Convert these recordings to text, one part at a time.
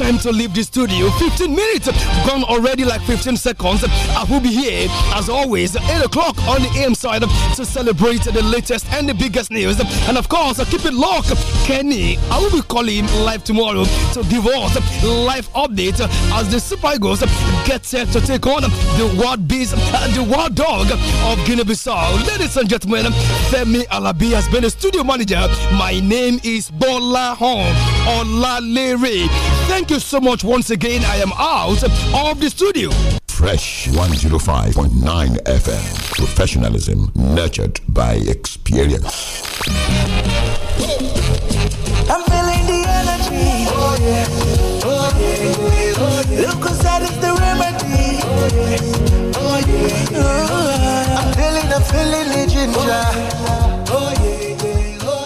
time to leave the studio. 15 minutes gone already, like 15 seconds. I will be here as always, 8 o'clock on the AM side to celebrate the latest and the biggest news. And of course, keep it locked. Kenny, I will be calling live tomorrow to give us live update as the Super Eagles get set to take on the wild beast, the wild dog of Guinea-Bissau. Ladies and gentlemen, Femi Alabi has been the studio manager. My name is Bola Hon Olalere. Thank you so much once again. I am out of the studio. Fresh 105.9 FM. Professionalism nurtured by experience. I'm feeling the energy. Oh yeah. Oh yeah. Oh yeah. Look the remedy. Oh yeah. Oh yeah. Oh, I'm feeling, I'm feeling the ginger. Oh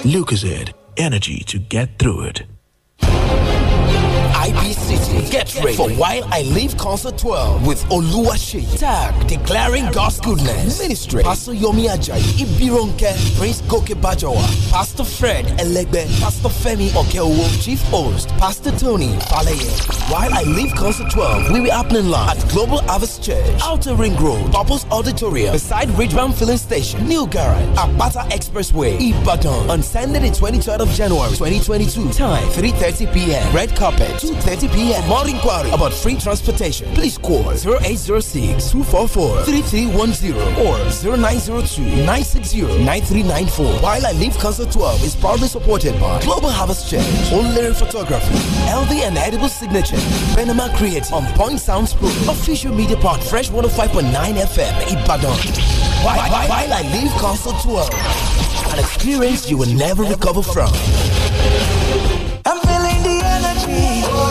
yeah. Oh, energy to get through it ready. Get ready for While I Live Concert 12 with Oluwaseyi. Tag, Declaring God's Goodness. Ministry, Pastor Yomi Ajayi, Ibironke, Prince Goke Bajawa, Pastor Fred Elegbe, Pastor Femi Okeowo, Chief Host, Pastor Tony Faleye. While I Live Concert 12 will be happening live at Global Harvest Church, Outer Ring Road, Purpose Auditorium, beside Ridgebank Filling Station, New Garage, Apata Expressway, Ibadan, on Sunday the 23rd of January 2022. Time 3.30 p.m. Red Carpet, 2.30 p.m more inquiry about free transportation, please call 0806 244 3310 or 0902 960 While I Live Council 12 is proudly supported by Global Harvest Church, Only Photography, LV and Edible Signature, Panama Creative, On Point Sounds Pro, Official Media Part, Fresh 105.9 FM, Ibadan. While, while, I Live Council 12, an experience you will never recover from.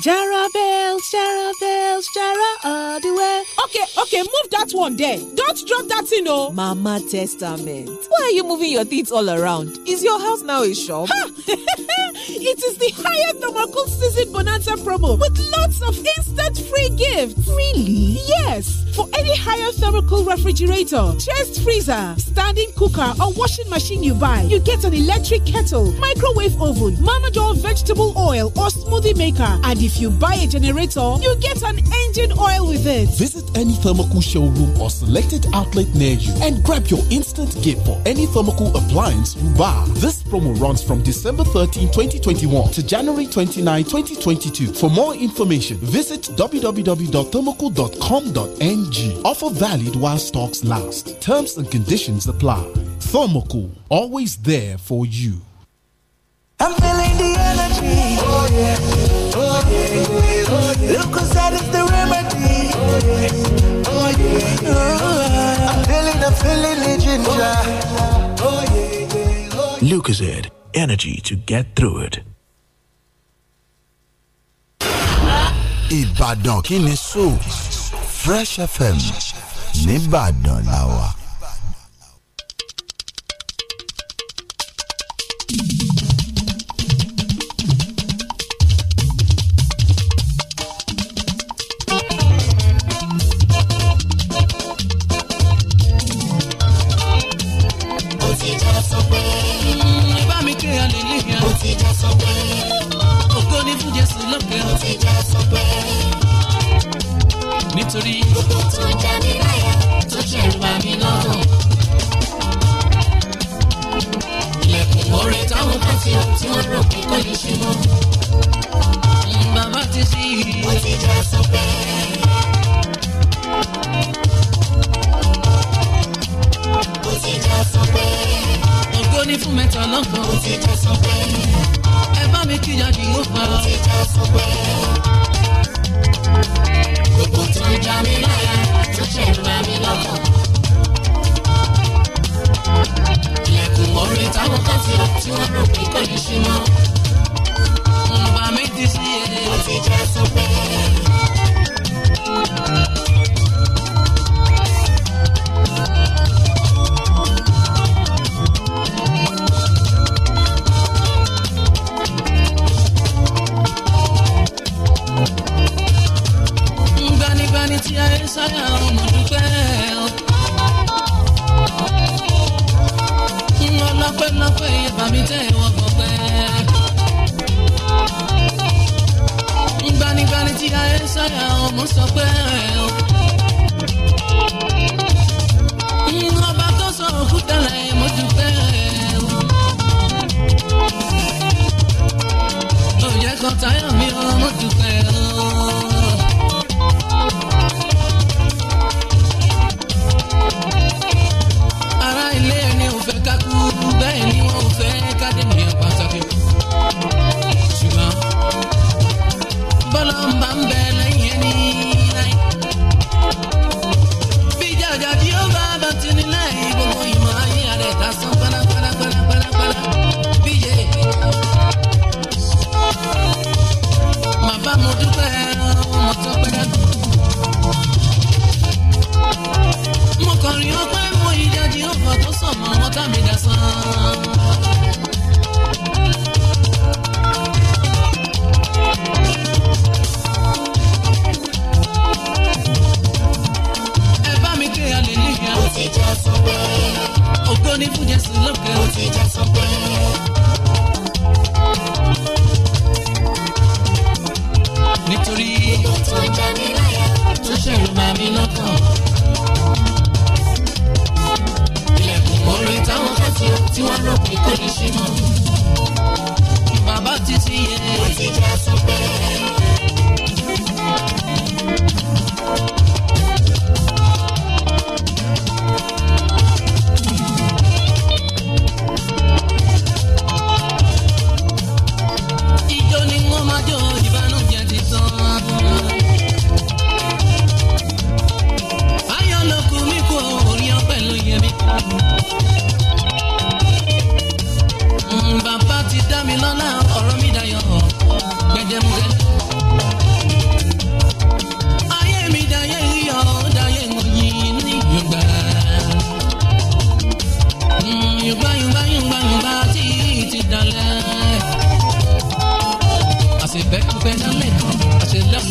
Jara bells, Jara bells, Jara all the way. Okay, okay, move that one there. Don't drop that thing, oh. Mama Testament. Why are you moving your teeth all around? Is your house now a shop? it is the higher Thermocol Season Bonanza promo with lots of instant free gifts. Really? Yes. For any higher Thermocol refrigerator, chest freezer, standing cooker, or washing machine you buy, you get an electric kettle, microwave oven, Mama Doll vegetable oil, or smoothie maker, and if you buy a generator, you get an engine oil with it. Visit any Thermocool showroom or selected outlet near you and grab your instant gift for any Thermocool appliance you buy. This promo runs from December 13, 2021 to January 29, 2022. For more information, visit www.thermocool.com.ng. Offer valid while stocks last. Terms and conditions apply. Thermocool, always there for you. I'm feeling the energy. Oh, yeah. yeah. Look energy to get through it. Ìbàdàn kí so Fresh FM nìbàdàn la wà.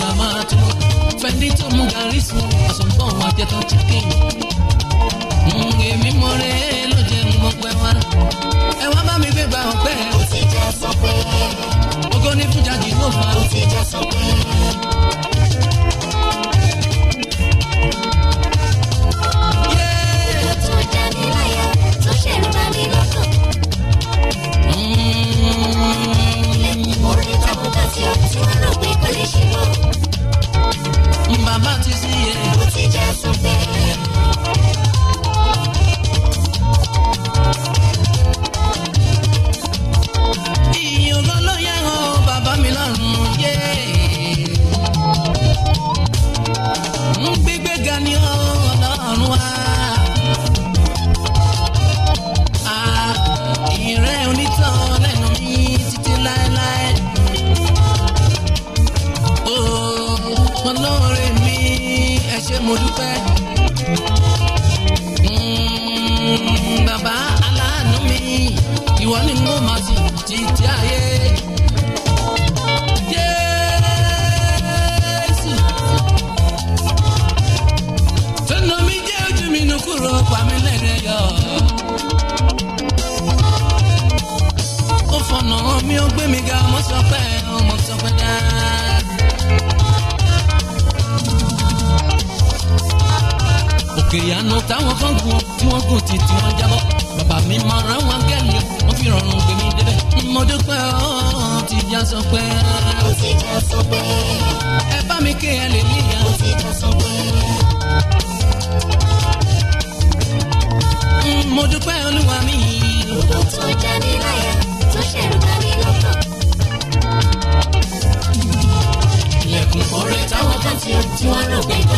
la máa tó fẹ́ni tó mú gàrí sùn àsọ̀gbọ́n àjẹtọ̀ chicken. èmi mo rè é ló jẹ́ ń gbọ́pẹ́ wá ẹ wá bá mi gbégbá ọ̀pẹ́. ó ti já sọ pé. ògo ni fújà jì ló fà. ó ti já sọ pé. mo dúpẹ́. Hmm, bàbá aláàánú mi ìwọ ni mo máa sì títí ayé. Jésù tọ́nà mi jẹ́ ojú mi nù kúrò pàmí lẹ́rẹ̀ yọ. ó fọ̀nà mi ó gbé mi ga mọ́sọ̀kọ́. ìyanu táwọn kan gùn tí wọ́n gùn tí tí wọ́n jábọ́ bàbá mi máa rán wọn gẹ́lì wọ́n fi rọrùn gbé mi débẹ̀ ìmọ̀dé pẹ́ ọ́ ti já sọ pé. ó ti já sọ pé. ẹ bá mi kí ẹ lè níyà. ó ti já sọ pé. Mm, mo olúwa mi. odò tó jáde láyà tó ṣẹ̀rù bá mi lọ́kàn. ilẹ̀kùn kọ̀ọ̀rẹ́ táwọn kan ti tí wọ́n rò pé kò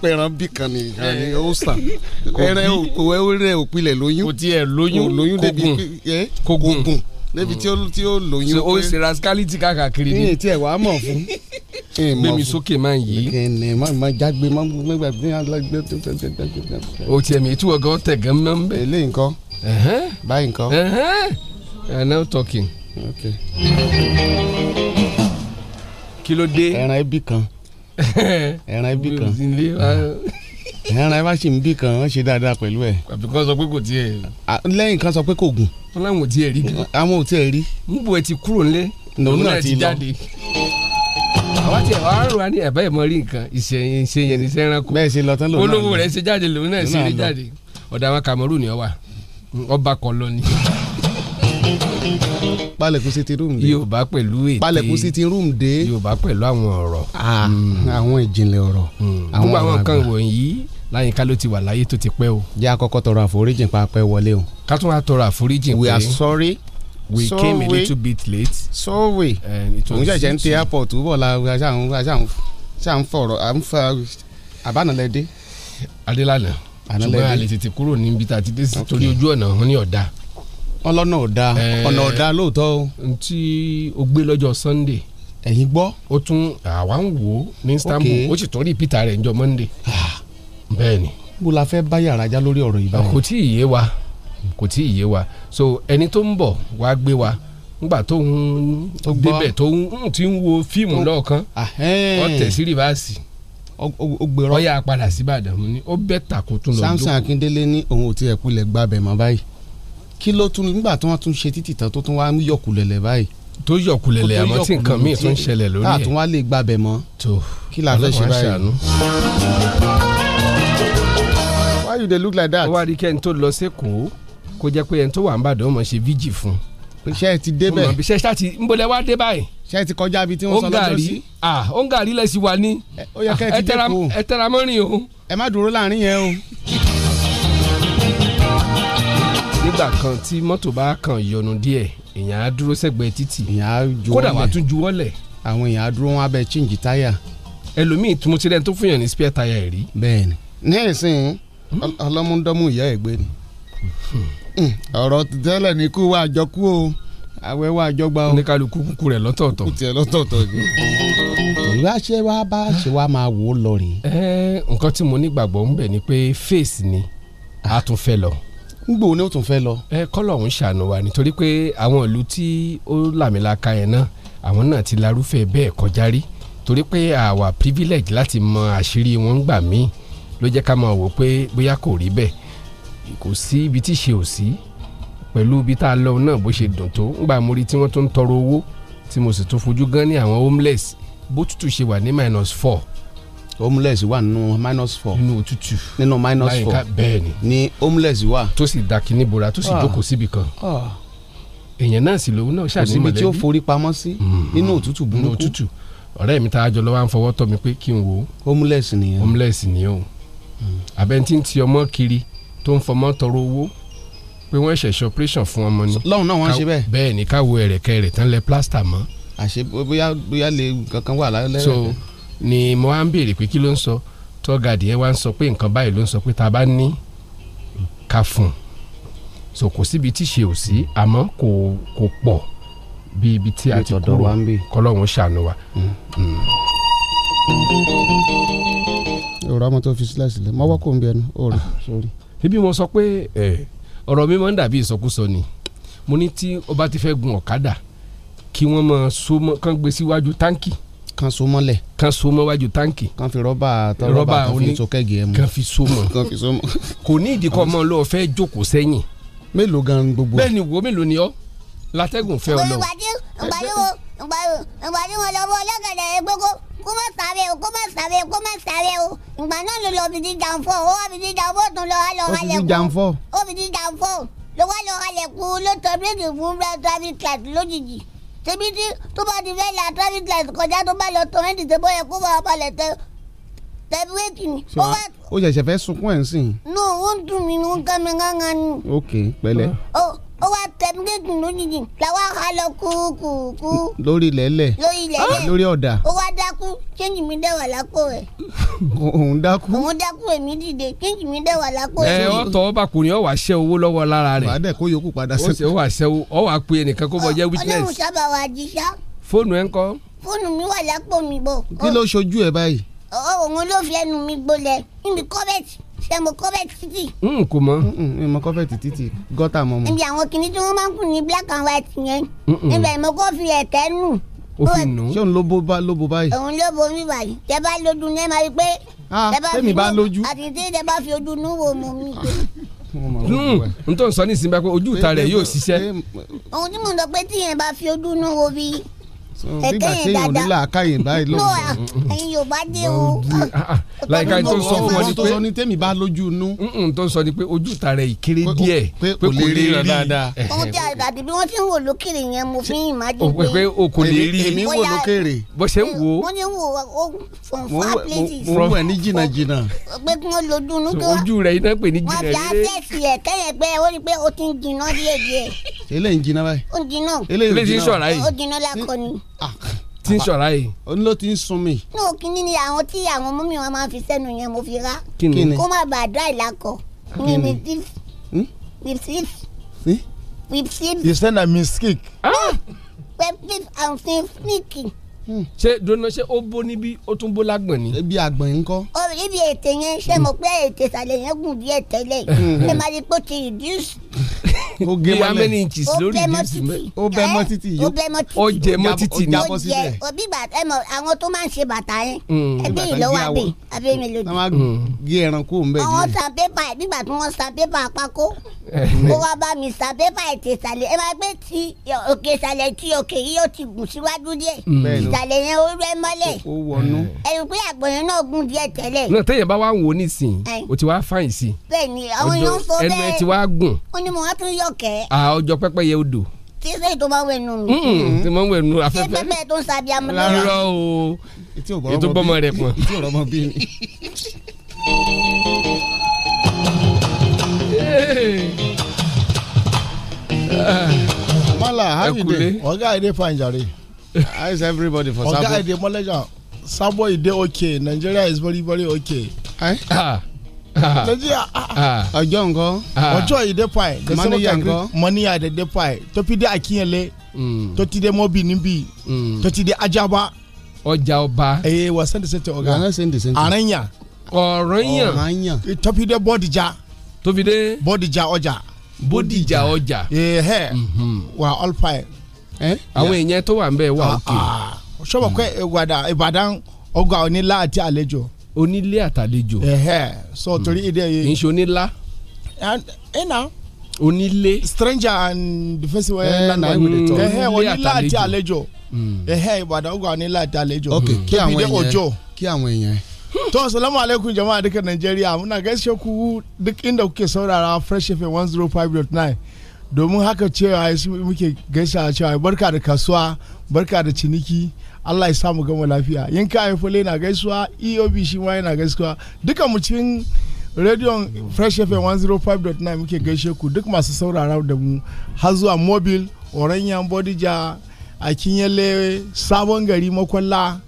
pé ẹran bí kan ní ìhàn ní ọ̀sà ẹran òkú ẹwúrẹ́ òpilẹ̀ lóyún kò tiẹ̀ lóyún lóyún débi eh, kò gùn débi tí ó mm. tí ó lóyún pé ó ṣe rascality káàkiri ni. ní tiẹ̀ wàá mọ̀ fún. gbẹmí sókè máa yí. kẹ́ni má má jágbe má gbẹgbẹ alágbẹ tó tẹ tẹ tẹ. o tiẹ̀ mi tú ọgọ́ tẹ̀gẹ́ mọ́ ń bẹ̀. eléyìí báyìí nǹkan. I now talking. Okay. kí ló dé. ẹran ẹbí kan. ẹran ibi kan ah. Ah. ẹran ẹ kan wọ́n ṣe dáadáa pẹ̀lú ẹ̀. Ah, sọ pé kò tiẹ̀. lẹ́yìn kan sọ pé kò gùn. wọ́n láwọn ò tiẹ̀ rí gan. àwọn ò tiẹ̀ rí. níbo ẹ ti kúrò nílé. lòun náà ti àwa ní ẹ̀bá ìmọ̀ rí nǹkan ìṣẹ̀yìn ìṣẹ̀yìn bẹ́ẹ̀ ṣe lòun náà olówó rẹ̀ ṣe jáde lòun náà ṣe rí jáde ọ̀dà ọ wà lọ ni. palẹ̀kùn sitting room dé yorùbá pẹ̀lú ète palẹ̀kùn sitting room dé yorùbá pẹ̀lú àwọn ọ̀rọ̀ ah, hmm. àwọn ìjìnlẹ̀ ọ̀rọ̀ hmm. àwọn àwọn nǹkan wọ̀nyí láyìnká ló ti wà láyé tó ti pẹ́ o. jẹ́ àkọ́kọ́ tọrọ àforíjìn pa pẹ́ wọlé o. ká tún wá tọrọ àforíjìn pé we are sorry we so came a little bit late. so we òun ṣẹ̀ṣẹ̀ ń tẹ airport wọ̀ la ṣáà fọ̀rọ̀ à adélànà ọlọ́nà ọ̀dà eh, ọ̀nà ọ̀dà lóòótọ́ o. ntí o gbé lọ́jọ́ sunday. ẹ̀yin gbọ́. ó tún àwa ń wò ní istanbul ó sì tún rí peter rẹ̀ njọ monday. bẹ́ẹ̀ ni. la fẹ́ bá yàrá lórí ọ̀rọ̀ yìí báyìí. wa kò tí ì wa so ẹni tó ń bọ̀ wá wa tó ń débẹ̀ tó ń ti ń wo fíìmù lọ́ọ̀kan ó bẹ́ẹ̀ takò tún Samson ní òun ò tiẹ̀ kulẹ̀ kí ló tún nígbà tí wọ́n tún ṣe títì tán tó tún wá ń yọkùlẹ̀lẹ̀ báyìí. tó yọkùlẹ̀lẹ̀ àmọ́ tí nǹkan míì tún ṣẹlẹ̀ lórí ẹ̀. táà tún wá lè gbàbẹ̀ mọ́. tó kí la fẹ́ ṣe báyìí. why you dey look like that. wọ́n á rí kẹ́ni tó lọ sẹ́kọ̀ọ́ kó jẹ́ pé ẹni tó wà ń bàdàn mọ̀ ṣe fíjì fún. iṣẹ́ ti dé bẹ́ẹ̀. iṣẹ́ ti ń bolẹ̀ wá dé báyìí. iṣẹ́ ti kọjá ibi tí nígbà kan tí mọ́tò bá kàn yọnu díẹ̀ èèyàn á dúró sẹ́gbẹ̀ẹ́ títì kódà wàá tún juwọ́lẹ̀. àwọn èèyàn á dúró wọn abẹ chíǹjì táyà. ẹlòmíì tí mo ti rẹ́ni tó fún yàn ní spare táyà rí. bẹ́ẹ̀ni ní ìsìn hmm? ọlọ́múndọ́mú ìyá ẹ̀ gbé ni hmm. Hmm. ọ̀rọ̀ tẹ́lẹ̀ ní kú wa àjọ kú o àwẹ̀ wa àjọ gba o. oníkàlùkù kúkú rẹ̀ lọ́tọ̀ọ̀tọ̀. kúkú rẹ̀ lọ́tọ̀ọ̀tọ̀ ni. ìwé àṣẹ wa bá ṣe wa máa wò lọ rè. ẹ nǹkan tí mo nígbàgbọ́ ń bẹ̀ ni pé face ni a tún fẹ́ lọ ngbò ní o tún fẹ́ lọ. ẹ kọ́lọ̀ ń ṣàánú wa nítorí pé àwọn ìlú tí ó làmìlaka yẹn náà àwọn náà ti larúfẹ́ bẹ́ẹ̀ kọjá rí torí pé àwa privilege láti mọ àṣírí wọn ń gbà míì ló jẹ́ ká máa wò pé bóyá kò rí bẹ́ẹ̀ kò sí ibi tí ṣe ò sí pẹ̀lú ibi tá a lọ náà bó ṣe dùn tó ńgbà mo rí tí wọ́n tún ń tọrọ owó tí mo sì tún fojú gan ní àwọn homeless bó tútù ṣe wà ní minus four homeless wà nínú minus four nínú òtútù nínú minus four láyìíká bẹ́ẹ̀ ni ni homeless wa. tó sì dàkí ní bora tó sì ah. jókòó síbi kan ah. èèyàn náà sì lòun náà ṣàní mọ̀lẹ́bí kò síbi tí ó forí pamọ́ sí mhm. nínú òtútù burúkú nínú òtútù ọ̀rẹ́ mi tá a jọ ń fọwọ́ tọ́ mi pé kí n wò ó. homeless nìyẹn homeless ni o hmm. abẹ́ntí ń ti ọmọ kiri tó ń fọmọ́ tọrọ owó pé wọ́n ṣẹ̀ṣẹ̀ operation fún ọmọ ni. lọ́hùn náà wọ́n ṣe bẹ́ẹ̀. bẹ́ẹ̀ ni káwo ẹ̀rẹ̀kẹ́ rẹ̀ tán lẹ plaster mọ́. àṣe bóyá bóyá lè kankan wà lálẹ́ rẹ̀. so ni mo wá ń béèrè pé kí ló ń sọ tọ́gàdì ẹ̀ wá ń sọ pé nǹkan báyìí ló ń sọ pé ta bá ní ká fún un so kò síbi tí ṣe ò sí àmọ́ kò kò pọ̀ bí ibi tí a ti kúrò kọlọ́hún ṣàánú wa. Mm. Mm. òrò àmọ́ tó fi sílẹ̀ sílẹ̀ mọ́ wọ́kọ̀ ń bẹ ẹnu òòrùn sórí. ibi mo sọ pé ọ̀rọ̀ mi máa ń dàbí ìsọkúsọ ni mo ní tí ó ti fẹ́ gun ọ̀kadà kí wọ́n máa so kán gbé síwájú táǹkì kan so mọ́lẹ̀. kan so mọ́ wájú táǹkì. kan fi rọ́bà tọ́ rọ́bà kan fi so kẹ́gì ẹ̀ mọ́. kan fi so mọ́. kan fi so mọ́. kò ní ìdíkọ́ ọmọ lọ fẹ́ jókòó sẹ́yìn. mélòó gan gbogbo. bẹ́ẹ̀ni wo mélòó ni ọ látẹ́gùn fẹ́ ọ lọ. ìgbà tí mo lọ bọ ọlọ́gẹ̀dẹ̀ kó má sáré o kó má sáré o kó má sáré o ìgbà náà ló lọ bìtì jàǹfọ̀ ó wà bìtì jàǹfọ̀ tó lọ wà lọ halẹ̀ kú ó bìtì jàǹfọ̀ ló wà lọ halẹ̀ kú ló tọ́ bírèkì fún bíra tó a bí kíláàsì lójijì tèmi tí tó bá ti fẹ́ la traffic kọjá tó bá lọ tán ẹ̀ dìde bóyá kó bá balẹ̀ tẹ tẹbi wéèkì ni. ó ṣẹ̀ṣẹ̀ fẹ́ sunkún ẹ̀ ń sìn. no ó ń dùn mí ní ó ń ká mi gángan ni. ok pẹ̀lẹ́. Oh ó wá tẹ̀mí gégùn lójijì làwa ha lọ kúkúkú. lórí lẹ́lẹ̀ lórí lẹ́lẹ̀ lórí ọ̀dà. ó wá dákú kéńjì mi dẹ̀ wà lápò rẹ̀. òun dákú. òun dákú èmi dìde kéńjì mi dẹ̀ wà lápò rẹ̀. ẹ ọ tọwọ́ bá kùnrin ọ wà ṣẹ owó lọ́wọ́ lára rẹ̀. wàá dẹ̀ kó yòókù padà sẹ́kù. ó wà ṣẹ ọ wà pe ẹnìkan kó bọ jẹ́ witness. ọlọ́run sábà wà jíṣá. fóònù ẹ ń kọ́. fóònù mi wà lápò mi bọ̀. kí ló ṣojú ẹ báyìí. òun ló ṣe mo kọ́fẹ̀tì títì. n kò mọ n mo kọ́fẹ̀tì títì gọ́tà mọ́ mọ́. ibi àwọn kìnnì tí wọ́n máa ń kùn ní black and white yẹn ibẹ̀ mo kọ́ fi ẹ̀kẹ́ nù. ó fi nù. ṣé òun ló bo bá ló bo báyìí. òun ló bo mi báyìí tẹ bá lójú ní ẹ máa rí pé. Ah, tẹ́mi bá lójú. àti tí tẹ bá fi ojú nú wo mo mi pé. n tó ń sọ ní ìsinmi pé ojú ìta rẹ̀ yóò ṣiṣẹ́. ohun tí mo sọ pé tíyẹn bá fi ojú nú wo bíi nígbà tí èèyàn ní làákàyè báyìí lọ. ẹ̀yin yorùbá dé o. Ah, ah. láìka tó sọ fún ọ ni pé tó sọ ni tẹ́mi bá lójú inú. tó sọ ni pé ojú ta rẹ̀ ìkéré díẹ̀ pé kò lè rí rí. ohun tí àgbàdo bí wọ́n ti ń wò lókèrè yẹn mo fi ń má jù pé. pé o kò lè rí èmi wò lókèrè. bó ṣe ń mm, wo. mo ní wò ó from far places. mo wà ní jìnnà jìnnà. pé kí wọ́n lójú inú tó. ojú rẹ̀ iná pè ní jìnnà rẹ̀. wọ́n fi àtẹ̀sí ẹ̀ kẹ́yẹ̀ pé ó rí pé ó ti ń jìnnà díẹ̀ díẹ̀. eléyìí ń jìnnà báyìí. ó ń jìnnà. eléyìí ń jìnnà lákọ ni. Ah, tí ń ṣọ̀rá yìí. òun ló ti ń sun mi. ní òkìní ni àwọn tí àwọn mọ́mí wọn máa fi sẹ́nu yẹn mo fi rá kó má bàa dá ìlàkọ̀ ní bipsif bipsif bipsif. you send a mistake. pepsif and fifniki. Hmm. ṣé dona ṣé ó bó níbí ó tún bó lágbọ̀n ni. ebi àgbọ̀n yìí ń kọ́. o rí bí ètè yẹn ṣe mọ̀ pé ètè ìsàlẹ̀ yẹn gùn díẹ̀ tẹ́lẹ̀ hmm. ṣé máa di pé ó ti reduce. ó gé wálẹ̀ bí amẹ́ni inches lórí reduce mẹ́. ó bẹ́ mọ́ títì yìí ó jẹ mọ́ títì ni. ó jẹ òbí bàtà ẹ mọ àwọn tó máa ń ṣe bàtà yẹn hmm. ẹbí ìlọ́wọ́ àbí àbí mi lòdì. wọ́n á gé ẹran kó ń bẹ̀ yìí. àwọn san pépà ẹ̀ nígbà tí wọ́n san pépà apákó kó wá bá mi san pépà ètè ìsàlẹ̀ ẹ máa gbé ti òkè ìsàlẹ̀ ti òkè yìí ó ti gùn síwájú díẹ̀ ìsàlẹ̀ yẹn ó rẹ mọ́lẹ̀. ó wọnú. ẹ̀rù pé àgbọ̀yàn náà gùn díẹ̀ tẹ́lẹ̀. náà téèyàn bá wá wò ó nísìnyí o ti wá fàyìn sí. bẹ́ẹ̀ni àwọn èèyàn sọ bẹ́ẹ̀ ẹnu ẹ ti wá gùn. ó ní mo wá tún yọkẹ. à ọjọ́ pẹpẹ yẹ odò. tí sẹ́yìn tó máa ń mi. tí máa ń afẹ́fẹ́. tí pẹpẹ tó ń sabi amúlẹ̀. lárọ́ o ètò bọ́mọ rẹ̀ pọ̀. mọ́là hàmìdè ọ̀gá èdè fàǹjàre how is everybody for sabo. ọ̀gá èdè mọ́lẹ́jà sabo ìdè okay Nigeria is very very okay. Ah. Ah. Nigeria ah, ọjọ́ nǹkan. ọjọ́ ìdè pai. mọ́níyà nǹkan. mọ́níyà ìdè pai tọ́pídé akínyẹlé tọ́tídé mọ́bì níbí tọ́tídé ajaba. ọjà ọba. ee eh, wa sẹ́ndì sẹ́ntì ọ̀gá. wa sẹ́ndì sẹ́ntì. àrẹ́yà. ọ̀rẹ́yà. ọ̀rẹ́yà. tọ́pídé bọ́dìjà. tọ́pídé. bọ́dìjà ọjà. bọ́dìjà ọjà. ee hẹ́ wa all pie. Eh? àwọn èèyàn tó wà ń wà ah, òkè. sọ́wọ́ ah. hmm. ìbàdàn ọgbà onílá àti àlejò. onílé àtàlejò. sọ hmm. torí ìdí ẹ̀yẹ. kì í ṣe onílá. na. onílé. stranger and the first way. Eh, ẹ onílé ìwé hmm. ìbàdàn ọgbà àti àlejò. ok kí àwọn èèyàn kí àwọn èèyàn. to Fresh dot nine. domin haka cewa su muke gaisa cewa barka da kasuwa barka da ciniki Allah ya sa samu gama lafiya yanka haifole na gaisuwa eob shi ma yana gaisuwa duka mu cikin rediyon fresh fm 105.9 muke gaishe ku duk masu saurara da mu har zuwa mobil oranyan bodija a kinyale sabon gari makwalla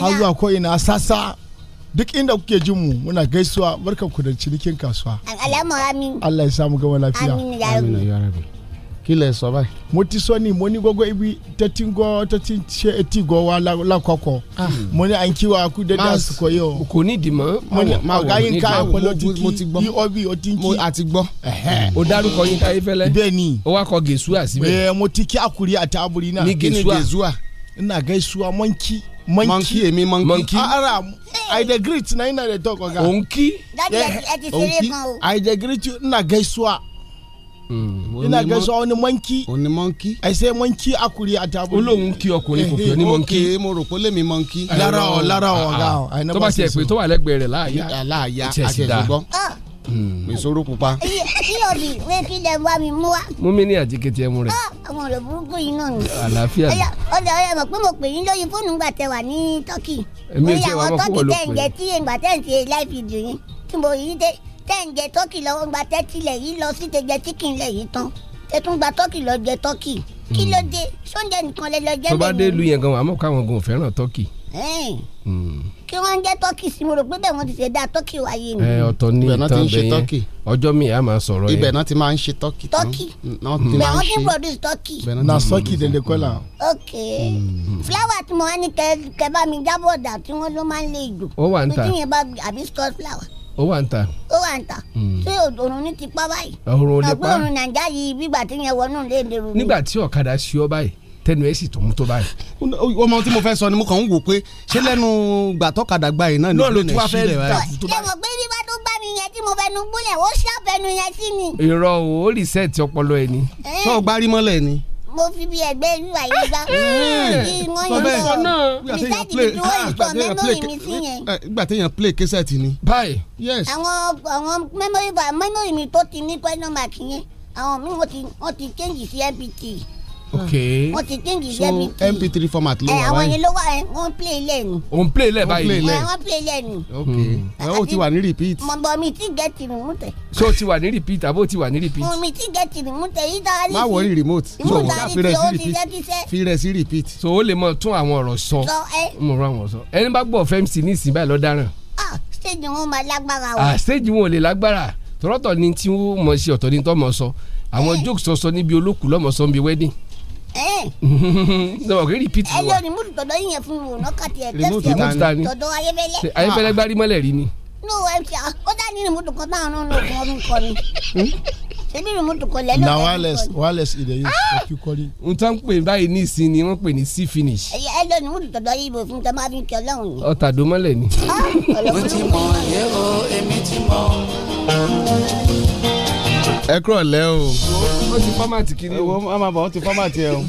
har zuwa ko'ina sassa duk inda kuke jin mu muna gaisuwa barka ku da cinikin kasuwa alamu amin Allah ya samu gama lafiya amin ya rabbi kila ya sọ báyìí. mo ti sọ ni mo ní gbogbo ibi tẹ́tí gọ́ tẹ́tí ṣe etí gọ́ wa lákọ̀ọ́kọ́ ah. mo ní à ń kí wa kú dédé àsìkò yìí o. kò ní ìdìmọ́ mo ní ọ̀gá yín ká ọpọlọ ti kí bí ọbí o ti ń kí. a ti gbọ́ o dárúkọ yín káyé fẹ́lẹ́. bẹ́ẹ̀ ni o wa kọ gèsúà síbẹ̀. mo ti kí Àkúrẹ́ àti Àbúrí náà. ní gèsúà ní gèsúà. ina gaisuwa mọ́ monkey èmi monkey ara ah, ah, ah. i dey greet na ina dey talk oga. onki. onki i dey greet you ina gaisuwa. ina gaisuwa oni monkey. oni monkey. i say monkey akuri atabu. olóhùn kí ọkùnrin kò fi ọ ní monkey. mo rò pé lèmi monkey. lára ọ lára ọ ọgá ọ. tó bá ti ẹ̀ pé tó wà lẹ́gbẹ̀ẹ́ rẹ̀ láàyà. láàyà àti ẹ̀sìn gbọ́ ìṣòro pupa. yíyọ bí wé kí lè wá mi mú wa. mú mi ní àjíkẹ́tì ẹmu rẹ. àwọn ọ̀rọ̀ burúkú yìí náà ni. àlàáfíà ni. ọjà ọjà mọ̀ pé mo pè yín lórí fóònù ńgbà tẹ wà ní tọ́kì. èmi ti wà máa kúkọ̀ ló pè. tẹ̀ ń jẹ tí ìgbà tẹ̀ ń ṣe láìpì jù yín tí mo yí dé tẹ̀ ń jẹ tọ́kì lọ́wọ́ ńgbà tẹ́ tilẹ̀ yìí lọ sí tẹ̀ jẹ chicken lẹ̀ yìí tán lu yẹn gan àmọ́ káwọn gan ò kí wọ́n ń jẹ́ tọ́kì sí mo rò pé bẹ́ẹ̀ wọ́n ti ṣe dá tọ́kì wáyé ni. ẹ ọ̀tọ̀ ní ìtàn bẹ́ẹ̀ ọjọ́ mi a máa sọ̀rọ̀ yẹn. ibẹ̀ náà ti máa ń ṣe tọ́kì. tọ́kì mm. bẹ́ẹ̀ wọ́n ti produce tọ́kì. na sọ́kì lele kọ́ la. ok mm. fúláwà tí mo wá ní kẹbà mi jábọ̀ dà tí wọ́n ló máa ń lé ìjò. ó wà ń ta àbí scott flower. ó wà ń ta. ó wà ń ta mm. ṣé òòrùn ní ti pa báyìí. òòrùn ò lè pa. àgbẹ̀ òòrùn nàìjíríà yìí bí tẹnu ẹ sì tún mú tó báyìí. ọmọ tí mo fẹ́ sọ ni mo kàn ń wò pé ṣé lẹ́nu gbàtọ́kadà gba yìí náà ni ló tún wá fẹ́ dà tó báyìí. lẹ́wọ̀n pé bí bá tó gbá mi yẹn tí mo fẹnu gbólẹ̀ ó ṣàfẹnu yẹn sí mi. irọ́ o ó reset ọpọlọ ẹ ni. tó o gbárí mọ́lẹ̀ ni mo fi bí ẹgbẹ́ ìlú àyè gbá. wọ́n yẹn sọ náà research mi dúró ìtọ́ ah, memory mi sí yẹn. Eh, ìgbà téèyàn play késẹ̀tì ni. báyìí yes. àwọn àwọn memory memory mi tó ti ní question mark yẹn àwọn mi wọ́n ti change sí mpt okay wọ́n ti change the mp3 so mp3 format ló eh, wà báyìí àwọn yẹn ló wà ẹ eh, wọ́n play ilẹ̀ ni. òun play ilẹ̀ báyìí wọ́n play ilẹ̀ ni. okay mm. ẹ o ti wà ní repeat. mọ̀gbọ́n mi ti get remote. so o ti wà ní repeat àbó o ti wà ní repeat. mo mi ti get remote yìí dáa ní. má wọrí remote. remote àti tí o ti lẹ́kíṣẹ́. fi rẹ̀ sí repeat. so o lè mọ tún àwọn ọ̀rọ̀ sọ. sọ ẹ. mo rán àwọn sọ ẹni bá gbọ́ fẹ́mi sí ní ìsìn báyìí lọ dáràn. ah stage wọn máa lágbára o. ah stage wọn ò lè lágbára tọ́rọ́tọ̀ ni tí wọ́n mọ̀ sí ọ̀tọ̀ ni tọ́ mọ̀ sọ àwọn eh. jokes sọ sọ níbi olókùú lọ́mọ̀ sọ níbi wedding sọ kò rìpítì wa. ẹ yọ rìmúùtù tọ̀dọ̀ yín yẹn fún mi òun ọkà tiẹ̀ tẹ́sí ẹ̀ tọ̀dọ̀ ayébẹ́lẹ́. ayébẹ́lẹ́ gbárí mọ́lẹ̀ rí ni. no mc ó dá ní rìmúùtù kan táwọn náà lògùn ọdún kọ ni. Hmm? ṣebí rìmúùtù kan lẹ́nu. na wireless wireless ilẹ̀ yìí ló ah! fi kọ́ ni. n tán pè báyìí ní ìsìn ni wọ́n pè ní c finish. ẹ yọ rìmúùtù tọ̀dọ̀ yín ibò fún tẹ́lá fi kí ọlọ́run ni. Ah! ọ̀tà ẹ kúrọ̀ lẹ́ o. wọ́n ti fọ́màtì kiri o. wọ́n máa bọ̀ wọ́n ti fọ́màtì ẹ o.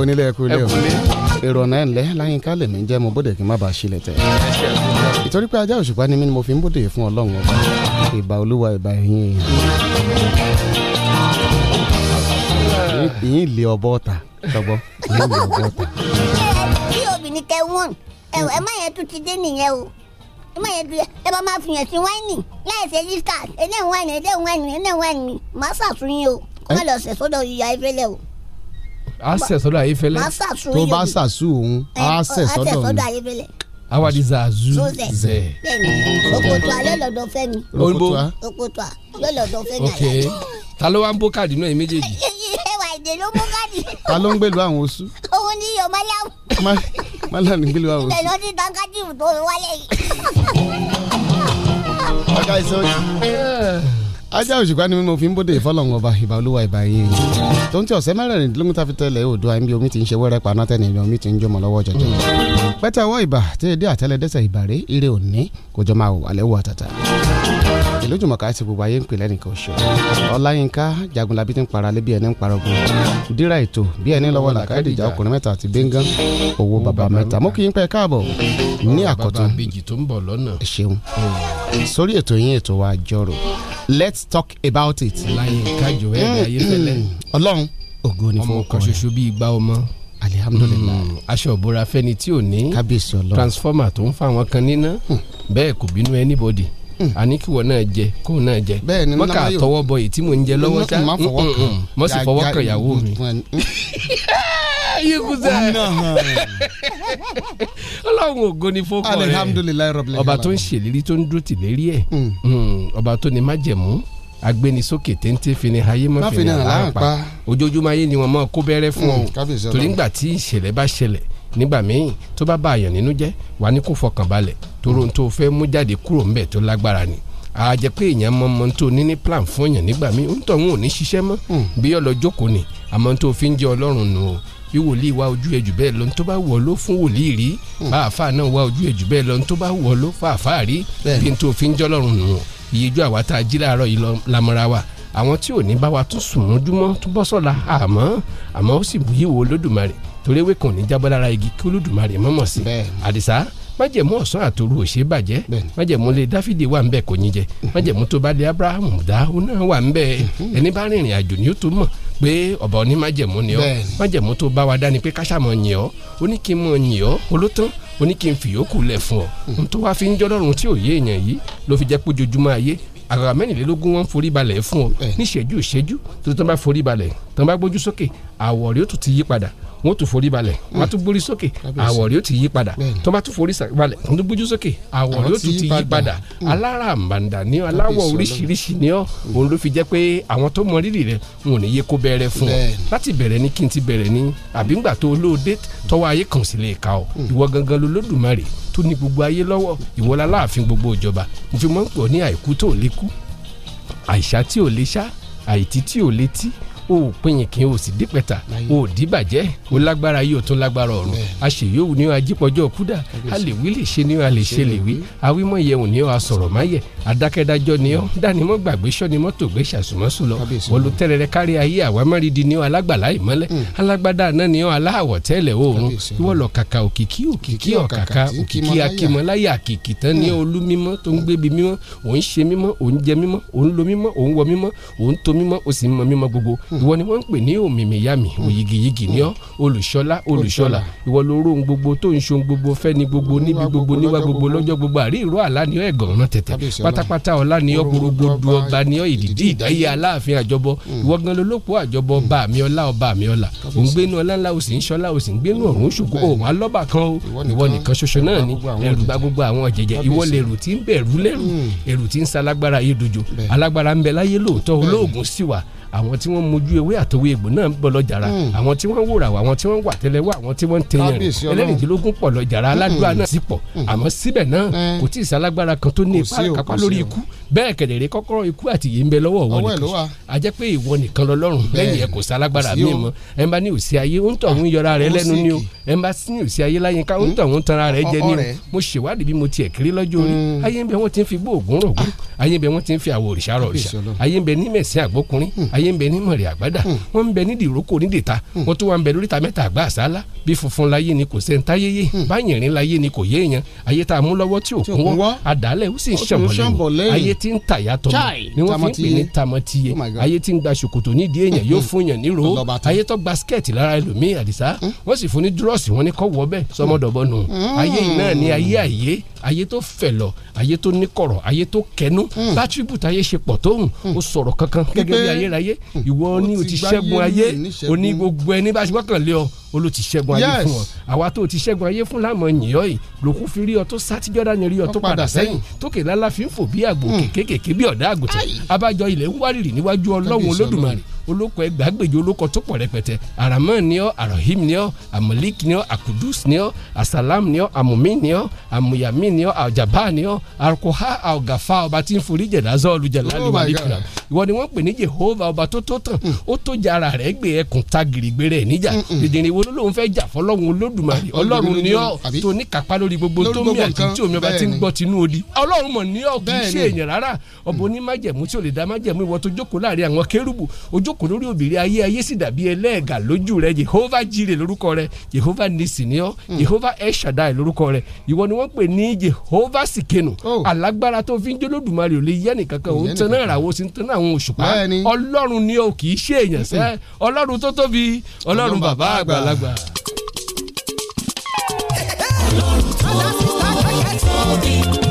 onílé ẹkú ilé o èrò ọ̀nà ẹ̀ńlẹ́ láyínká lèmi jẹ́ mo bóde kí n má bàa sílẹ̀ tẹ̀. ìtorí pé ajá òṣùpá ni mí ni mo fi ń bóde fún ọlọ́run ọba ìbà olúwa ìbà ẹ̀yìn èèyàn. ìyìn ilé ọbọ̀ ọ̀tà lọ́gbọ́n ìyìn ilé ọbọ̀ ọ̀tà ẹ ẹ má yẹn tún ti dé nìyẹn o ẹ má yẹn tún yẹ ẹ bá máa fìyàn sí wáìnì láì ṣe yíṣà ẹdẹ ń wáìnì ẹdẹ ń wáìnì ẹdẹ ń wáìnì má ṣàtún yín o kó má lọ ṣẹ̀ sọ́dọ̀ ìyá ìfẹ́lẹ́ o. a ṣẹ̀ sọ́dọ̀ ayéfẹ́lẹ́ tó bá ṣàṣù òun a ṣẹ̀ sọ́dọ̀ ayéfẹ́lẹ́ awa di zazu zẹ. bẹ́ẹ̀ni alẹ lọ́dọ̀ Fẹ́mi. okoto a lọ́dọ̀ Fẹ́mi. ok Talo ló wá ń bó káàdì náà yìí méjèèjì ẹ̀jẹ̀ ló mú káàdì. ta ló ń gbèlú àwọn oṣù. òun ni yọ mọ́láwù. mọ́láwù ni gbèlú àwọn oṣù. ìbẹ̀rù ti tán kájìmù tó wálé yìí. ọ̀gá ìsọjí ajá òṣùpá ni mo fi ń bóde ìfọlọ́hún ọba ìbá olúwa ìbá yìí tó ti ọ̀sẹ̀ mẹ́rẹ̀ẹ́dínlógún tá fi tẹ́lẹ̀ odò àyìn bí omi ti ń ṣe wẹ́rẹ́ paná tẹ́ni ni omi ti ń jómọ lọ́wọ́ jọjọ pẹ́tẹ́ ọwọ́ ìbà tí èdè àtẹ́lẹdẹ́sẹ̀ ìbàrẹ́ ire òní kò jọ máa wà lẹ́wọ̀ àtàtà ìlójúmọ̀ká ti gbogbo ayé ń pè lẹ́nìkan oṣù ọláyínká jagunlabi ti ń para lé bí ẹni ń parọ́gun dírà ètò bí ẹni lọ́wọ́ làkàdé ìjà ọkùnrin mẹ́ta àti bẹ́ngàn owó bàbá mẹ́ta mú kí yín pẹ́ káàbọ̀ ní àkọ́tún ṣeun hmm. sórí ètò yín ètò wa jọrò let's talk about it. Hmm. ọlọ́run ògo ni fún ọkọ ṣoṣo bíi igba ọmọ alihamudulilayi hmm. aṣọ òbúra fẹni tí ò ní transformer tó ń fa àwọn kan níná bẹ́ẹ̀ kò bínú anybody àní mm. kí wọ́n náà jẹ kó náà jẹ mọ́kà àtọwọ́ bọ èyí tí mò ń jẹ lọ́wọ́ tá mm. mọ́ sì fọwọ́ kan ìyàwó mi. Mm. yíkú sẹ́ ọlọ́run ògo ni fọ́kọ rẹ̀ alihamudulilayi rọ̀bìlẹ̀ ọba tó ń ṣèlérí tó ń dúró tìlérí ẹ̀ ọba tó ní májẹ̀mú agbẹnisókè téńté fini ayé mọ́ fini àlàpà ojoojúmọ́ ayé ni wọ́n mọ́ kó bẹ́rẹ́ fún ọ torí ńgbà tí ìṣẹ̀lẹ̀ bá ṣẹlẹ̀ nígbà míì tó bá bá àyàn nínú jẹ́ wà ní kó fọkàn balẹ̀ tóró tó fẹ́ mú jáde kúrò ńbẹ̀ tó lágbára ni a jẹ́ pé èèyàn mọ ọmọ tó ní plan fún èèyàn nígbà míì ń tọ̀ ń ò ní ṣiṣẹ́ mọ́ hmm. bí ọlọ́jókòó ni àmọ́ tó fi ń jẹ́ ọlọ́run nù o bí wòlíì wá ojú ẹjù bẹ́ẹ̀ lọ tó bá wọ̀ ló fún wòlíì rí hmm. bá àfa náà wá ojú ẹjù bẹ́ẹ̀ lọ tó bá wọ̀ ló fún àfa rí bí tó fi ń jọlọ́run nù ìyejú àwa tá a jí láàárọ̀ yìí lamọ́ra wa àwọn tí ò ní bá wa tún sùn mọ́júmọ́ tó bọ́ sọ́la àmọ́ àmọ́ ó sì bùyí wo lódùmarè torí ewé kan ní jábọ́ lára igi kí olódùmarè mọ̀mọ̀ sí àdìsá májẹ̀mú ọ̀sán àtòru òṣè bàjẹ́ májẹ̀mú lé dáfídì wà ńbẹ̀ kò ní jẹ májẹ̀mú tó bá lé abrahamu dá ọ̀nà wà ńbẹ̀ ẹni bá rìnrìn àjò ni ó tó mọ̀ pé ọ̀bà oní májẹ̀mú ni ọ́ májẹ̀mú tó bá wa dání pé káṣàmọ̀ yìn ọ́ ó ní kí n mọ̀ yìn ọ́ olótán ó ní kí n fìyókù lẹ̀ fún ọ hmm. ohun tó wá fi ń jọ́lọ́run tí ò yé èèyàn yìí ló fi jẹ́ pójoojúmọ́ ayé àgàgà mẹ́rìnlélógún wọn forí balẹ̀ fún ọ níṣẹ́jú ìṣẹ́jú tó tán bá forí balẹ̀ tán bá gbójú sókè àwọ̀ rẹ̀ ó tún ti yí padà wọ́n tún forí balẹ̀ wọ́n hmm. tún gbórí sókè àwọ̀ rẹ̀ ó ti yí padà tó bá tún forí balẹ̀ wọ́n tún gbójú sókè àwọ̀ rẹ̀ ó tún ti yí padà hmm. alára àmàǹdà ni aláwọ̀ oríṣiríṣi ni ọ́ hmm. òun ló fi jẹ́ pé àwọn tó mọ rírì rẹ̀ wọn ò ní yé kó bẹ̀rẹ̀ fún ọ láti bẹ̀rẹ̀ ní kí n ti bẹ̀rẹ̀ ni àbí ńgbà tó olóòde tọwọ́ ayé kàn sí lè ka ọ ìwọ gangan lolódùmarè tó ní gbogbo ayé lọ́wọ́ ìwọ la o ò pinyìn kí o sì dípẹ̀tà o ò díbàjẹ́ o lágbára yóò tún lágbára ọ̀run o ni ajípọ̀jọ́ kúdà a lè wí lè ṣe ni a lè ṣe lè wí awímọ̀ yẹun ni a sọ̀rọ̀ má yẹ adákẹ́dájọ́ ni ọ́ dánimọ̀ gbàgbé sọ́nimọ̀ tó gbé ṣàṣùmọ́sù lọ olùtẹ́rẹrẹ kárí ayé àwámárìdì ni ọ́ alágbàlá ìmọ́lẹ̀ hmm. alágbádá náà ni ọ́ aláwọ̀ tẹ́lẹ̀ oòrùn ìwọ lọ kàkà òkìkí òkìkí ọ̀kàkà òkìkí akímọ̀láyà àkìkì tán ni hmm. olú mímọ́ ìwọ ni wọ́n ń pè ní òmìmìyàmì òyìgìyìgì hmm. ni ọ́ hmm. olùṣọ́lá olùṣọ́lá ìwọ lóró ohun gbogbo tó ń ṣohun gbogbo fẹ́ni gbogbo níbi gbogbo níwá gbogbo lọ́jọ́ gbogbo àrí ìró àlá ni ọ́ ẹ̀gàn rán tẹ̀tẹ̀ pátápátá ọ̀la ni ọ́ gbogbo du ọba ni ọ́ ìdìdí ìdáyé aláàfin àjọbọ hmm. ìwọ gan lolópo àjọbọ ọba àmì ọlá ọba àmì ọlá òun gbénu ọlá ńlá òsì ń ṣọlá òsì ń gbénu ọ̀run ṣùkú òun alọ́ba kan o ìwọ nìkan ṣoṣo náà ni ẹrù bá gbogbo àwọn jẹjẹ ìwọ lèrò tí ń bẹ̀rù lẹ́rù èrò tí ń salágbára yé dojo alágbára ń bẹ láyé lóòótọ́ olóògùn sì wà àwọn tí wọ́n mojú ewé àtòwé egbò náà ń bọ̀ lọ́jàrá hmm. àwọn tí wọ́n wòrà wà àwọn tí wọ́n wà tẹ́lẹ̀ wà àwọn tí wọ́n ń tẹyàn rẹ̀ ẹlẹ́rìndínlógún pọ̀ lọ́jàrá aládùá hmm. náà sì pọ̀ hmm. àmọ́ síbẹ̀ náà kò tí ì sálágbára kan tó ní ipa kápá lórí ikú bẹ́ẹ̀ kẹ̀dẹ̀rẹ́ kọ́kọ́rọ́ ikú àti yìí ń bẹ lọ́wọ́ wọn nìkan a jẹ́ pé ìwọ nìkan lọ́lọ́run lẹ́yìn ẹ̀ sálágbára mi mọ́ ẹ̀ ń bá ní òsì ayé ń tọ̀ ń yọra rẹ lẹ́nu ni o ẹ̀ ń bá ní òsì ayé láyé ká ó ń hmm? tọ̀ ń tanra rẹ jẹ ni o mo ṣèwádìí bí mo tiẹ̀ kiri lọ́jọ́ orí hmm. ayé ń bẹ wọ́n ti ń fi gbóògùn rògùn ah. ayé ń bẹ wọ́n ti ń fi àwọ̀ òrìṣà rọ̀ òrìṣà ayé ń bẹ ní mẹ̀sìn àgbókùnrin hmm. ayé ń bẹ ni kò sẹ́ńtáyé yé báyìnrín láyé ni kò yé èèyàn ayé tá a tí ń tà yàtọ̀ ni wọ́n fi ń pè ní tamatiye oh ayé tí ń gba ṣòkòtò nídìí èèyàn yóò fún yàn níro ayé tó gba skẹ́ẹ̀tì lára ẹlòmíì àdìsá hmm? wọ́n sì fún ní dúrọ́ọ̀sì wọn ní kọ́ bẹ́ẹ̀ sọmọdọ̀bọ nù hmm. ayé iná ni ayé àyè ayé tó fẹ̀ lọ ayé tó níkọ̀rọ̀ ayé tó kẹnu látìrìbùtà hmm. ayé ṣe pọ̀ tóun hmm. ó sọ̀rọ̀ kankan gẹ́gẹ́ bí ayérayé hmm. ìwọ ni o ti ṣẹ́gun ayé o ní gbogbo ẹni bá ṣe wọ́kàn lé ọ olu ti ṣẹ́gun ayé fún ọ àwa tó ti ṣẹ́gun ayé fún láàmú ẹ̀yìn ọ yìí lòkú fi rí ọ tó sátijọ́dá ni rí ọ tó padà sẹ́yìn tókè lálá fi ń fò bí àgbò kékèké bí ọ̀dà àgùntàn abájọ ilẹ̀ ń wárìrì níwájú ọlọ́run olódùmarè olóko ẹgbàágbèje olóko tó pọ̀ rẹpẹtẹ araman ni ọ́ arahim ni ọ́ amalik ni ọ́ akudus ni ọ́ asalam ni ọ́ amumin ni ọ́ amuyami ni ọ́ ajaba ni ọ́ alkoha algafa ọba tí ń forí jẹ̀dá zọ́ọ̀lù jẹ̀dá ni wọ́n dìkìlá ìwọ ni wọ́n pè ní jehova ọba tó tó tàn hmm. ó tó ja ara rẹ̀ gbé ẹkùn ta gìrìgbé níjà hmm, hmm. dìdìrín wo lóun fẹ́ jà fọlọ́run ah, olódùmarè ọlọ́run ni ọ́ tó ní kápá lórí gbogbo tó mi àti tí omi ọba ti ń gbọ́ tinú odi ọlọ́run mọ̀ ní ọ́ kì í ṣe èèyàn rárá ọ̀bọ jókòó lórí òbírí ayé ayé sì dàbí ẹlẹ́ẹ̀gà lójú rẹ Jehovah jire lórúkọ rẹ Jehovah nisi ni ọ hmm. Jehovah El Shaddai lórúkọ rẹ ìwọ ni wọ́n pè ní Jehovah sikenu oh. alágbára tó fi ń jólódùmarè ò lè yẹ nìkankan òun tẹ náà ràwọ sí tẹ náà àwọn òṣùpá ọlọ́run ni o kì í ṣe èèyàn sẹ́ hmm. ọlọ́run tó tóbi ọlọ́run bàbá àgbàlagbà. ọlọ́run tó tóbi.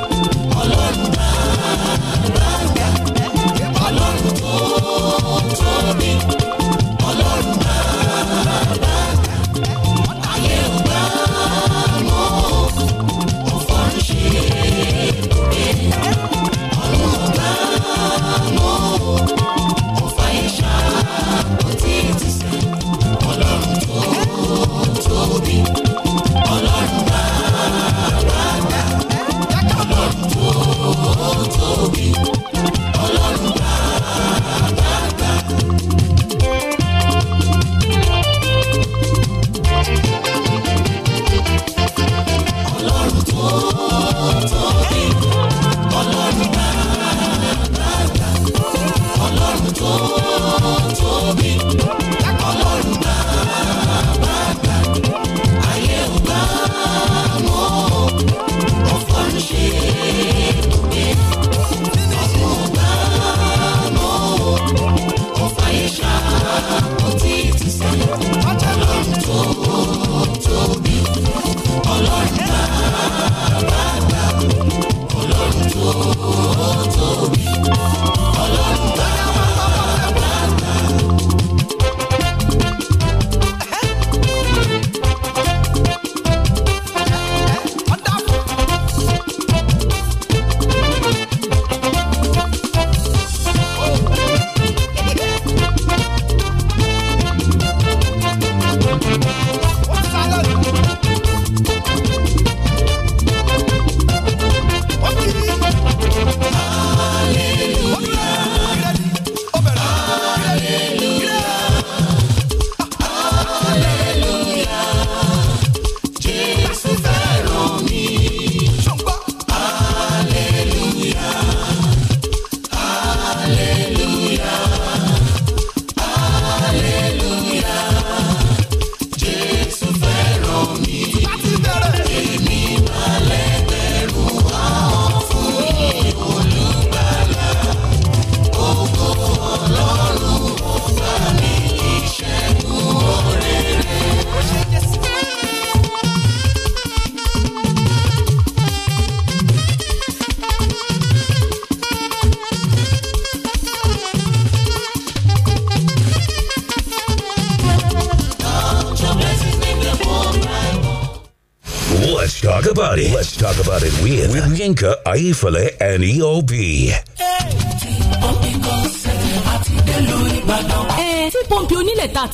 Fully and EOB.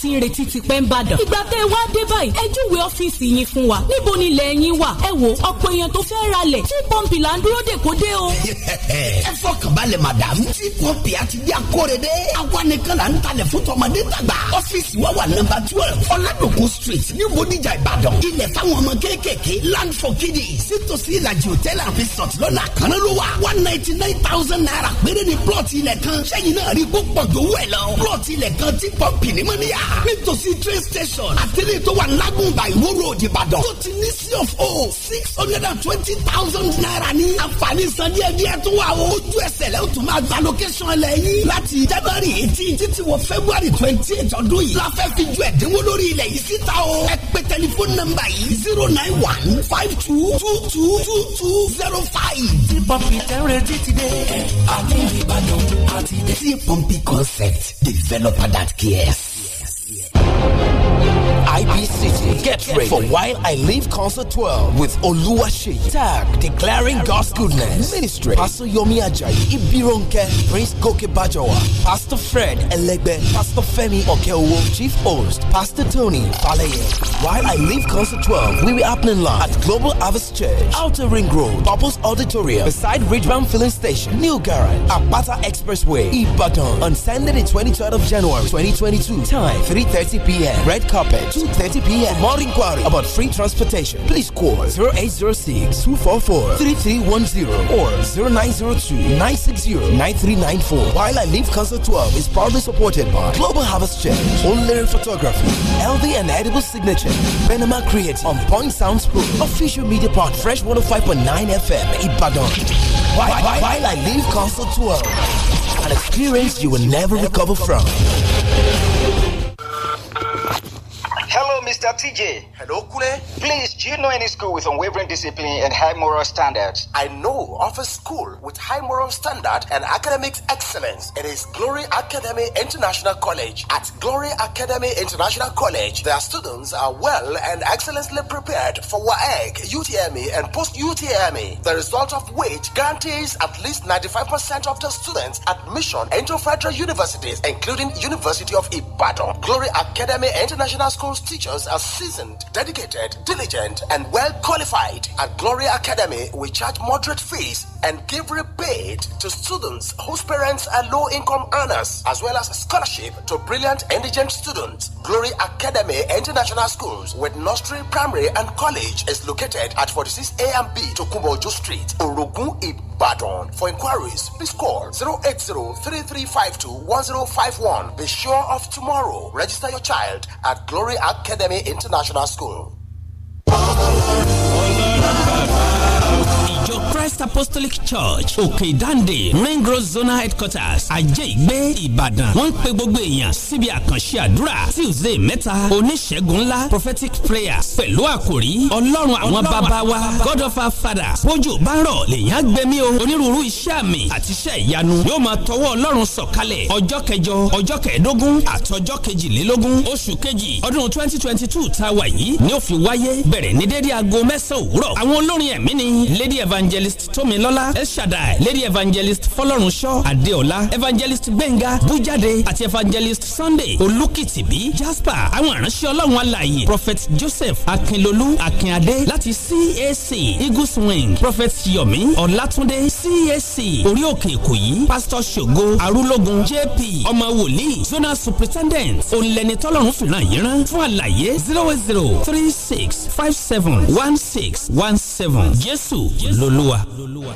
ti ń retí ti pẹ́ ń bàdàn. ìgbà tẹ́ wá dé báyìí ẹ júwe ọ́fíìsì yín fún wa níbo ni ilẹ̀ yín wà ẹ wo ọ̀pọ̀ èèyàn tó fẹ́ ralẹ̀ tí pọ́ǹpì là ń dúró dè kó dé o. ẹ fọkàn balẹ̀ madam tí pọ́ǹpì àti bí akóredé àwa nìkan là ń talẹ̀ fún tọmọdé tàgbà ọ́fíìsì wa wà nọ́mbà twelve ọ̀làdòkun street ní bódìjà ìbàdàn ilẹ̀ fáwọn ọmọ kéékèèké land for kiddies sítòsí ìlàjì hòtẹ́lì and resort lọ́nà àkànná ló one ninety nine thousand naira nítòsí train station àtẹ̀lé tó wà lágùnbà ìwó road ìbàdàn tó ti ní sí of o six hundred and twenty thousand naira ní àǹfààní san díẹ̀ díẹ̀ tó wà o ojú ẹsẹ̀ lẹ́yìn tó máa gba location ẹlẹ́ yìí láti january eighteen títí wọ february twenty eight ọdún yìí la fẹ́ fi ju ẹ̀dínwó lórí ilẹ̀ yìí síta o ẹ pè tẹlifóònù nọ́mbà yìí zero nine one five two two two two two zero five. tí pọ́ǹpì tẹ́rẹ̀ jí ti dé àti ìbàdàn àti dé. tí pọ́ǹpì concept developer that cares. City. Get ready for While I Live Concert 12 with Oluwaseyi. Tag Declaring God's Goodness. Ministry Pastor Yomi Ajayi Ibironke, Prince Goke Bajawa, Pastor Fred Elegbe, Pastor Femi Okeowo, Chief Host, Pastor Tony Faleye. While I Live Concert 12 will be happening live at Global Harvest Church, Outer Ring Road, Purpose Auditorium, beside Ridgebank Filling Station, New Garage, Apata Expressway, Ibadan, on Sunday the 23rd of January 2022. Time 3.30 p.m. Red Carpet 30 p.m. More inquiry about free transportation. Please call 0806 244 3310 or 0902 While I Live Concert 12 is proudly supported by Global Harvest Church, Online Photography, LV and Edible Signature, Benema Creative, On Point Sounds Pro, Official Media Part, Fresh 105.9 FM, Ibadan. while I leave Council 12, an experience you will never recover from. Mr. TJ. Hello, Kule. Please, do you know any school with unwavering discipline and high moral standards? I know of a school with high moral standard and academic excellence. It is Glory Academy International College. At Glory Academy International College, their students are well and excellently prepared for WAEG, UTME, and post-UTME, the result of which guarantees at least 95% of the students admission into federal universities, including University of Ibadan. Glory Academy International School's teachers Individuals are seasoned, dedicated, diligent, and well qualified. At Glory Academy, we charge moderate fees and give rebate to students whose parents are low income earners, as well as scholarship to brilliant indigent students. Glory Academy International Schools with nursery, primary, and college is located at 46 A and B to Kumbojo Street, Orogun, Ibadan. Badon. For inquiries, please call 080-3352-1051. Be sure of tomorrow. Register your child at Glory Academy International School. Christ Apostolic Church Òkè Dande Ring Road Zonal Headquarters Ajé Ìgbé Ìbàdàn. Wọ́n ń pe gbogbo èèyàn síbi àkànṣe àdúrà Tuesday mẹ́ta oníṣègùn ńlá prophetic prayers pẹ̀lú àkòrí Ọlọ́run àwọn bàbá wa God of our fathers. Bójú bárọ̀ lèèyàn gbẹ̀mí o onírúurú iṣẹ́ àmì àti iṣẹ́ ìyanu yóò máa tọwọ́ Ọlọ́run sọ̀kalẹ̀ ọjọ́ kẹjọ ọjọ́ kẹẹ̀dógún àtọjọ́ kejìlélógún oṣù kejì ọdún twenty twenty two tá a wà yìí ni ó fi wáyé bẹ̀rẹ̀ ní dédé aago mẹ́sàn-án òwúrọ̀ àwọn olórin ẹ̀mí ni Lady Evangelist evangelist tómilọ́lá elshadai lady evangelist fọlọ́runṣọ́ Adeola, evangelist gbẹ̀ngà bújáde àti evangelist sunday olùkìtìbí jasper àwọn ìránṣẹ́ ọlọ́run alààyè prophet joseph akínlolú akínadé láti cac eagles wing prophet yomi ọlátúndé cac orí òkè ìkòyí pastor ṣògo arúlógún jp ọmọ wòlíì zonal superintendent òǹlẹ̀nitọ́lọ́run fìràn yìí rán fún àlàyé zero zero three six five seven one six one seven jésù lolúwa. Lulua.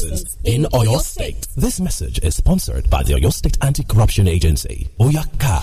citizens in Oyo State. This message is sponsored by the Oyo State Anti-Corruption Agency, Oyaka.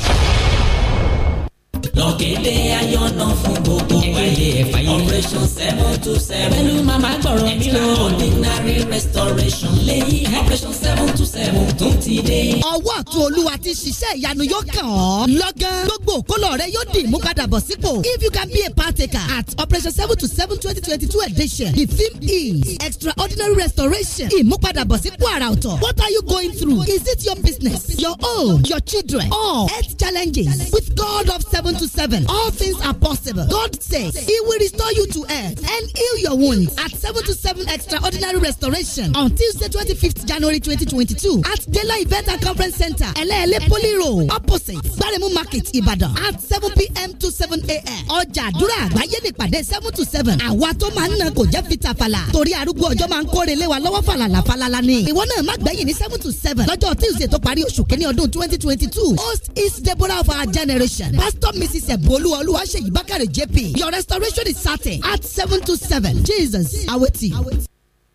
lọ́kẹ́dẹ́ ayọ̀nà fún gbogbo ayé operation seven two seven pẹ̀lú màmá gbọ̀rọ̀ mi lò ordinary restoration lẹ́yìn operation seven two seven tún ti dé. ọwọ́ ọ̀tún olúwa ti ṣiṣẹ́ ìyanu yóò kàn ọ́. lọ́gán gbogbo òkólọ̀ rẹ yóò dì mú padà bọ̀ sípò. if you can be a partaker at operation seven to seven twenty twenty two edition the theme is extraordinary restoration. ìmúpadàbọ̀sípò àrà ọ̀tọ̀. what are you going through? is it your business your own your children or health challenges? with God of seven to seven all things are possible. God says he will restore you to health and heal your wounds at seven to seven extraordinary restoration on Tuesday twenty fifth January twenty twenty two at jela iveta conference center ẹlẹ́ẹ̀lẹ́ poly road opposite gbaremu market Ibadan at 7 pm to 7 am ọjà àdúrà àgbáyé nípàdé 7 to 7. àwa tó máa ń nà kò jẹ́ fita fàlà torí arúgbó ọjọ́ máa ń kóre lé wa lọ́wọ́ fàlàlà fàlàlà ni ìwọ náà má gbẹ̀yìn ní seven to 7. lọ́jọ́ tuesday tó parí oṣù kínní ọdún twenty host is deborah of our generation pastor mrs ebolu olúwaṣeyí Bakare jp your restoration is certain at 7 to 7. jesus aweti. aweti.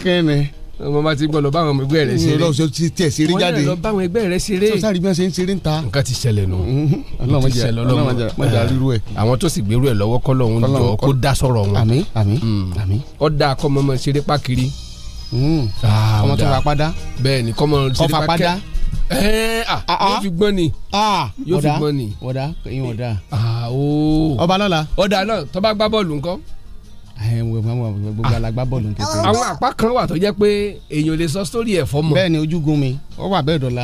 kí ni wọn bá ti gbọ́ lọ báwọn ẹgbẹ́ rẹ ṣeré lọ sí tiẹ̀ ṣeré jáde wọn lọ báwọn ẹgbẹ́ rẹ ṣeré sọsárì bí wọn ṣe ń ṣeré ta. nǹkan ti ṣẹlẹ̀ nù ọlọ́mọ jẹ ọlọ́mọ jẹ ọlọ́mọ jẹ arírú ẹ. àwọn tó sì gbèrú ẹ lọ́wọ́ kọlọ dá sọ̀rọ̀ wọn. àmín tó fapá hmm. dá. Hmm. bẹ́ẹ̀ ni ah, ah. yóò fi gbọ́n ni ah, yóò fi gbọ́n ni. ọ̀dà ọ̀dà ọba lọ́la. ọ̀dà náà tó gbá bọ́ọ̀lù ńkọ́ gbogbo alagba bọ́ọ̀lù ń kékeré. àwọn apá kan wà tó jẹ́ pé èèyàn lè sọ sórí ẹ̀ fọ́mọ. bẹ́ẹ̀ ni ojúgun mi ó wà bẹ́ẹ̀ dọ́là.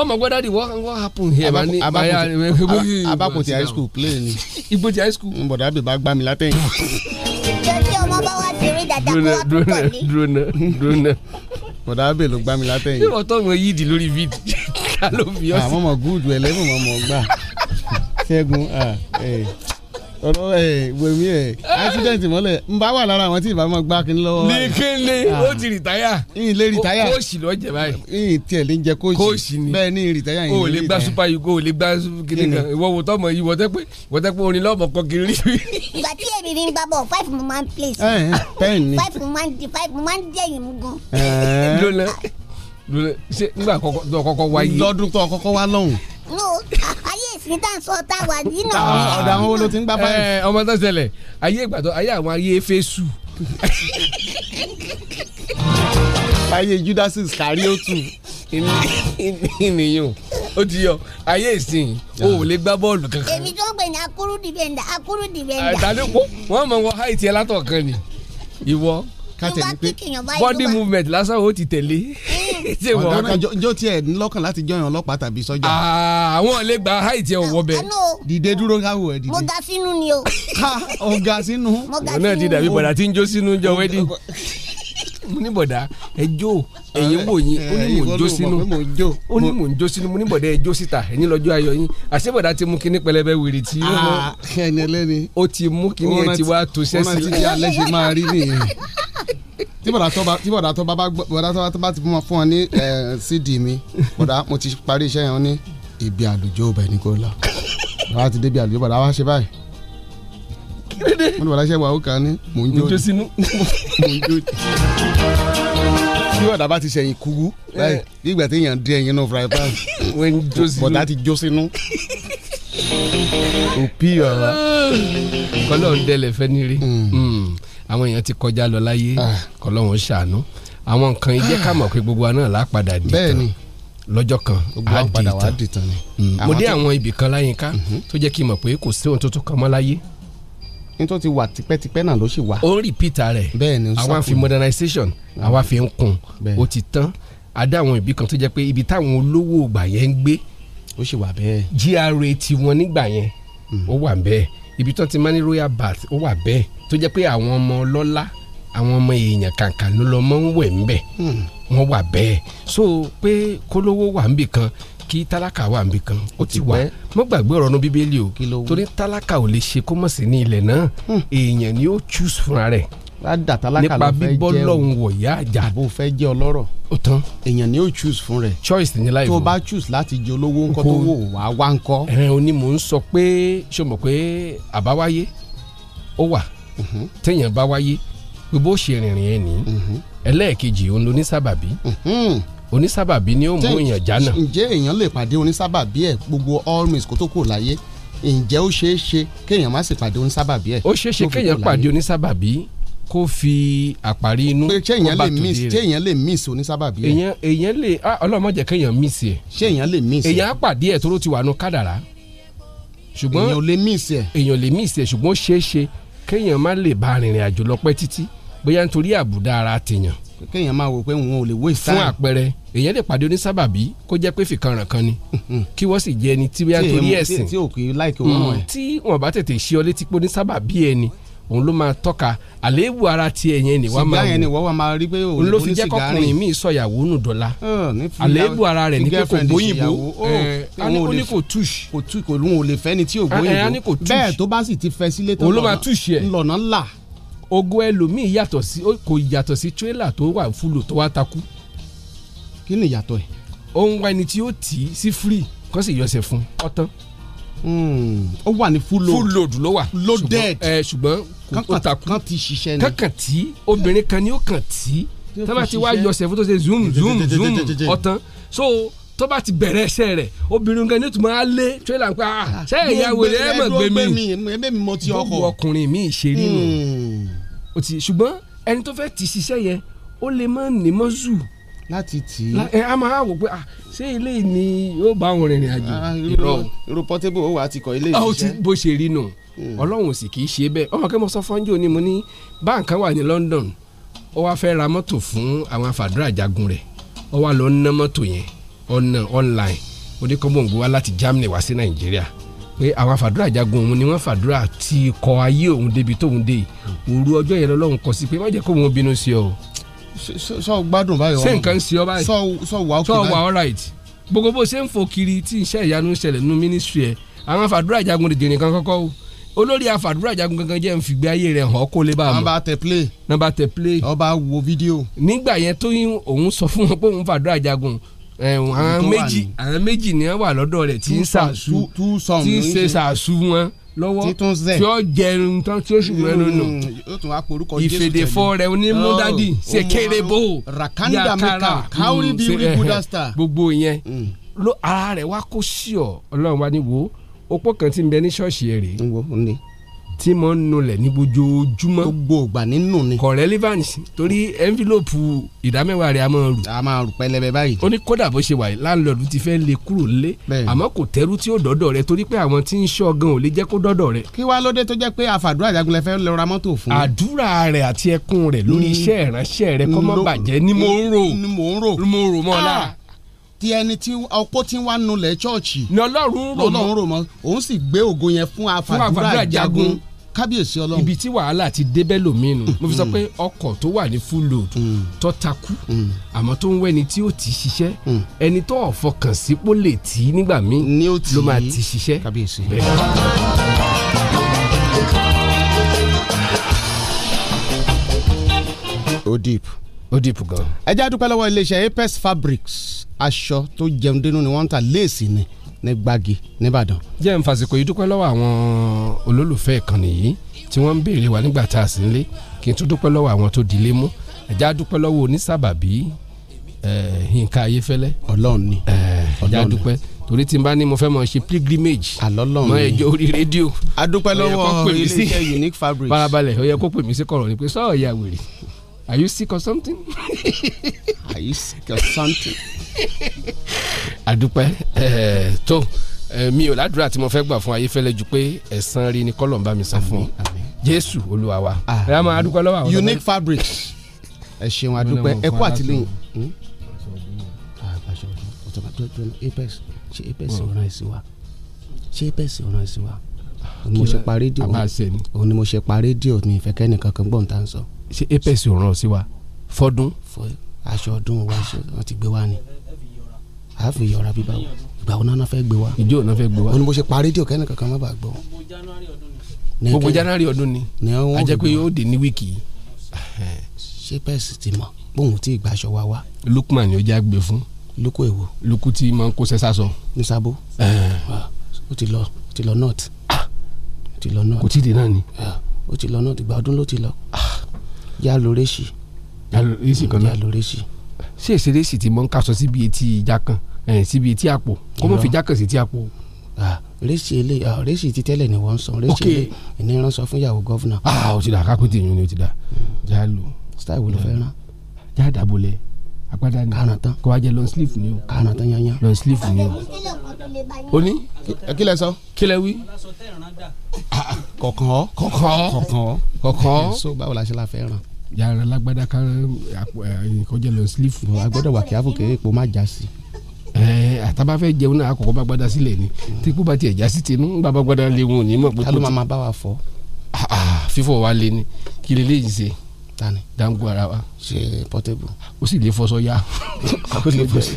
ọmọ gbọ́dọ̀ di what what happen here ma ni. abakoti high school play ni. iboti high school. Mm, bọ̀dà bèbá gbá mi látẹ̀yìn. ìjọ́jú ọmọ bá wá sí rí dàda kó wá tó pọ̀ ní. drona drona bọ̀dà bè ló gbá mi látẹ̀yìn. bí wọ́n tọ́ wọn yídì lórí bíìdì ká ló fi ọ́ ah, sí. àmọ́ mọ̀ gúùdù ẹlẹ́mọ̀ mọ̀ gbà ṣẹ́gun ah, eh ọ̀rọ̀ ẹ̀ wèmí ẹ̀ accident mọ́lẹ̀ n bá wà lára àwọn tí ìbá máa gbá kí n lọ́wọ́. ní kíni ah. ó ti rìtáyà. ìyìn lè rìtáyà kóòsì lọ jẹ báyìí. ìyìn tiẹ̀ lè jẹ kóòsì kóòsì ni bẹ́ẹ̀ ni rìtáyà yìí. o ò lè gba super yugo o lè gba kíni kan ìwọ wo tọmọ yìí wọ́tẹ́ pé wọ́tẹ́ pé orin lọ́mọ kan kiri. ìgbà tí èmi fi ń gbá bọ̀ five mo máa ń place. ten ni five mo máa ń di five mo máa ń dẹ̀yìn mú gan. lọ́nà lọ́nà ṣé nígbà tó kọ́kọ́ wáyé. lọ́dún tó kọ́kọ́ wá lọ́hùn no ayé ìsìn tá à ń sọ tá a wà nínú. Ah, ọ̀dà àwọn wo ló ti ń gbá báyìí. Eh, eh, ọmọ tó ṣẹlẹ̀ ayé ìgbàdàn ayé àwọn ayé fésù. ayé Judas Iscariotu ènìyàn ó ti yọ ayé ìsìn o ò lè gbá bọ́ọ̀lù kankan. èmi tó ń pè ní akúrú dìbẹ̀ndà akúrú dìbẹ̀ndà. àtàlẹ́pọ̀ wọ́n mọ̀ wọ́n háìtì ẹ̀ látọ̀ kan ni ìwọ ká tẹ̀lé pé body movement lásán ó ti tẹ̀lé. Eh, ṣe wọ ọ̀gá jọ tiẹ̀ lọ́kàn láti jọyàn ọlọ́pàá tàbí sọ́jà. àwọn ah, lè gba háìtì ẹ̀ wọ bẹ́ẹ̀. dìde dúró ká wọ̀ ẹ́ dìde. mo ga sínú ni o. ọ ga sínú. mo ga sínú. náà ti dàbí bọ̀dà tí ń jó sínú jọ wẹ́dí. mo ní bọ̀dà ẹ jó ẹ̀yin wò yín ó ní mò ń jó sínú ó ní mò ń jó sínú mo ní bọ̀dà ẹ jó síta ẹ̀yin lọ́jọ́ ayọ̀ yín àṣẹ bọ̀dà ti mú kinní pẹlẹbẹ wèrè tí ó ah, ti mú kinní ẹ ti wá tó sẹ́sì. ó rántí bí alẹ́ ṣe máa rí nìyẹn tí bọ̀dà tó bá tí bọ̀dà tó bá bọ̀dà tó bá ti mọ̀ fún ọ ní cd mi bọ̀dà mo ti parí iṣẹ́ yẹn ní ibi àlùjọ ọba ẹni kò la bàbá ti débi àlùjọ bàbá wa ṣe báyìí mo ní bàbá ṣe wà ó kàn ní mò ń jó ní sínú mò ń jó ní. bí bàbá bá ti ṣẹ̀yìn kúrú báyìí eh. bí ìgbà tí èèyàn dé ẹyin náà fúra ẹ báyìí bọ̀dá ti jó sínú. òpì ọ̀rọ̀ kọ́lọ́ ń dẹlẹ̀ fẹ́ ní rí. Hmm. Hmm àwọn èèyàn ti kọjá lọ láyé ah. kọlọ́hún ṣàánú àwọn nǹkan ìjẹ́ ká mọ̀ pé gbogbo wa náà lápadà dìtàn lọ́jọ́ kan á dìtàn hmm. mo dé àwọn ibì kan láyínká mhm. tó jẹ́ kí n mọ̀ pé kò sí ohun tuntun kan mọ́ láyé nítorí ti wà tipẹ́tipẹ́ náà ló sì wà. ó ń rìpítà rẹ̀ àwa fi modernization àwa fi ń kun ó ti tán a dá àwọn ibì kan tó jẹ́ pé ibi táwọn olówó ìgbà yẹn ń gbé ó sì wà bẹ́ẹ̀. GRA tiwọn nígbà yẹn hmm. ó wà bẹ́ẹ̀ ibi tó ti máa ní royal bath ó wà bẹ́ẹ̀ tó jẹ́ pé àwọn ọmọ ọlọ́lá àwọn ọmọ èèyàn kàǹkà ló lọ mọ́ ń wẹ̀ ń bẹ̀ hmm. wọ́n wà bẹ́ẹ̀ so pé kólówó wà ń bì kan kí tálákà wà ń bì kan ó ti wà mọ́ gbàgbé ọ̀rọ̀ nu bíbélì o torí tálákà ò lè ṣe kó mọ̀ sí ní ilẹ̀ náà hmm. èèyàn ni ó choose fúnra rẹ̀ nípa bíbọ́ lọ́hùn wọ̀yá àjà. bó fẹ́ jẹ́ ọlọ́rọ̀ ó tán. èèyàn ni ó choose fún rẹ̀. choice ni láì wọ. tó bá choose láti jẹ olówó ńkọ́ tó wò wá wá ńkọ́. ẹ ò ní mò ń sọ pé ṣe mọ̀ pé àbáwáyé ó wà mhm. téèyàn bá wáyé pé bó ṣe rìnrìn ẹ̀ mhm. ẹlẹ́ẹ̀kejì òun ló ní mhm. ni ó mú èèyàn jánà. ǹjẹ́ èèyàn lè pàdé onísábàbí ẹ̀ gbogbo all miss kó tó kù láyé ǹjẹ́ ó ṣeé ṣe kéèyàn má sì pàdé onísábàbí ẹ̀. ó ṣeé ṣe kéèyàn pàdé onísábàbí kó fi àparí inú kó bá tòde rẹ̀ ṣé èèyàn lè miss onísábàbí ẹ̀. èèyàn èèyàn lè ọlọ́mọ jẹ́ kéèyàn miss ẹ̀. ṣé èèyàn lè miss ẹ̀. èèyàn á pàdé ẹ̀ tóró ti wà nù kádàrá. ṣùgbọ́n èèyàn lè miss ẹ̀. èèyàn lè miss ẹ̀ ṣùgbọ́n ṣeé ṣe kéèyàn má lè bá rìnrìn àjò lọ pẹ́ títí bóyá nítorí àbùdá ara tèèyàn. kéèyàn máa wò pé wọn ò lè waste time. fún àpẹẹrẹ èèyàn lè pàdé onísábàbí kó jẹ́ pé fìkanràn kan ni mm-hmm. kí wọ́n sì jẹ́ ẹni tí bóyá nítorí ẹ̀sìn tí mm, wọn bá tètè ṣe ọ létí pé onísábàbí ẹni òun ló máa tọ́ka àléébù ara ti ẹ̀yẹn ni wàá máa wò sìgá yẹn ni wọ́n máa rí pé òun ló fi jẹ́ kọkùnrin mi sọ̀yàwó nù dọ́là àléébù ara rẹ̀ ní pé kò gbóyìnbó ó kò túṣì. kò túṣì kò lóun ò lè fẹ́ ni tí ò gbóyìnbó bẹ́ẹ̀ tó bá sì ti fẹ́ sílé tó lọ́nà ńlá. ogo ẹlòmíì yàtọ̀ sí kò yàtọ̀ sí tírélà tó wà fúlò tó wá takú. kí ni ìyàtọ̀ ẹ̀. ohun wa ẹni tí ó tì í sí free kó sì yọ ọsẹ ó wà ní full load full load ló wà loaded ṣùgbọ́n eh, kò takú kankan ti ṣiṣẹ́ ni kankan tí obìnrin kan ni ó kàn tí tó bá ti wá yọ ṣẹ̀fó tó ṣe zoom zoom zoom ọ̀tán so tó ti bẹ̀rẹ̀ ẹsẹ̀ rẹ̀ obìnrin kan ní tùmọ̀ á lé tírélà pé ah sẹ́yìn ah, ìyá wèrè ẹ̀ mọ̀ gbé mi ẹ̀mí mo ti ọkọ̀ gbogbo ọkùnrin mi ṣe rí nù hmm. ṣùgbọ́n ẹni tó fẹ́ ti ṣiṣẹ́ yẹn ó lè má ní mọ́zù láti tì í. ẹ á máa wò pé ṣé ilé ni yóò bá òun rìnrìn àjò. Ah, irọ́ irọ́ portable ó wà á ti kọ́ ilé yìí jẹ́. bó ṣe rí nù hmm. ọlọ́run sì kì í ṣe bẹ́ẹ̀ ọmọ kẹ́mọ́ sọ fọ́njọ́ ni mo ní báǹkà wà ní London ó wáá fẹ́ ra mọ́tò fún àwọn afàdúrà jagun rẹ̀ ó wáá lọ ná mọ́tò yẹn ọ̀nà online oníkọ́mọ̀ǹgbò wá láti Germany wá sí Nàìjíríà pé àwọn afàdúrà jagun òun ni wọ́n fàdúrà ti kọ ayé òun débi tóun dé òru ọjọ́ yẹn lọ́lọ́run kọ sí pé má jẹ́ kóun bínú sí ọ sọ gbádùn báyọ̀ ṣé nǹkan ń ṣe ọ báyìí sọ wà ọkùnrin sọ wà all right gbogbo bó ṣe ń fò kiri tí iṣẹ́ ìyanu ń ṣẹlẹ̀ nínú mínísírì ẹ̀ àwọn fàdúrà ìjagun dìde nìkan kọ́kọ́ o olórí àfàdúrà ìjagun gangan jẹ́ nfìgbé ayé rẹ̀ hàn kó lè bá a mọ̀. Number tẹ play. Number tẹ play. ọba wo fídíò. nígbà yẹn tó yín òun sọ fún wọn pé òun fàdúrà ìjagun àwọn méjì àwọn méjì ni wọn wà lọ́dọ̀ rẹ̀ tí ń ṣàṣù tí ń ṣe ṣàṣù wọn lọ́wọ́ tí ó jẹun tán tí ó sì mẹ́nu nù ìfèdèfọ́ rẹ̀ hmm, onímúdádì oh, oh, ṣèkérébó oh, yàkàrà hmm, gbogbo yẹn hmm. ara rẹ̀ wá kó sí ọ ọlọ́run wá ní wo opó kan tí ń bẹ ní ṣọ́ọ̀ṣì ẹ̀ rèé tí mo ń nulẹ̀ ní gbojoojúmọ́. gbogbo ìgbà nínú ni. kọ̀ relevance torí envelope ìdámẹ́wàá rẹ̀ a máa rù. a máa rù pẹlẹbẹ báyìí. ó ní kódà bó ṣe wà yìí láńlọ́ọ̀dù ti fẹ́ lè kúrò lé. àmọ́ kò tẹ́rù tí ó dọ́dọ̀ rẹ torí pé àwọn tí ń ṣọ́ gan ò lè jẹ́ kó dọ́dọ̀ rẹ. kí wàá lóde tó jẹ́ pé àfàdúrà Àjàgúnlẹ̀ fẹ́ lọ ra mọ́tò fún. àdúrà rẹ̀ àti ẹkún rẹ̀ lórí mm. iṣẹ́ ìránṣẹ́ rẹ̀ kó ti ẹni tí ọpọ́ tí wàá nulẹ̀ chọ́ọ̀chì lọ́lọ́run rò mọ́ òun sì gbé ògo yẹn fún àfàdúrà jagun kábíyèsí ọlọ́run. ibi tí wàhálà ti débẹ̀ lómi nù mo fi sọ mm. pé ọkọ̀ tó wà ní full load mm. tó takú mm. àmọ́ tó ń wẹ́ni tí ó ti ṣiṣẹ́ ẹni tó ọ̀fọkàn sí pó lè tì í nígbà míì ló máa ti ṣiṣẹ́ bẹ́ẹ̀. ó deep ó dìpù gan. ẹ já dúpẹ́ lọ́wọ́ iléeṣẹ́ Apex Fabrics aṣọ tó jẹun dénú ni wọ́n ń ta léèsì ni ní gbági nìbàdàn. jẹ́ n fàsìkò yìí dúpẹ́ lọ́wọ́ àwọn olólùfẹ́ ìkànnì yìí tí wọ́n ń béèrè wa nígbà tá a sì ń lé kí n tún dúpẹ́ lọ́wọ́ àwọn tó dilé mú ẹ já dúpẹ́ lọ́wọ́ onísàbàbí Yínká Ayéfẹ́lẹ́. Ọlọ́run ni ẹ já dúpẹ́ torí tí n bá ní mo fẹ́ mọ ṣe pilgrimage mọ ẹjọ́ orí rédíò. adúpẹ́ lọ́wọ́ unique fabric. farabalẹ̀ ó yẹ kó pè mí sí kọ̀rọ̀ Are you sick or something? Are you sick or something? Àdúpẹ́ ẹ̀ eh, tó eh, mi ò ládùúrà tí mo fẹ́ gbà fún Ayéfẹ́lẹ́ ju pé ẹ̀san rí ni kọ́lọ̀ ń bá mi san fún Jésù Olúwa Rama adúpẹ́ ah. lọ́wọ́ àwọn. Unique fabric ẹ ṣeun àdúpẹ́ ẹ kú àtìlẹ́yìn hmm? ah, apex ṣe hmm. apex ọ̀ràn ẹ̀sìn wa ṣe apex ọ̀ràn ẹ̀sìn wa òun ni mo ṣe pa rédíò òun ni mo mi ìfẹ́kẹ́ nìkan kan gbọ́n tá ń sọ ṣe apex ò ràn sí wa fọdún. aṣọ ọdún wa wọn ti gbé wa ni a fi yọra bíbá wo ìgbà wo náà fẹ́ gbé wa. ìjọ náà fẹ́ gbé wa. oníbo ṣe pa rédíò kẹ́ni kankan má bàa gbọ́. gbogbo january ọdún ni a jẹ́ pé yóò dé ní wíìkì yìí. ṣé pẹ́ẹ́sì ti mọ̀ bóun ti gba aṣọ wa wá. lukman ni ó já gbé fún. luku èwo. luku tí máa ń kó sẹ́sà sọ. ní sabo. Ah, ó ti lọ ó ti lọ north. Ah, ó ti lọ north. kò tí ì dé náà ni. Ah, ó ti lọ north ìgbà ọdún ló ti lọ já lo rẹ́sì. já lo rẹ́sì kan náà já lo rẹ́sì. ṣé èsì rẹ́sì ti mọ ń kaṣọ síbi etí ìjà kan síbi etí àpò kó mọ̀ fi ìjà kan sí etí àpò. rẹ́sì ele rẹ́sì ti tẹ́lẹ̀ ni wọ́n ń san rẹ́sì ilé ìníran sọ fún ìyàwó gọ́fúnà. ó ti dà kápẹ́tì yín ni ó ti dà já lo. style wo ló fẹ́ rán. já dàbò agbada ni kana tán kò wá jẹ long sleeve ni o kana tán yanya long sleeve ni o. o ní kílẹ̀ sọ. kílẹ̀ wí. kọ̀kan ọ́ kọ̀kan kọ̀kan kọ̀kan so báwo la ṣe la fẹ́ ràn. yàrá lágbádá ká kọjá long sleeve. a gbọ́dọ̀ wà kí a fò kéré kó má já sí àtàbà fẹ́ jẹun náà àkọ́kọ́ bá gbada sílẹ̀ ni tíkú bá tiẹ̀ já sí tinú ń bá bá gbada lé wọn ò kálọ́ máa bá wa fọ. Ah, ah, fífọ̀ wa lé ni kí lè léyìí ṣe tani dangu ara wa ṣe portable. ó sì lè fọṣọ ya ó sì lè fọṣọ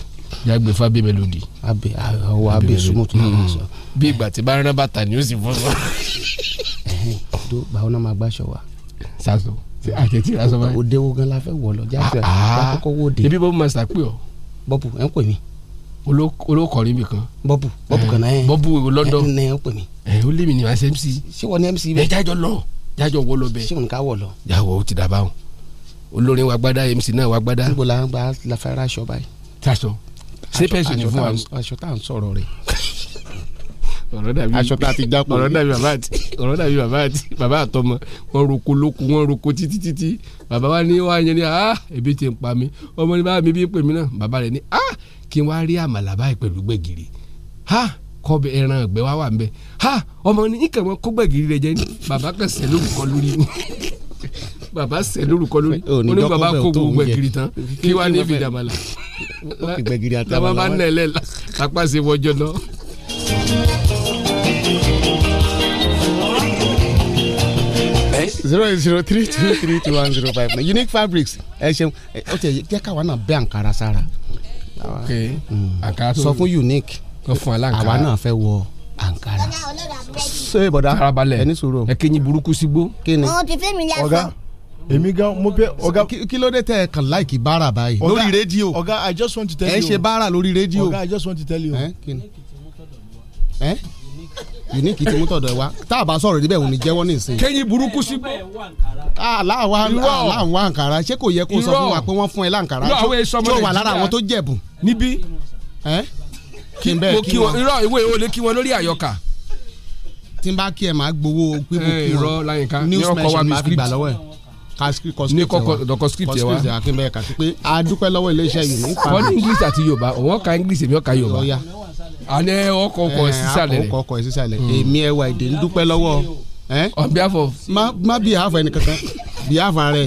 yàgbé fún abẹ́ melodi. abẹ́ ọwọ́ abẹ́ sumu tó náà mm-hmm. sọ. bí ìgbà tí bá rán bàtà ni o sì fọṣọ. tó báwo náà máa gbàṣọ wa. sàṣọ àkẹ́tì ìlàsọ báyìí. òde wo gan la fẹ́ wọ̀ lọ jáde àkọ́kọ́ ah, wo de. ibi bọ́bù máa ṣàpè ọ́. bọ́bù ẹ̀ ń pè mí. olókọ̀rin mi kan. bọ́bù bọ́bù eh, kan náà ẹ̀. bọ́bù lọ́dọ̀. ẹ̀ ń pè mí. ẹ̀ eh, ó lé mi ní ma ṣe MC. ṣé wọ́n ní MC bẹ́ẹ̀. ẹ̀ jájọ lọ jájọ wọ lọ bẹ. ṣé òun ká wọ lọ. jáwọ ó ti dà báwọn olórin wa gbádá MC náà wa gbádá. níbo la ń gba la fẹ́ ra aṣọ báyìí. taṣọ ṣé pẹ́sì ni fún wa. aṣọ tá à ń sọ̀rọ̀ rẹ̀. ọ̀rọ̀ dàbí aṣọ tá a ti jápọ̀. ọ̀rọ̀ ọ̀rọ̀ dàbí bàbá àti bàbá àtọmọ wọn roko lóko wọn roko títí bàbá wa ní wàá yẹn ni ah ebi ti ń pa mi ọmọ ní bá mi bí pè mí náà bàbá rẹ̀ ní ah kí n wá rí àmàlà báyìí pẹ̀lú gbẹ̀gìrì ah kọ́ ẹran ọ̀gbẹ́ wá wà ń bẹ̀ ha ọmọ ní kàn wọ́n kó gbẹ̀gìrì rẹ jẹ́ ní bàbá kan sẹ́ lórúkọ lórí ni bàbá sẹ́ lórúkọ lórí ó ní bàbá kó gbogbo gbẹ̀gìrì tán kí wàá ní ìfìdàmà la làbá bá nà ẹ lẹ́ la lápá ṣe wọ́jọ́ náà. zero eight zero three two three two one zero five nine unique fabrics ẹ ṣeun ó ti jẹ́ káwa náà bẹ́ àǹkárá sára. ok hmm. àǹkárá tó sọ fún unique wọ́n fún aláǹkárá àwa náà fẹ́ wọ àǹkárá. ṣé ìbọ̀dá farabalẹ̀ ẹni sọ̀rọ̀ ẹ kẹ́yìn burúkú sígbó. kí ni ọ̀gá èmi gan mo bẹ ọ̀gá. kí ló dé tẹ ẹ kàn láìkì bára báyìí. lórí rédíò ọ̀gá i just want to tell you. ẹ ṣe bára lórí rédíò. ọ̀gá i just want to tell you. ẹ kí ti mú tọ̀dọ̀ ẹ wá tá a bá sọ̀rọ̀ níbẹ̀ òun ni jẹ́wọ́ nísìn. kẹ́yìn burúkú sí bọ́. aláwa aláwa ankara ṣé kò yẹ kó sọ fún wa pé wọ́n fún ẹ lánkara. yóò wà lára àwọn tó jẹ̀bù. níbí. ẹ kí n bẹ́ẹ̀ kí wọn irọ́ ìwé olè kí wọn lórí àyọkà. tí n bá kí ẹ máa gbowó pé mo eh, kí wọn news mention máa fi gbà lọ́wọ́ ẹ̀ ka script kọ script ẹ wa ní kọ script ẹ wa kọ script ẹ wa kí n bẹ́ẹ̀ kà sí pé a dúpẹ́ lọ́wọ́ iléeṣẹ́ yìí ní ìpamọ́. wọ́n ní english àti yorùbá wọ́n ka english èmi ọ̀ka yorùbá àní ọkọ̀ ọkọ̀ ẹ̀ eh, sísàlẹ̀ rẹ̀ ọkọ̀ ọkọ̀ ẹ̀ sísàlẹ̀ hmm. èmi ẹwà èdè ń dúpẹ́ lọ́wọ́ eh? on behalf of. má má behalf ẹni kankan behalf rẹ.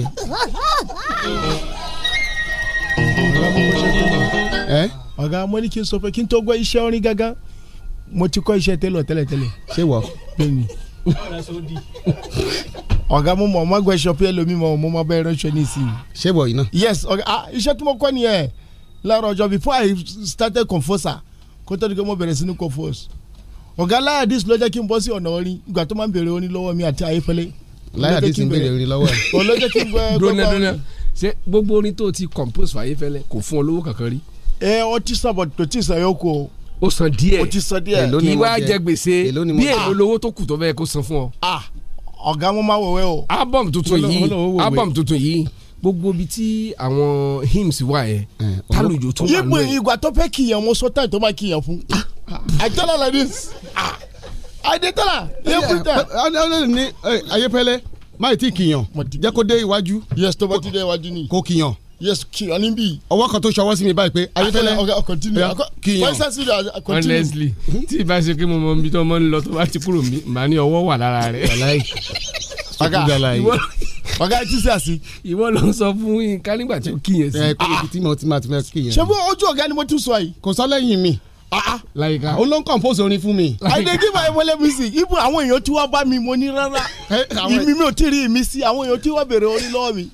ẹ ọ̀gá mo ní kí n sọ fún kí n tó gbọ́ iṣẹ́ orin gángan mo ti kọ́ iṣẹ́ télọ̀ tẹ́lẹ̀tẹ́lẹ̀. ṣé wọ. bẹ́ẹ̀ni ọ̀gá mo mọ̀ ọmọ ẹgbẹ́ ṣọpẹ́ lomi mọ̀ mo bẹ́ẹ̀ ránṣẹ́ ní ìsìn. ṣé wọ yìí náà. yes ọ̀gá ah iṣẹ́ tí mo kọ́ nìyẹn láàárọ̀ ọjọ́ before I started composer kó tó di pé mo bẹ̀rẹ̀ sí ní compose ọ̀gá láyàdís ló jẹ́ kí n bọ́ sí ọ̀nà orin ìgbà tó máa ń bèrè orin lọ́wọ́ mi àti ayéfẹ́lẹ́. láyàdís ń bèrè orin lọ́wọ́ ẹ̀. ọ̀lọ́jọ́ kí n gbẹ́ gbọ́ bá gbogbo orin tó ti compose fún ayéfẹ́lẹ́ kò fún olówó kankan rí ẹ ọtí sábà tó tí sàyọ kó. ó san díẹ̀ ó ti san díẹ̀ kì í wá jẹ gbèsè bí èlò lówó tó kù tó bẹ́ẹ̀ kó san fún ọ. Ah, ọ̀gá mo máa wọ̀wẹ́ o. album tuntun yìí album tuntun yìí gbogbo bi tí àwọn hymns wà yẹ eh, tálùjọ tó wà lóye. yípo ìgbà tó fẹ́ kìyàn mo sọ táyì tó máa kìyàn fún. Ah. I tell her like this. Ah. I dey tell her. ọ̀nà ni ayépẹ́lẹ́ máa ti kìyàn jẹ́ kó dé iwájú. yes tó bá ti dé iwájú ni. kó kìyàn yes kí ọ níbí. ọwọ́ kan tó ṣọwọ́ sí mi báyìí pé ayéfẹ́lẹ́ kí yan honestly tí ì bá ṣe kí mo mọ ibi tó mọ ń lọ tó bá ti kúrò mi mà ní ọwọ́ wà lára rẹ̀. ọ̀gá ọ̀gá ẹ ti sí àsì. ìwọ ló ń sọ fún yín ká nígbà tí ó kí yẹn sí. ẹ kó ibi tí mo ti máa ti máa kí yẹn. ṣé bó ojú ọ̀gá ni mo tún sọ yìí. kò sọ lẹ́yìn mi ah, ah. láyìíká ó ló ń compose orin fún mi. àìdèjì máa wọlé music ibo àwọn èèyàn tí wọ́n bá mi mo ní rárá ìmí mi ò tí ì rí ìmí sí àwọn èèyàn tí wọ́n béèrè orin lọ́wọ́ mi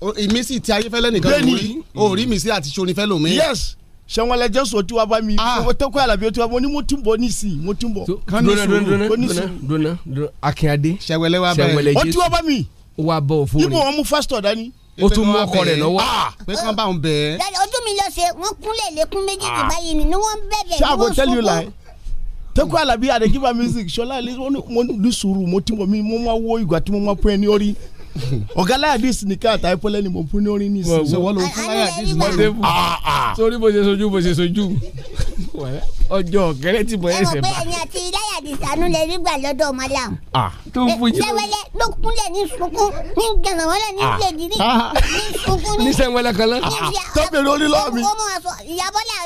ìmísí ti ayéfẹ́lẹ́ nìkan ló rí o rí mi sí àti sonifẹ́ lomi. yes sẹ́wọ́n lẹ́jẹ́ sọ tí wàá bá mi o ah. tẹ́ kọ́ àlàbí o tí wàá bọ́ ni mo tún bọ̀ ní sìn mo tún bọ̀. dona dona dona dona akínyàdé sẹ́wẹ́lẹ́ wàá bẹ̀rẹ̀ o tí wàá bá mi. o wàá bọ̀ òfin rẹ̀ ibo wọn mú fásitọ̀ dání. o tún mú ọkọ rẹ̀ lọ́wọ́. Ah! Ah! pé kán bá ń bẹ̀. ojú mi lọ ṣe wọn kúnlẹ̀ lẹ́kún méjèèjì báyìí ni wọ́n bẹ̀bẹ̀ ni wọ́n sọ́kọ̀ tẹ́kọ̀ alábí àdéjìbá music ṣọlá ilé wọn ní sùúrù mo ti mọ̀ mi mo máa wo ìgbà tí mo máa pẹ́ ní orí ọ̀gá láyàdís nìkan àtàyè pọ́lẹ́ ni mo fún ní orin ní ìsìn sọ́wọ́ ló fún láyàdís mọ́ débù sórí bó ṣe sojú bó ṣe sojú ọjọ́ ọ̀gẹ́rẹ́ tí mo ẹsẹ̀ bá. ẹ̀rọ bẹ́ẹ̀ ni àti láyàdís àánú lè rí gbà lọ́dọ̀ ọmọlá. Ah, tó ń fún yín. sẹ́wẹ́lẹ́ ló kúnlẹ̀ ní sunkún ní gànàwọ́lẹ̀ ní lèdí ah. ní ah. sunkún ní. ní sẹ́wẹ́lẹ́ kan náà tọ́pẹ̀rẹ̀ orí lọ́ọ̀ mi. ọmọ àfọ ìyàbọ̀lẹ̀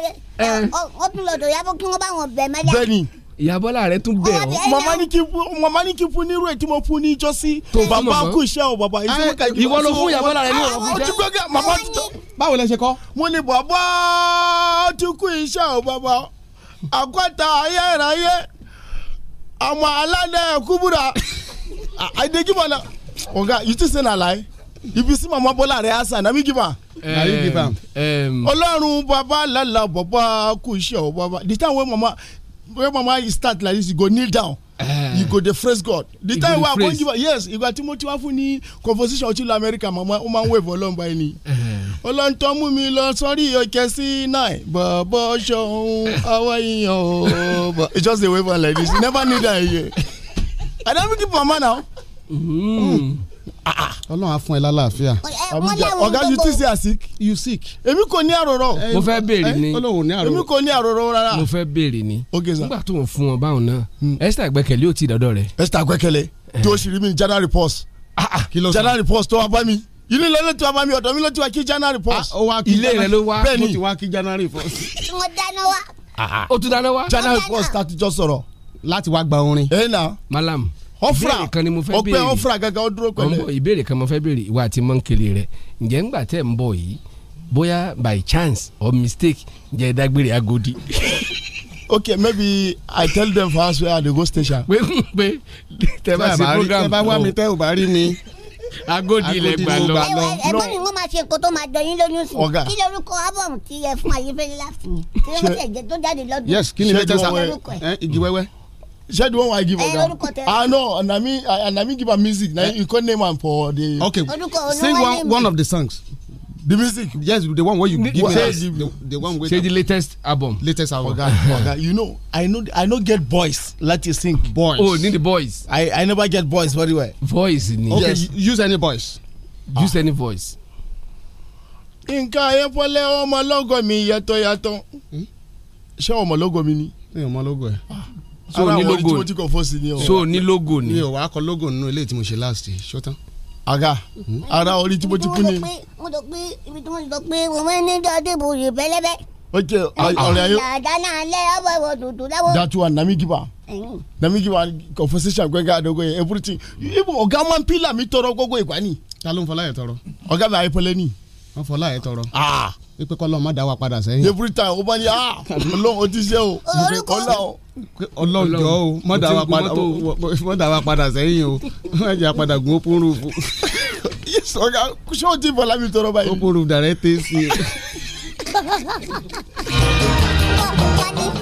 rẹ̀ eh. ọ ìyàbọ̀lá rẹ tún bẹ̀ ọ́. màmá ní kí fún màmá ní kí fún nírú ẹ̀ tí mo fún ní ijọ́ sí. tó fún bàbá kú iṣẹ́ o bàbá iṣẹ́ kàjú. ìwọ ló fún ìyàbọ̀lá rẹ ní ọ̀rọ̀ fún iṣẹ́. màmá báwo lẹ ṣe kọ́. mo ní bàbá ti kú iṣẹ́ o bàbá àkọ́ta ayérayé àmọ́ aládé kúbúrà àdégímọ̀ náà. ọ̀gá you too say na lie if you mama bọ́lá rẹ̀ hasan na me give am. Ọlọ́run bàbá lálá bàbá kú iṣẹ́ o bàbá the time mama when mama he start like this he go kneel down uh, you go dey praise god the time wey i wan give yes ìgbà tí mo ti wá fún ọtí lọ america mama ó máa ń wave ọlọ́run báyìí ni eh. ọlọ́ntọ́ mi lọ sọ́rí òkè sí náà bọ̀bọ̀ ṣọ̀hún ọwọ́ ìyàn ooo it's just a wave like this you never need that again i don't even give mama now. Mm-hmm. Mm. Mm ọlọ́run á fún ẹ lálàáfíà. ọ̀gá you too say i sick. you sick. èmi kò ní àròrọ. mo fẹ́ béèrè eh? ni ọlọ́run ní àròrọ. èmi kò ní àròrọ rárá. mo fẹ́ béèrè ni. ok sir. nígbà tó ń fún wọn báwọn náà. Hmm. Esther Gbẹ́kẹ̀lé ò tí ì dọ́dọ̀ rẹ̀. Esther Gbẹ́kẹ̀lé tí o sì rí mi ní general report. Ah, ah, general report tó wá bá mi ilé ló ló ti wá bá mi ọ̀dọ̀ mi ló ti wá kí january ah, first. ilé rẹ kí january first. mo dáná wá. o tún dáná wá. january first ta ti jọ sọ̀rọ̀ wá gba orin. ẹ eh, na. malam ọfra ọpẹ ọfra gangan ó dúró pẹ̀lẹ́. ìbéèrè kan mo fẹ́ béèrè ìwà àti mọ́ńkèlè rẹ̀ ǹjẹ́ ńgbà tẹ́ ń bọ̀ yìí bóyá by chance or mistake ǹjẹ́ ẹ dágbére agodi. okay maybe i tell them fast where i dey go station. pé pé tẹ bá sí program tẹ bá wá mi oh. tẹ ò bá rí mi. agodi ilẹ̀ gbà lọ. ẹgbẹ́ mi ń máa ṣe nǹkan tó máa jọ lóyún sí i kí lórúkọ album ti yẹ fún ayéfẹ́lẹ́ láti yẹn tí wọ́n ṣẹ̀jẹ̀ tó jáde lọ́dún. yes kí ni mẹ́tẹ́sà ìgì wẹ́wẹ́. Share the one wey i give oga ah no na me na me give a music Now eh. you can name one for the. okay sing one one of the songs. the music. yes the one where you give me the, the one wey. say the latest album. latest album. oga oga you know i know, i know. get boys. Let you sing. boys. oh need the boys. i i never get boys very well. voice ni. okay yes. use any voice. use ah. any voice. nǹkan ayẹ́fọ́lẹ́ ọmọ lọ́gọ̀ mi yàtọ̀ yàtọ̀ hmm? ṣé ọmọ lọ́gọ̀ mi ni. mi ò mọ so ní logo so ní logo ni. mi ò wá kọ logo nínú ilé tí mo ṣe last year ṣọ́tán. aga hmm? ara orí tí mo ti kú ni. mo sọ pé ibi tí mo sọ pé mo máa ń ní dọ́dẹ́bù rè bẹ́lẹ́bẹ́. ok ah, ọ̀rẹ́ ayé. dàdánà alẹ́ ọ̀bọ̀ ìwọ̀ dòdò láwọ̀. that one na conversation gbẹ̀ngà àdógó yẹn everything ibo ọ̀gá máa ń pílà mi tọrọ gbogbo ìgbà ni. ta ló ń fọlá yẹn tọrọ. ọ̀gá mi àyẹ̀pẹ̀lẹ̀ ni. wọ́n fọlá yẹn tọrọ pípẹ́ ah. kọ́ lọ́ọ́ má dá wa padà sẹ́yìn. every time ó bá ní ah ọlọ́run ó ti ṣe o. orúkọ ọlọ́njọ́ o mọ́dà wa padà sẹ́yìn o mọ́dà wa padà gun open roof. ọ̀gá ṣé o ti bọ̀lá mi tọrọ báyìí. open roof dàrẹ́ tẹ́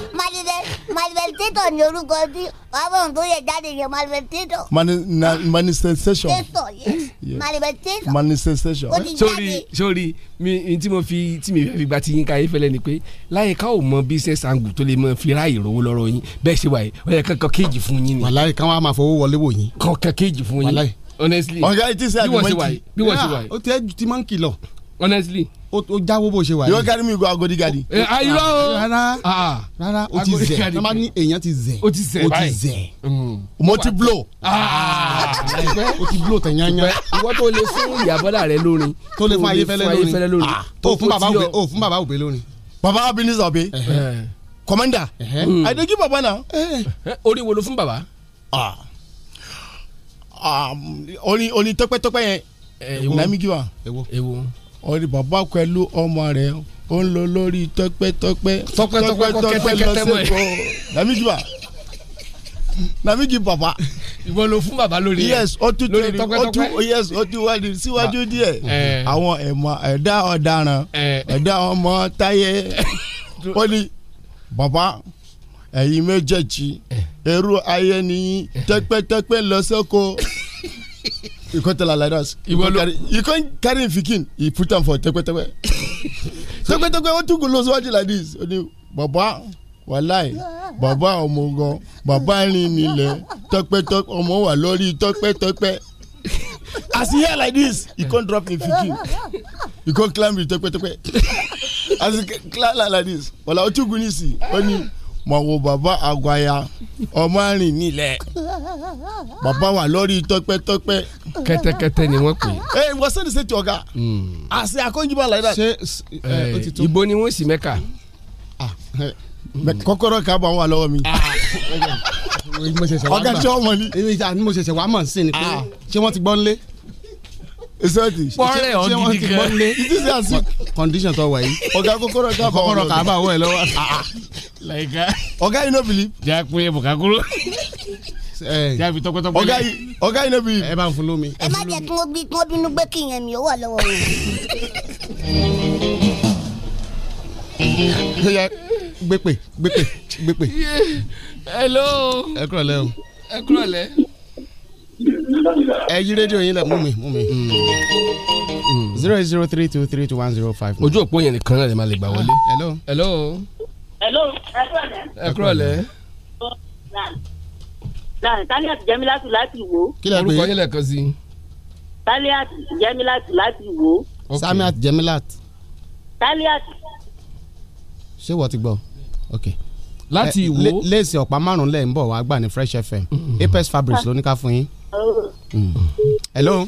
manifestator ni orúkọ tí wàhálà tó yẹ jáde yẹ manifestator. manifestation. manifestation. manifestation. sori sori mi tí mo fi tí mi fi gba ti yín ka yín fẹlẹ ni pé láyìíká ò mọ business angle tó lè mọ fi ráàyè rówó lọ́rọ̀ yín bẹ́ẹ̀ ṣe wáyé ó yẹ kankan kéèjì fún yín ni. wàláyé káwọn á máa wọlé wò yín. kankan kéèjì fún yín honestly. ọ̀gá ìtísẹ́ àdìmọ́ntì bí wọ́n ṣe wáyé. Ah, ó ti ẹ́ ju ti máa ń honestly ó jáwó bó ṣe wà yìí. yóò kárí mi go agodi gadi. ayọ̀ o rara rárá o ah, ah. ti zẹ̀ ẹ máa ní èèyàn ti zẹ̀ o ti zẹ̀ báyìí mm. mo ti blow. o ah, ti blow tẹ̀ yányá. ìwọ tó lè fún ìyàbọ̀dà rẹ lórin tó lè fún ayéfẹ́lẹ́ lórin tó fún bàbá òbí lórin. bàbá abinis ọbẹ eh. commander eh. Mm. i dey give baba now. orí wo ló fún bàbá. Um, orin orin tọpẹtọpẹ yẹn. èwo èwo ọ̀rẹ́ bàbá pẹ̀lú ọmọ rẹ̀ ó ń lọ lórí tọ́pẹ́tọ́pẹ́ tọ́pẹ́tọ́pẹ́ lọ́sẹ̀kọ́ dàmíjìbà dàmíjì bàbá. ìwọ ló fún bàbá lórí rẹ lórí tọ́pẹ́tọ́pẹ́ yes ó ti oh wá síwájú díẹ̀ àwọn ẹ̀dá ọ̀daràn ẹ̀dá ọmọ táyé ó ní bàbá ẹ̀yin méjèèjì ẹrú ayé nìyí tẹ́pẹ́tẹ́pẹ́ lọ́sẹ̀kọ́. you come tell her like that you come carry you come carry him pikin you put am for tẹpẹtẹpẹ tẹpẹtẹpẹ wọn tún go lọ síwájú like this ó ní bàbá wàláì bàbá ọmọ gan Baba rìn nílẹ̀ tọpẹtọpẹ ọmọ wà lórí tọpẹtọpẹ as he hear like this he come drop him pikin he come climb the tọpẹtọpẹ as he climb like this wàlá ó tún gun ní sí ó ní mo wo bàbá àgbàyà ọmọ àrìn nílẹ̀ bàbá wa lórí tọpẹtọpẹ. kẹtẹkẹtẹ ni wọn pè. ẹ wọ sẹni sẹ ti ọ̀gá hmm. àṣẹ akọnjúbà láyé dá. ṣe ni wọn sì mẹka. Ah, kọ́kọ́rọ́ ká bá wà lọ́wọ́ mi ah, ọ̀gá tí wọn mọ ni. èmi ta ni mo ṣẹ̀ṣẹ̀ wà á mọ̀ sí ni pé ah. ṣé wọ́n ti gbọ́ lé sọ́ọ̀tì pọ́ọ̀rẹ́ ọ̀gidi kan mọ́lẹ̀ ìdíje àti condition tó wà yìí ọ̀gá kòkòrò ká kòkòrò ká bá wọ̀ ẹ́ lọ́wọ́. Ah, ah. ọ̀gá yìí no believe. jà pé bùkàkúrò jà fi tọkọtọkọ ọ̀gá yìí ọ̀gá yìí no believe. ẹ bá ń fún lómi. ẹ má jẹ́ kí wọ́n bínú gbé kí ìyẹn mi ó wà lọ́wọ́ rẹ̀. gbépè gbépè gbépè. hello. ẹ ẹ yí rédíò yín lẹ mú mi mú mi zero eight zero three two three two one zero five. ojú òpó yẹn nìkan náà lè máa lè gbà wọlé. Ah, hello. hello. hello ẹ kúrọ̀ lẹ́. taliat jẹmilatu láti wo. kí lè pè é orúkọ yín lẹ́ẹ̀kan sí. taliat jẹmilatu láti wo. samiat jẹmilat. taliat. ṣé wọ́n ti gbọ́ ok láti ìwò léèsì ọ̀pá márùn-ún lẹ́ẹ̀ ń bọ̀ wá gbà ní fresh fm apex fabrics ló ní ká fún yín. Mm. hello.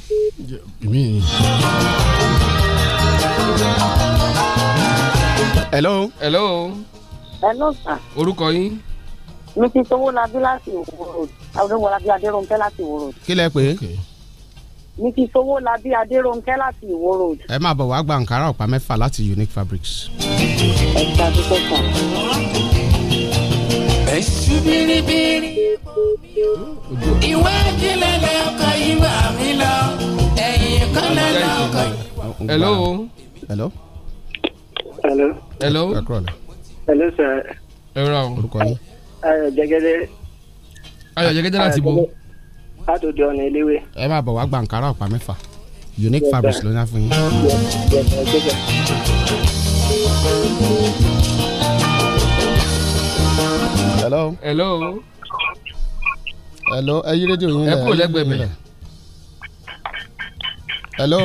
hello. hello. hello sir. orúkọ yín. mi ti sanwó ladi láti Ìwó road àwòrán labí adéròǹkẹ́ láti Ìwó road. kí lẹ pé. mi ti sanwó ladi adéròǹkẹ́ láti Ìwó road. ẹ máa bọ̀ wá gba nkàrà ọ̀pá mẹ́fà láti unique fabrics. ẹ̀ka dúpẹ́ kan ẹ̀ṣù biribiri ìwé ìjìnlẹ̀ lẹ́ọ̀kọ́ yìí mi lọ ẹ̀yìn kọ́lẹ̀ lọ́kọ̀ hello. hello. hello. hello. hello sir. ẹ rà o. orúkọ ayọ̀ jẹ́gẹ́dẹ́. ayọ̀ jẹ́gẹ́dẹ́ láti bo. látòdì ọ̀nà eléwé. ẹ máa bọ̀ wá gbàǹkárà ọ̀pá mẹ́fà unique fabric ló ná fún yín hello. hello. hello ẹ yí rédíò yín lẹ ẹ kúrò lẹ́gbẹ̀ẹ́ mi. hello.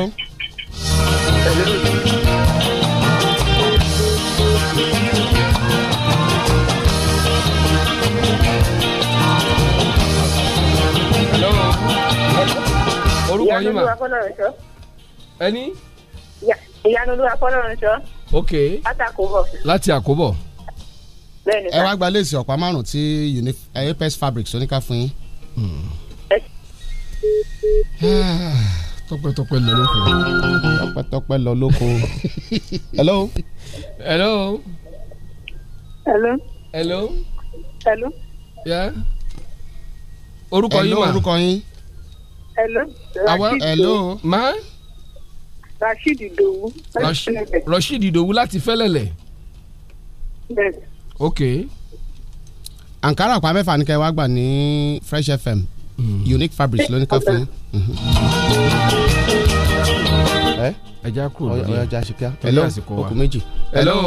orúkọ yín mà ẹni. ìyanu olúwa fọlọ́run sọ. ok láti àkóbọ̀. láti àkóbọ̀ ẹ wá gba léèsì ọ̀pá márùn tí eh, Apex Fabrics oníkà fún yín. Hmm. tọpẹ́tọpẹ́ lọ lóko. tọpẹ́tọpẹ́ lọ lóko. hello. hello. hello. hello. hello. yeah. orúkọ yín ma. orúkọ yín. hello. rashid hello. ma. rashid idowu. rashid idowu láti fẹ́lẹ̀lẹ̀. bẹ́ẹ̀ ok ankara ọ̀pá mẹ́fà ni kẹ́ wá gbà ní Fresh FM mm. unique fabric ló ní ká fún yín. Mhm. Eh? ẹ ẹja kúrò lórí ọyọ ọjà ṣìkà hello okùn méjì. hello.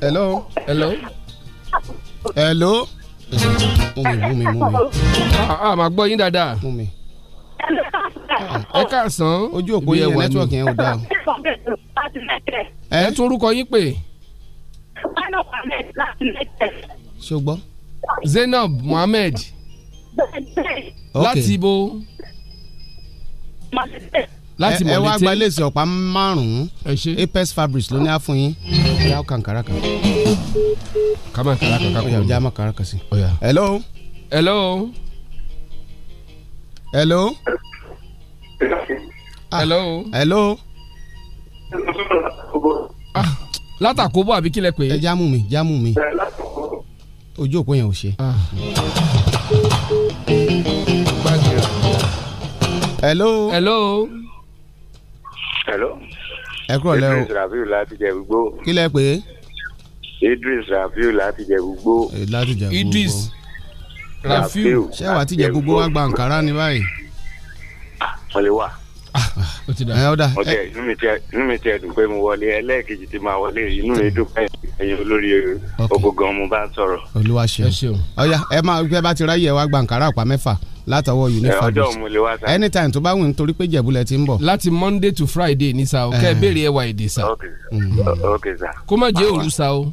hello. hello. hello. mú mi mú mi mú mi. a ah, ah, máa gbọ́ yín dáadáa. mú mi ẹ káàsán ojú òpó yẹn nẹtíwọ̀kì yẹn ò dáa. ẹ tún orúkọ yín pè. Eh? Zainab Mohammed láti United. ṣùgbọ́n. Zainab Mohammed. láti ibo. láti mọ̀lẹ́tẹ̀. ẹ wá gba léèsì ọ̀pá márùn-ún Apex Fabrics ló ní á fún yín yà ó kàn kàmá kàràkà kàkó. ọ̀yà ọjà má kàràkà sí. hello. hello. hello. hello. hello. hello. Ah látàkóbó àbí kílẹ̀ pé. ẹ jámù mi jámù mi ojú òpó yẹn ò ṣe. Ah. hello. hello. hello. ẹ kúrò lẹ́wọ̀. Idris Rabiu láti jẹ gbogbo. kí lẹ Idris Rabiu láti jẹ gbogbo. láti jẹ gbogbo. Idris Rabiu. ṣé wàá ti jẹ gbogbo wá gba Ankara ní báyìí. wọ́n ah, lè wà. Ah, ẹ ó dà. ọtẹ inú mi tiẹ̀ dùn pé mo wọlé ẹlẹ́ẹ̀kejì tí máa wọlé inú mi dùn pé ẹ̀yin olórí ogun mo bá ń sọ̀rọ̀. olúwa ṣeun ọyà ẹ máa gbé bá ti ráyè wá gbàǹkárà pa mẹ́fà látọwọ́ unifabric ọjọ́ òun lè wá sa anytime tó bá wù pé ti ń bọ̀. láti monday to friday ní sa o kẹ́ ẹ béèrè ẹwà èdè sa. ok mm. sa. kó má òru sa o.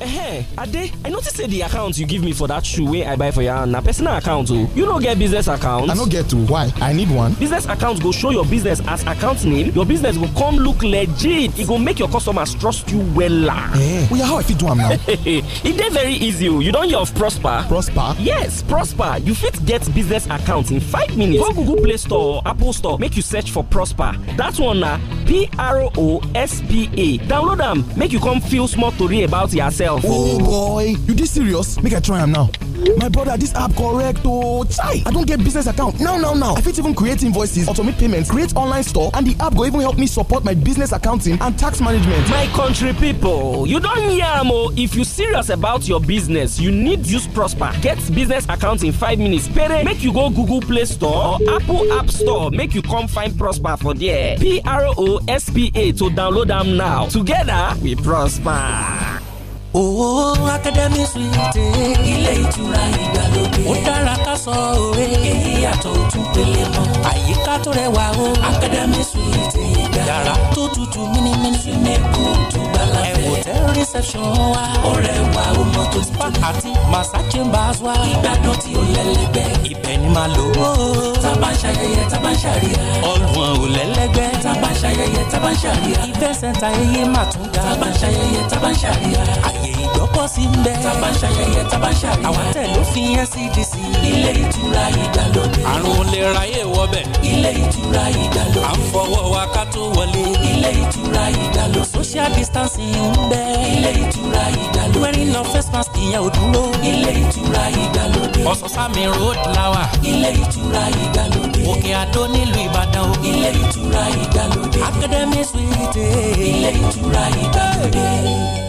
eh ade i notice say the account you give me for that shoe wey i buy for your hand na personal account o you no get business account i no get o why i need one business account go show your business as account name your business go come look legit e go make your customers trust you wella eh oya how i fit do am now e dey very easy o you don hear of prosper prosper yes prosper you fit get business account in five minutes go google play store or apple store make you search for prosper that one na p-r-o-s-p-a download am make you come feel small tori about yourself sell oh boy you this serious make i try am now. my brother this app correct ooo oh, chai i don't get business account now now now i fit even create invoices automate payments create online store and the app go even help me support my business accounting and tax management my country people, you don't yam o oh. if you serious about your business you need use prosper get business account in five minutes pere make you go google play store or apple app store make you come find prosper for there p-r-o-s-p-a to download them now together we prosper Owó oh, Akademi Suite. Ilé ìtura ìgbàlódé. Ó dára ká sọ òwe. Èyí yàtọ̀ òtún pélé mọ́. Àyíká tó rẹwà o. Akademi Suite ìgbà. Yàrá tó tutù mímímí. Súnmẹ́kù tó fẹ́. Ẹ̀wòtẹ́ reception wa. Ọ̀rẹ́ wa ó mọ tó ti tó. Àti Massa Chambers wa. Ìgbádùn tí ó lẹ́lẹ́gbẹ́. Ibẹ̀ ni màá lò ó. Tábà ń ṣayẹyẹ, tábà ń ṣàríyá. Ọlùwọ̀n ò lẹ́lẹ́gbẹ́. Tábà ń ṣayẹyẹ, ààyè ìgbọ́kọ̀sí ń bẹ. tá a bá ń ṣayẹyẹ tá a bá ń ṣàríyá. àwọn tẹ̀ ló fi NCDC. E ilé ìtura ìdàlódé. àrùn olè ráyè wọbẹ̀. ilé ìtura ìdàlódé. à ń fọwọ́ wa ká tó wọlé. ilé ìtura ìdàlódé. social distancing ń bẹ. ilé ìtura ìdàlódé. wearing no face mask ìyẹn ò dúró. ilé ìtura ìdàlódé. ọ̀sánsámi road lawa. ilé ìtura ìdàlódé. òkè àdó nílùú ìbàdàn o. ilé ìtura ìdàlódé. academy suite. ilé ìtura ìdàlódé.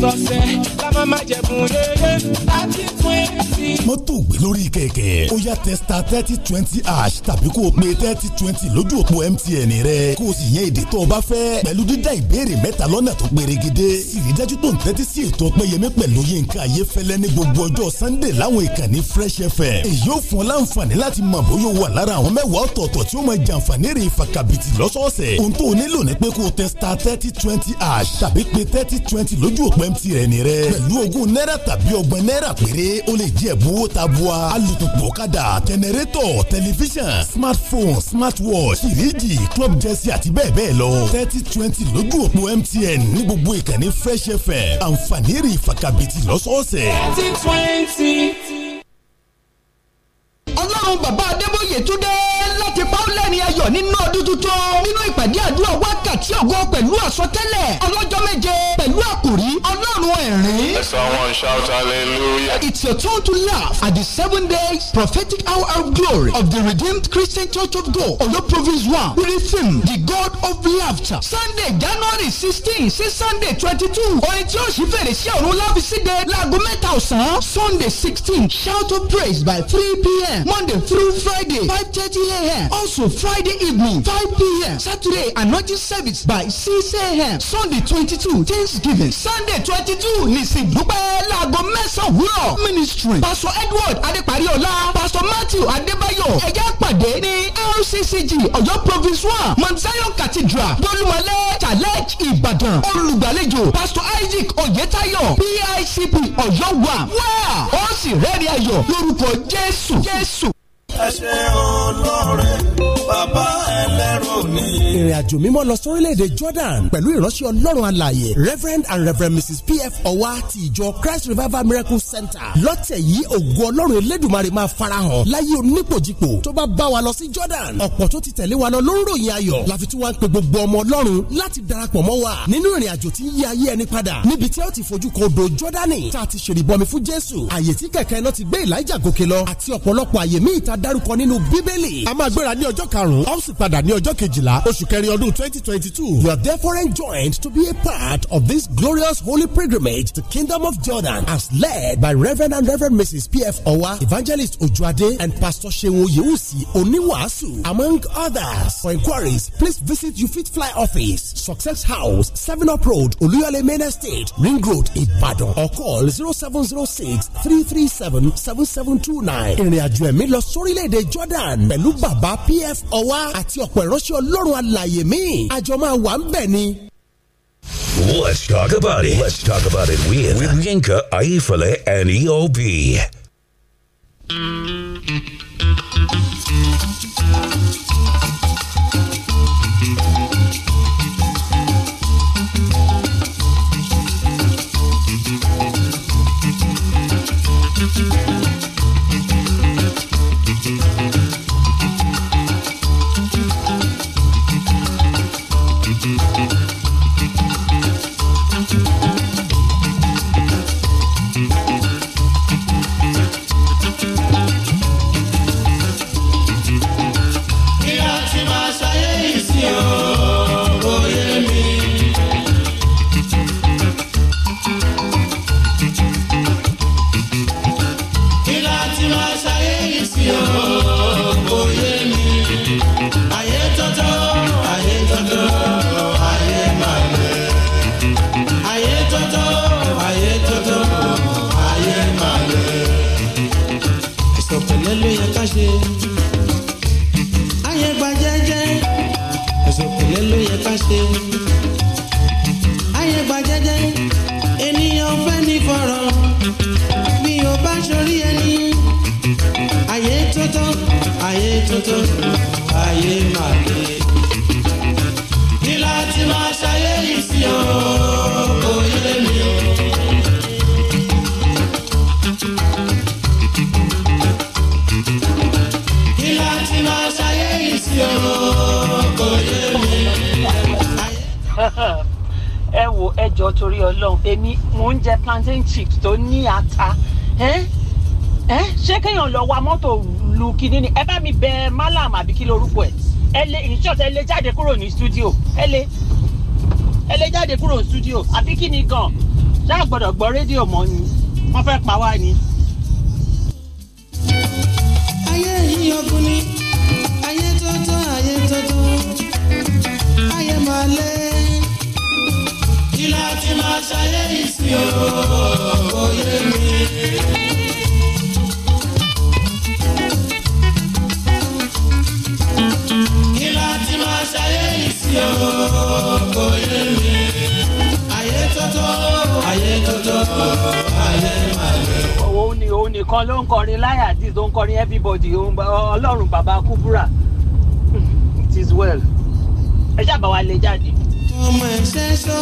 sọ̀sẹ̀ la máa ma jẹ̀bùn lélẹ̀ láti twenty. mọ́tò gbé lórí kẹ̀kẹ́ ó yá testa thirty twenty ash tàbí kó o pe thirty twenty lójú òpó mtn rẹ kó o sì yẹn èdè tó o bá fẹ́ pẹ̀lú dídá ìbéèrè mẹ́ta lọ́nà tó pérégedé ìrí dájú tó ń tẹ́tí sí ètò ọpẹ́yẹmí pẹ̀lú yínká ayéfẹ́lẹ́ ní gbogbo ọjọ́ sunday láwọn ìkànnì fresh fm èyí ò fún ọ láǹfààní láti mọ̀ bóyá o wà lára àwọn mẹ́wàá ọ̀tọ̀ọ̀tọ̀ tí ó máa jàǹfààní rè fàkàbìtì lọ́sọ̀ọ̀sẹ̀ testa thirty twenty ash tàbí pe thirty twenty lójú òpó mtn rẹ pẹ̀lú ogún náírà tàbí ọgbọ̀n náírà péré o lè jẹ́ ìbúwó ta bua alùpùpù ọ̀kadà jẹnẹrétọ̀ tẹlifíṣàn smartphone smartwatch fìríjì club jẹ́sí àti bẹ́ẹ̀ bẹ́ẹ̀ lọ thirty twenty lójú òpó mtn ní gbogbo ìkànnì fresh fm àǹfààní rí ìfakabìtì lọ́sọ̀ọ̀sẹ̀. ọlọ́run bàbá adébóyè tún láti pa ó ayọ̀ nínú ọdún tuntun nínú ìpàdé àdúrà wákàtí ògo pẹ̀lú àsọtẹ́lẹ̀ ọlọ́jọ́ méje pẹ̀lú pẹ̀lú àkòrí ọlọ́run ẹ̀rín. someone shout hallelujah. it's your turn to laugh at the seven days prophetic hour of glory of the redeemed christian church of god oyo province one We the the god of laughter sunday january sixteen sí sunday twenty-two orin tí ó ṣí fèrèsé ọ̀run láfi síde láago mẹ́ta ọ̀sán sunday sixteen shout of praise by three pm monday through friday five thirty am also friday evening five pm saturday anointing service by six am sunday twenty-two thanksgiving thanksgiving sunday twenty two nìsín dúpẹ́ láago mẹ́sàn-án òwúrọ̀ ministry pastor edward adepariola pastor matthew adébáyọ̀ ẹ̀jẹ̀ pàdé ní lccg ọ̀yọ́ province one mount zion cathedral bolumale challenge ìbàdàn olùgbàlejò pastor isaac oyetayo picp ọ̀yọ́ wà wá ó sì rẹ́rìn ayọ̀ lórúkọ jésù jésù ṣe olóore bàbá ẹlẹ́rù mímọ́ lọ sórílẹ̀-èdè Jordan pẹ̀lú ìránṣẹ́ ọlọ́run alààyè Reverend and Reverend Mrs P.F. Ọwa ti ìjọ Christ Revival Miracle Center lọ́tẹ̀ yìí ògo ọlọ́run elédùnmarè máa farahàn láyé onípòjìpò tó bá bá wa lọ sí Jordan ọ̀pọ̀ tó ti tẹ̀lé wa lọ ló ń ròyìn ayọ̀ láfi tí wọ́n ń pe gbogbo ọmọ ọlọ́run láti darapọ̀ mọ́ wa nínú ìrìnàjò tí ń yí ayé ẹni padà níbi tí ó ti fojú kan odò Jọ́dánì tá dárúkọ nínú bíbélì. a máa gbéra ní ọjọ́ karùn-ún a ó sì padà ní ọjọ́ kejìlá oṣù kẹrin ọdún twenty twenty two. you are therefore enjoined to be a part of this glorious holy pilgrimage to the kingdom of Jordan as led by Reverend and Reverend Mrs. P.F. Owa, Evangelist Ojuade and Pastor Shehu Yewusi Oniwasu among others. For inquiries, please visit UFIT Fly Office, Success House, Seven Up Road, Oluyale Main Estate, Ring Road, Ibadan or call 0706 337 7729. Ìrìnàjò ẹ̀mí lọ sórílẹ̀ orílẹ̀-èdè Jordan pẹ̀lú bàbá PF ọwá àti ọ̀pọ̀ ìránṣẹ́ ọlọ́run alàyè míì àjọ máa wà ń bẹ̀ ni. Let's talk about it. Let's talk about it with, with Yinka, Aifale, and EOB. Thank you. tuntun ayé mà le. kí láti máa ṣayé yìí ẹ wo ẹjọ́ torí Ọlọ́run èmi mò ń jẹ plantain chips tó ní ata. Eh? ẹ eh, ṣé kéèyàn lọ wa mọ́tò lu kinní ni ẹ bá mi bẹ malam àbí kí lorúkọ ẹ ẹ lé in short ẹ lé jáde kúrò ní studio ẹ lé ẹ lé jáde kúrò ní studio àbí kí ni gan ṣáà gbọ́dọ̀ gbọ́ rédíò mọ́ ni wọ́n fẹ́ pa wá ni. ayé yìí ọkùn ni ayé tuntun ayé tuntun ayé máa lé kí láti máa ṣayé ìsìn òòyè mi. kò yé mi. Ayé tótó, ayé tótó, ayé màlẹ́. Òun ni òun nìkan ló ń kọrin láyà dis ló ń kọrin everybody ọlọ́run bàbá kúbúrà hmm, it is well. Ẹ ṣàbà wa lè jáde. Ọmọ ẹ̀ṣẹ́ sọ,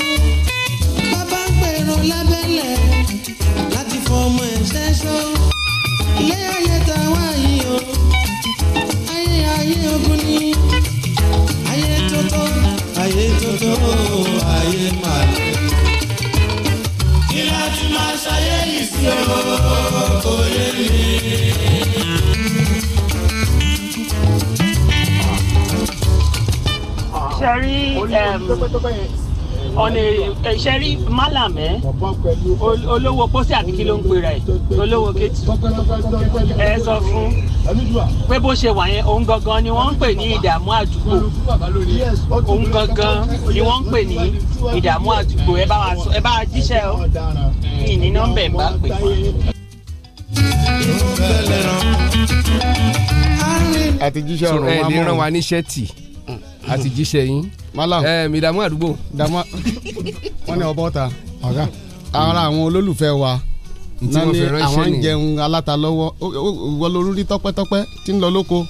bàbá ń pèrò lábẹ́lẹ̀ láti fọmọ ẹ̀ṣẹ́ sọ. Ilé ayé tàwa yìí o, ayé ayé ogun ni. tó ayé máa lè. kí láti máa ṣayé yìí sí ọkọ̀ yé mi. ṣẹ́rí ọ̀nà ìṣẹ́rí málàmẹ́ eh? olówó pósí àti kí ló ń pera ẹ̀ olówó kejì ẹ sọ fún pé bó ṣe wà yẹn òun gangan ni wọ́n ń pè ní ìdààmú àdúgbò òun gangan ni wọ́n ń pè ní ìdààmú àdúgbò ẹ bá wa sọ ẹ bá wa jíṣẹ́ o yìí ní nọ́mbà ẹ̀ bá pè fún wa. àti jíṣẹ́ ọ̀rọ̀ wa mọ́ ẹ ràn wá ní ṣẹ́ẹ̀tì àti mm. jíṣẹ́ yín ẹ̀ẹ́m ìdààmú àdúgbò. wọ́n ní ọbọ̀ ta ọ̀gá ara àwọn olólùfẹ́ wa náà ni àwọn ń jẹun aláta lọ́wọ́ wọ́n lórí rí tọ́pẹ́tọ́pẹ́ tí ń lọ lóko.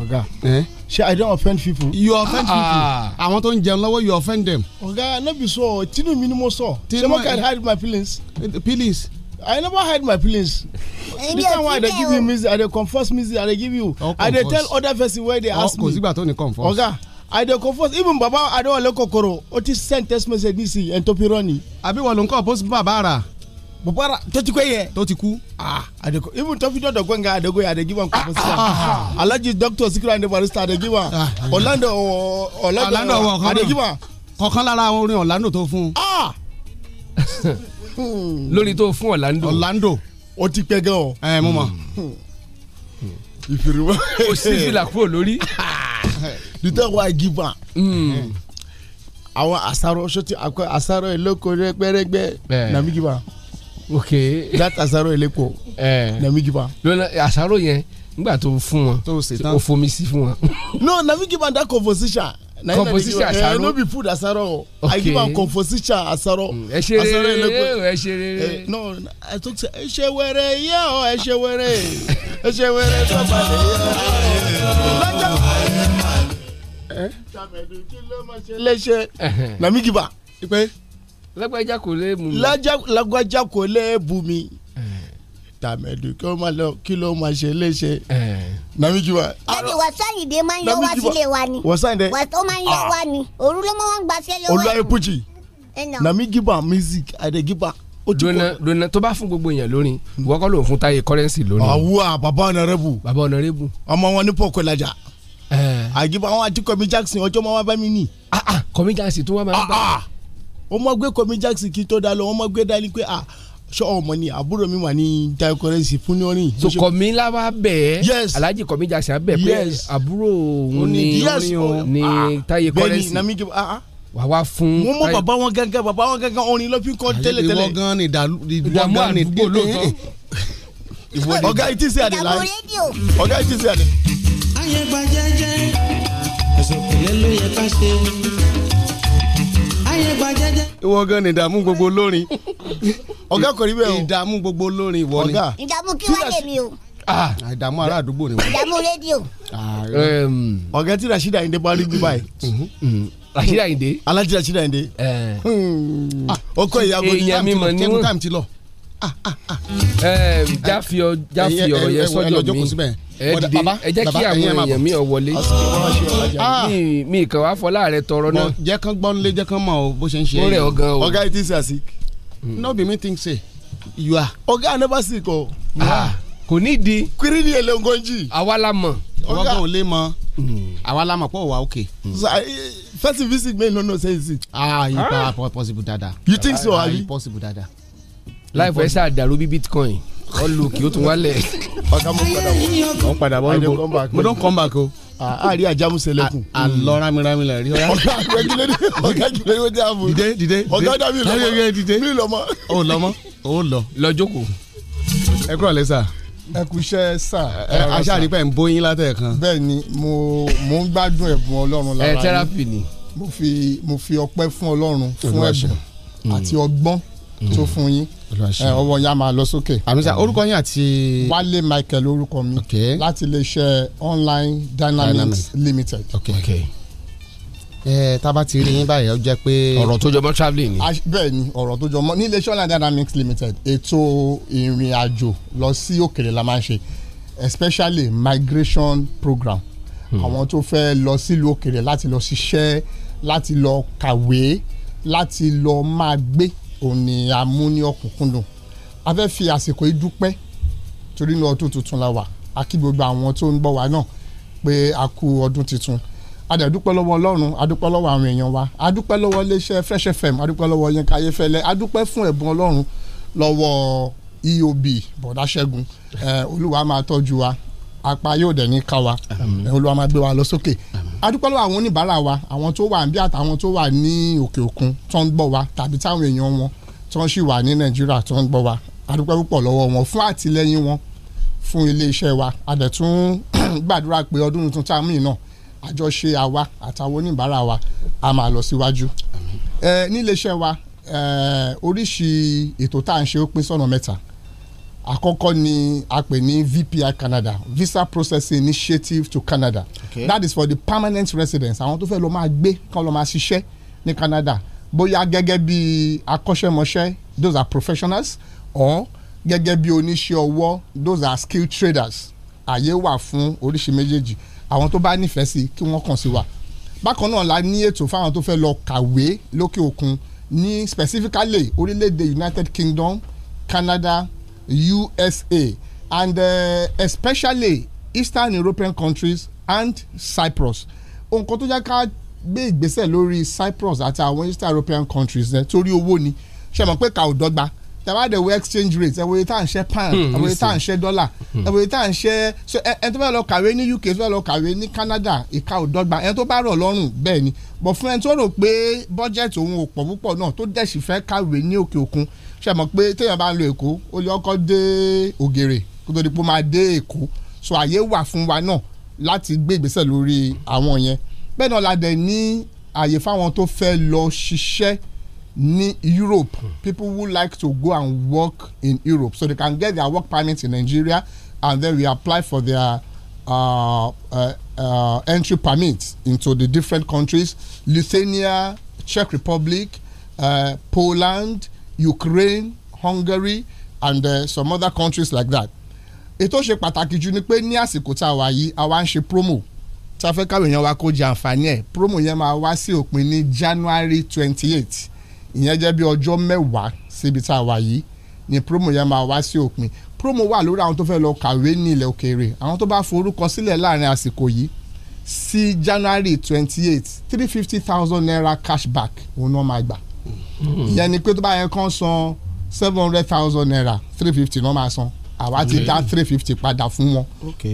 ọ̀gá eh? ṣe i don offend people. you offend ah. people àwọn tó ń jẹun lọ́wọ́ you offend them. ọ̀gá no be so tinu mi ni mo sọ ṣé mo can hide my feelings. feelings. Eh, I never hide my feelings. this time why I dey give you music I dey confess music I dey give you. I dey tell other person wey dey ask me. ọkọ ọ̀gá I dey confess even baba Adewale Kokoro o ti send text message nisi ẹ̀ ń tó fi rọ́ ni. àbí wọn ló ń kọ́ post bàbá rà bọ̀bọ̀ra tó ti kú yẹ. tó ti kú. ah adeko even tọ́fi dọ́dọ̀ gbẹ̀ngà adeko yẹ adegi wọn kọ́kọ́ sisan alhaji doctor sikiru ande barista adegi wọn ọ̀làndọ̀ ọ̀làndọ̀ adegi wọn. kọ̀ọ̀kan lára àwọn orin ọ̀làndọ̀ tó fún. Ah! Hmm. lórí tó fún ọ̀làndọ̀. ọ̀làndọ̀ o ti pẹ́ gan o. ẹ mú ma. Hmm. ìfìrìwọ́. o sì fi là kúrò lórí. dutẹ́ wa giba àwọn àṣàrò sotí àṣàrò ẹ̀ lóko rẹ́gbẹ́rẹ́gbẹ́ nàmígiba ok that àsáró eléko eh. namijiba. lọ́nà àsáró yẹn nígbà tó fún wọn tó ṣe o fomi si fún wọn. no namijiba da composition composition eh, asaro no be food asaro okay. i give am composition asaro mm, asaro eleko ẹ ṣe eh, no i talk say ẹ ṣe wẹrẹ yẹ ọ ẹ ṣe wẹrẹ ẹ ṣe wẹrẹ tó bá namijiba lágbájá kò lè bù mí. lágbájá kò lè bù mí tàmẹ̀dù kí ló máa lọ kí ló máa ṣe léṣe. namijiwa. láti wasayinde máa ń yọ wá sílé wa ni. wasayinde. ó máa ń yọ ah. wá ni òru ló máa ń gba sílé wa ni. olùwàyè pucci namijiba music adegiba dona dona tó bá fún gbogbo èèyàn lórin wọ́n ló ń fún táyé kọ́rẹ́nsì lónìí. àwùwà bàbá ọ̀nàrẹ́bù. bàbá ọ̀nàrẹ́bù. ọmọ wọn ní pọ̀kọ́ ìlàjà. àgìbá eh. àti kọ́mí jackson ọjọ́ máa wá bá mi nì. Ah, ah, kọ́mí jackson tó wá máa bá mi wọ́n mọ̀ gbé Komi Jackson kí tó dá lọ wọ́n mọ̀ gbé dání pé à ah, sọ ọmọ ni àbúrò mi wà ní daikọrẹsì fún ní orin. so kọmi la wa bẹẹ Alhaji Komi Jackson bẹẹ pé àbúrò òun ni orin ni ah, taye kọrẹsì ah, wà wá fún. wọ́n mú bàbá wọn gángan bàbá wọn gángan orin ló fi kọ́ tẹ́lẹ̀ ìwọ gan ni ìdààmú àdúgbò lóòótọ́. ọ̀gá ìtì sí àdìlá ọ̀gá ìtì sí àdìlá. ayé gba jẹ́jẹ́ ẹ̀sùn kò lè lóye ká ṣe ìwọ gan ni ìdààmú gbogbo lórin ọ̀gá kò rí bẹ́ẹ̀ o ìdààmú gbogbo lórin ìwọ ni ìdààmú kí wàá lè mi o ah, ìdààmú ará àdúgbò ni wọn. ìdààmú rédíò. Ah, eh, ọ̀gá tí Rasheed Ayinde bá rí bí báyìí. Rasheed Ayinde. alájí Rasheed Ayinde. ọkọ eh. hmm. ah, ìyàgò ní tẹmu táìmù ti lọ. jáfi eh, ọ̀rọ̀ yẹn sọ́jọ́ mi ẹ dìde ẹ jẹ́ kí àwọn èèyàn mi ò wọlé ah, mi ìkàn wá fọlá rẹ tọrọ náà. jẹ́ kán gbọ́n lé jẹ́ kán mọ̀ o bó ṣe ń ṣe é ọ̀gá it is asik no be me think say you are ọ̀gá never sick o. Ah, ah. kò ní di. kiri ni èlé ngọ́njì. àwa la mọ̀. ọ̀gá ò lè mọ̀ hmm. àwa la mọ̀ pọ̀ wá òkè. first visit may no know say it's it. ah you ah. possible dada. you think so abi. possible dada. life ẹ ṣáà dàrú bí bitcoin ọlù kí o tún wálẹ̀. ọ̀gá mo padà bọ̀ mo padà bọ̀ mo don come back o. a rí ajamu sẹlẹkùn. a lọ ramirami la rí ọ̀rá. ọ̀gá jùlẹ ní ọ̀gá jùlẹ ní o jẹ́ àbò. dìde dìde ọ̀gá dàbí lọ́mọ mi lọ́mọ. o lọ́mọ o lọ lọ jókòó. ẹ kúrò lẹ sà. ẹ kú iṣẹ́ sà. aṣáà nípa ẹ̀ ń bóyin látẹ̀ kan. bẹ́ẹ̀ni mo mo ń gbádùn ẹ̀bùn Ọlọ́run lára mi. ẹ tẹ́rápì ni. mo fi mo fi ọpẹ́ fún Ọlọ́run fún ẹ̀bùn àti hmm. ọgbọ́n tó mm. fún yín ọwọ́ yá máa lọ sókè. àmísà orúkọ yín àti. wálé michael orúkọ mi láti iléeṣẹ́ online dynamics limited. Okay. ẹ tá ti rí yín báyìí ó jẹ́ pé. ọ̀rọ̀ tó jọmọ́ travelling ni. bẹ́ẹ̀ ni ọ̀rọ̀ tó jọmọ́ ní iléeṣẹ́ online dynamics limited ètò ìrìn àjò lọ sí òkèèrè la máa ń ṣe especially migration program hmm. àwọn tó fẹ́ lọ sílùú òkèèrè láti lọ ṣiṣẹ́ láti lọ kàwé láti lọ máa gbé òun ni a mú ní ọ̀kúnkúndùn a fẹ́ fi àsìkò yìí dúpẹ́ torí inú ọdún tuntun la wà a kí gbogbo àwọn tó ń gbọ́ wa náà pé a kú ọdún tuntun a dẹ̀ dúpẹ́ lọ́wọ́ ọlọ́run a dúpẹ́ lọ́wọ́ àwọn èèyàn wa a dúpẹ́ lọ́wọ́ iléeṣẹ́ Fresh FM a dúpẹ́ lọ́wọ́ Yínká Ayéfẹ́lẹ́ a dúpẹ́ fún ẹ̀bùn ọlọ́run lọ́wọ́ EOB bọ̀dá Ṣẹ́gun olúwa máa tọ́jú wa apá yóò dẹ̀ ní ká wa olúwa máa gbé wa lọ sókè adúpẹ́ lọ́wọ́ àwọn oníbàárà wa àwọn tó wà níbí àtàwọn tó wà ní òkè òkun tó ń gbọ́ wa tàbí táwọn èèyàn wọn tó ń sì wà ní nàìjíríà tó ń gbọ́ wa adúpẹ́ púpọ̀ lọ́wọ́ wọn fún àtìlẹ́yìn wọn fún iléeṣẹ́ wa adẹ̀tún gbàdúrà pé ọdún tuntun tá a mú àjọṣe àwa àtàwọn oníbàárà wa a máa lọ síwájú níléeṣẹ́ wa oríṣi ètò tá à ń ṣe ó pín sọ́nà mẹ́ta àkọ́kọ́ ni a pè ní VPI Canada Visa Processing Initiative to Canada okay. that is for the permanent residents àwọn tó fẹ́ lọ máa gbé kán lọ máa ṣiṣẹ́ ní Canada bóyá gẹ́gẹ́ bí akọ́ṣẹ́mọṣẹ́ those are professionals or gẹ́gẹ́ bí oníṣẹ́ ọwọ́ those are skilled traders àyè wà fún oríṣi méjèèjì àwọn tó bá nífẹ̀ẹ́ sí kí wọ́n kàn sí wa bákan náà la ní ètò fáwọn tó fẹ́ lọ kàwé lókè òkun ní specifically orílẹ̀-èdè United Kingdom Canada USA, and uh, especially Eastern European countries and Cyprus. Nǹkan tó jẹ́ ká gbé ìgbésẹ̀ lórí Cyprus àti àwọn Eastern European countries eh, torí owó ni ṣe mọ̀ pé ká ò dọ́gba tàbá dẹ̀ wo exchange rate ẹ̀ wo yìí tá à ṣe pound hmm, ẹ̀ wo yìí tá à ṣe dollar hmm. ẹ̀ wo yìí tá à ṣe so ẹ̀ tó fẹ́ lọ kàwé ní UK tó fẹ́ lọ kàwé ní Canada ìka ò dọ́gba ẹ̀ tó bá rọ̀ lọ́rùn bẹ́ẹ̀ ni bọ̀ fún ẹ̀ tó rò pé budget òun ò pọ̀ púpọ̀ náà tó dẹ̀ sì fẹ́ kàwé ní òkè òkun ṣe mọ̀ pé téèyàn bá ń lo Èkó ó lè ọkọ̀ dé ògèrè kó tó di pé ó máa dé Èkó so àyè wà fún wa náà láti gbé ìgbésẹ̀ lórí àwọn yẹn bẹ́ẹ̀ náà la dẹ̀ ní àyè fáwọn tó fẹ́ in Europe. People who like to go and work in Europe. So they can get their work permit in Nigeria and then we apply for their uh, uh, uh, entry permits into the different countries Lithuania, Czech Republic, uh, Poland, Ukraine, Hungary, and uh, some other countries like that. ètò ṣe pàtàkì jù ni pé ní àsìkò tá a wà yìí àwa ń ṣe promo tá a fẹ́ káwọn èèyàn wa kó jẹ àǹfààní ẹ̀ promo yẹn máa wá sí òpin ní January twenty eight ìyẹn jẹ́ bí ọjọ́ mẹ́wàá síbi tá a wà yìí ni promo yẹn máa wá sí òpin promo wà lórí àwọn tó fẹ́ lọ kàwé ní ilẹ̀ òkèèrè àwọn tó bá forúkọ sílẹ̀ láàrin àsìkò yìí sí January twenty eight three fifty thousand naira cashback òun náà máa gbà hmm. ìyẹn ni pé tó bá yẹ kán san seven hundred thousand naira three fifty náà máa san àwa ti dá hmm. three fifty padà fún wọn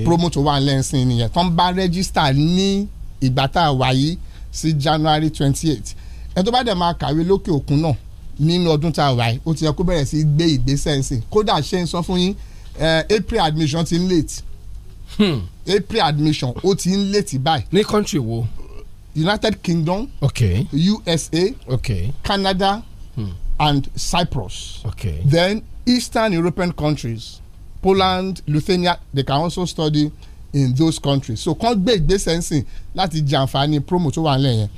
promo tó wà lẹ́sìn nìyẹn tán bá rẹ́gísítà ní ìgbà tá a wà yìí sí January twenty eight ẹ tó bá dẹ̀ máa kàwé lókè òkun náà nínú ọdún tá a wáyé ó ti yẹ kó bẹ̀rẹ̀ sí gbé ìgbésẹ̀ ń sìn kódà ṣe ń sọ fún yín April admission ti ń late hmm. April admission ó ti ń late báyìí. ní country wo. United Kingdom. okay. USA. okay. Canada. Hmm. and Cyprus. okay. then Eastern European countries Poland, Lithuania they can also study in those countries so kàn gbé ìgbésẹ̀ ń sìn láti jàǹfààní promo tó wà nílẹ̀ yẹn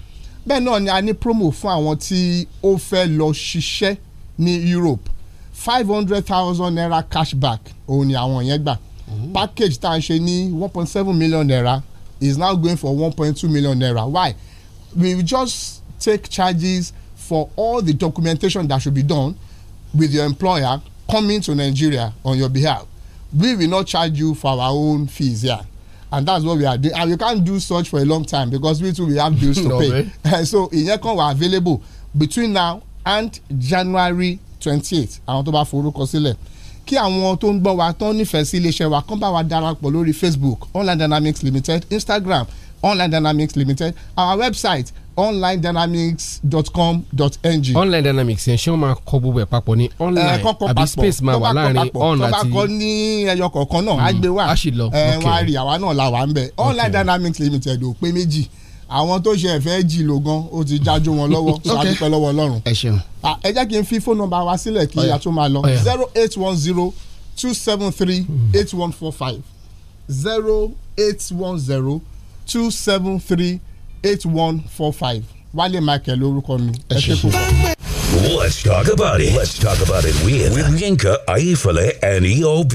bẹ́ẹ̀ náà ni a ní promo fún àwọn tí ó fẹ́ lọ ṣiṣẹ́ ní Europe five hundred thousand naira cashback òun ni àwọn yẹn gbà mm-hmm. package tá a ṣe ní one point seven million naira is now going for one point two million naira why we just take charges for all the documentation that should be done with your employer coming to Nigeria on your behalf we will not charge you for our own fees here and that's what we are doing and we can't do such for a long time because we too we have bills to no pay way. so ìyẹn kan wà available between now and January twenty eight àwọn tó bá forúkọ sílẹ̀ kí àwọn tó ń gbọ́ wa tán nífẹ̀ẹ́ sí iléeṣẹ́ wa kán bá wa darapọ̀ lórí Facebook Online Dynamics Limited Instagram Online Dynamics Limited our website onlinedynamics.com.ng. online dynamics yẹn ṣé wọ́n máa kọ gbogbo ẹ̀ papọ̀ ní online àbí space máa wà láàrin on àti. tọ́ba kọ ní ẹyọ kọ̀ọ̀kan náà á mm, gbé wá ẹ wá rí àwa náà la wà ń bẹ̀ online dynamics limited ò pé méjì àwọn tó ṣe ẹ̀fẹ́ jì ló gan ó ti jájú wọn lọ́wọ́ sọ àdúpẹ́ lọ́wọ́ ọlọ́run. ẹ ṣeun. ẹ jẹ́ kí n fi fóònù nọ́mbà wa sílẹ̀ kí a tún máa lọ zero eight one zero two seven three mm. eight one four five zero eight one zero two seven three eight one four five wálé michael lórúkọ mi ẹ ṣe púpọ̀. Let's talk about it. Let's talk about it with, with Yinka, Aifale, and EOB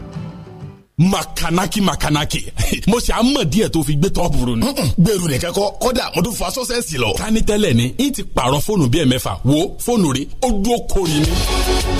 makanaki makanaki mo ṣe àmọ̀ díẹ̀ tó fi gbé tọ́pù rò ní. gbèrú nìkan kọ kọ́dà mo tún fa sọ́sẹ́sì lọ. kání tẹ́lẹ̀ ni n ti pààrọ̀ fóònù bíi ẹ̀mẹ́fà wo fóònù rí ó dúró ni.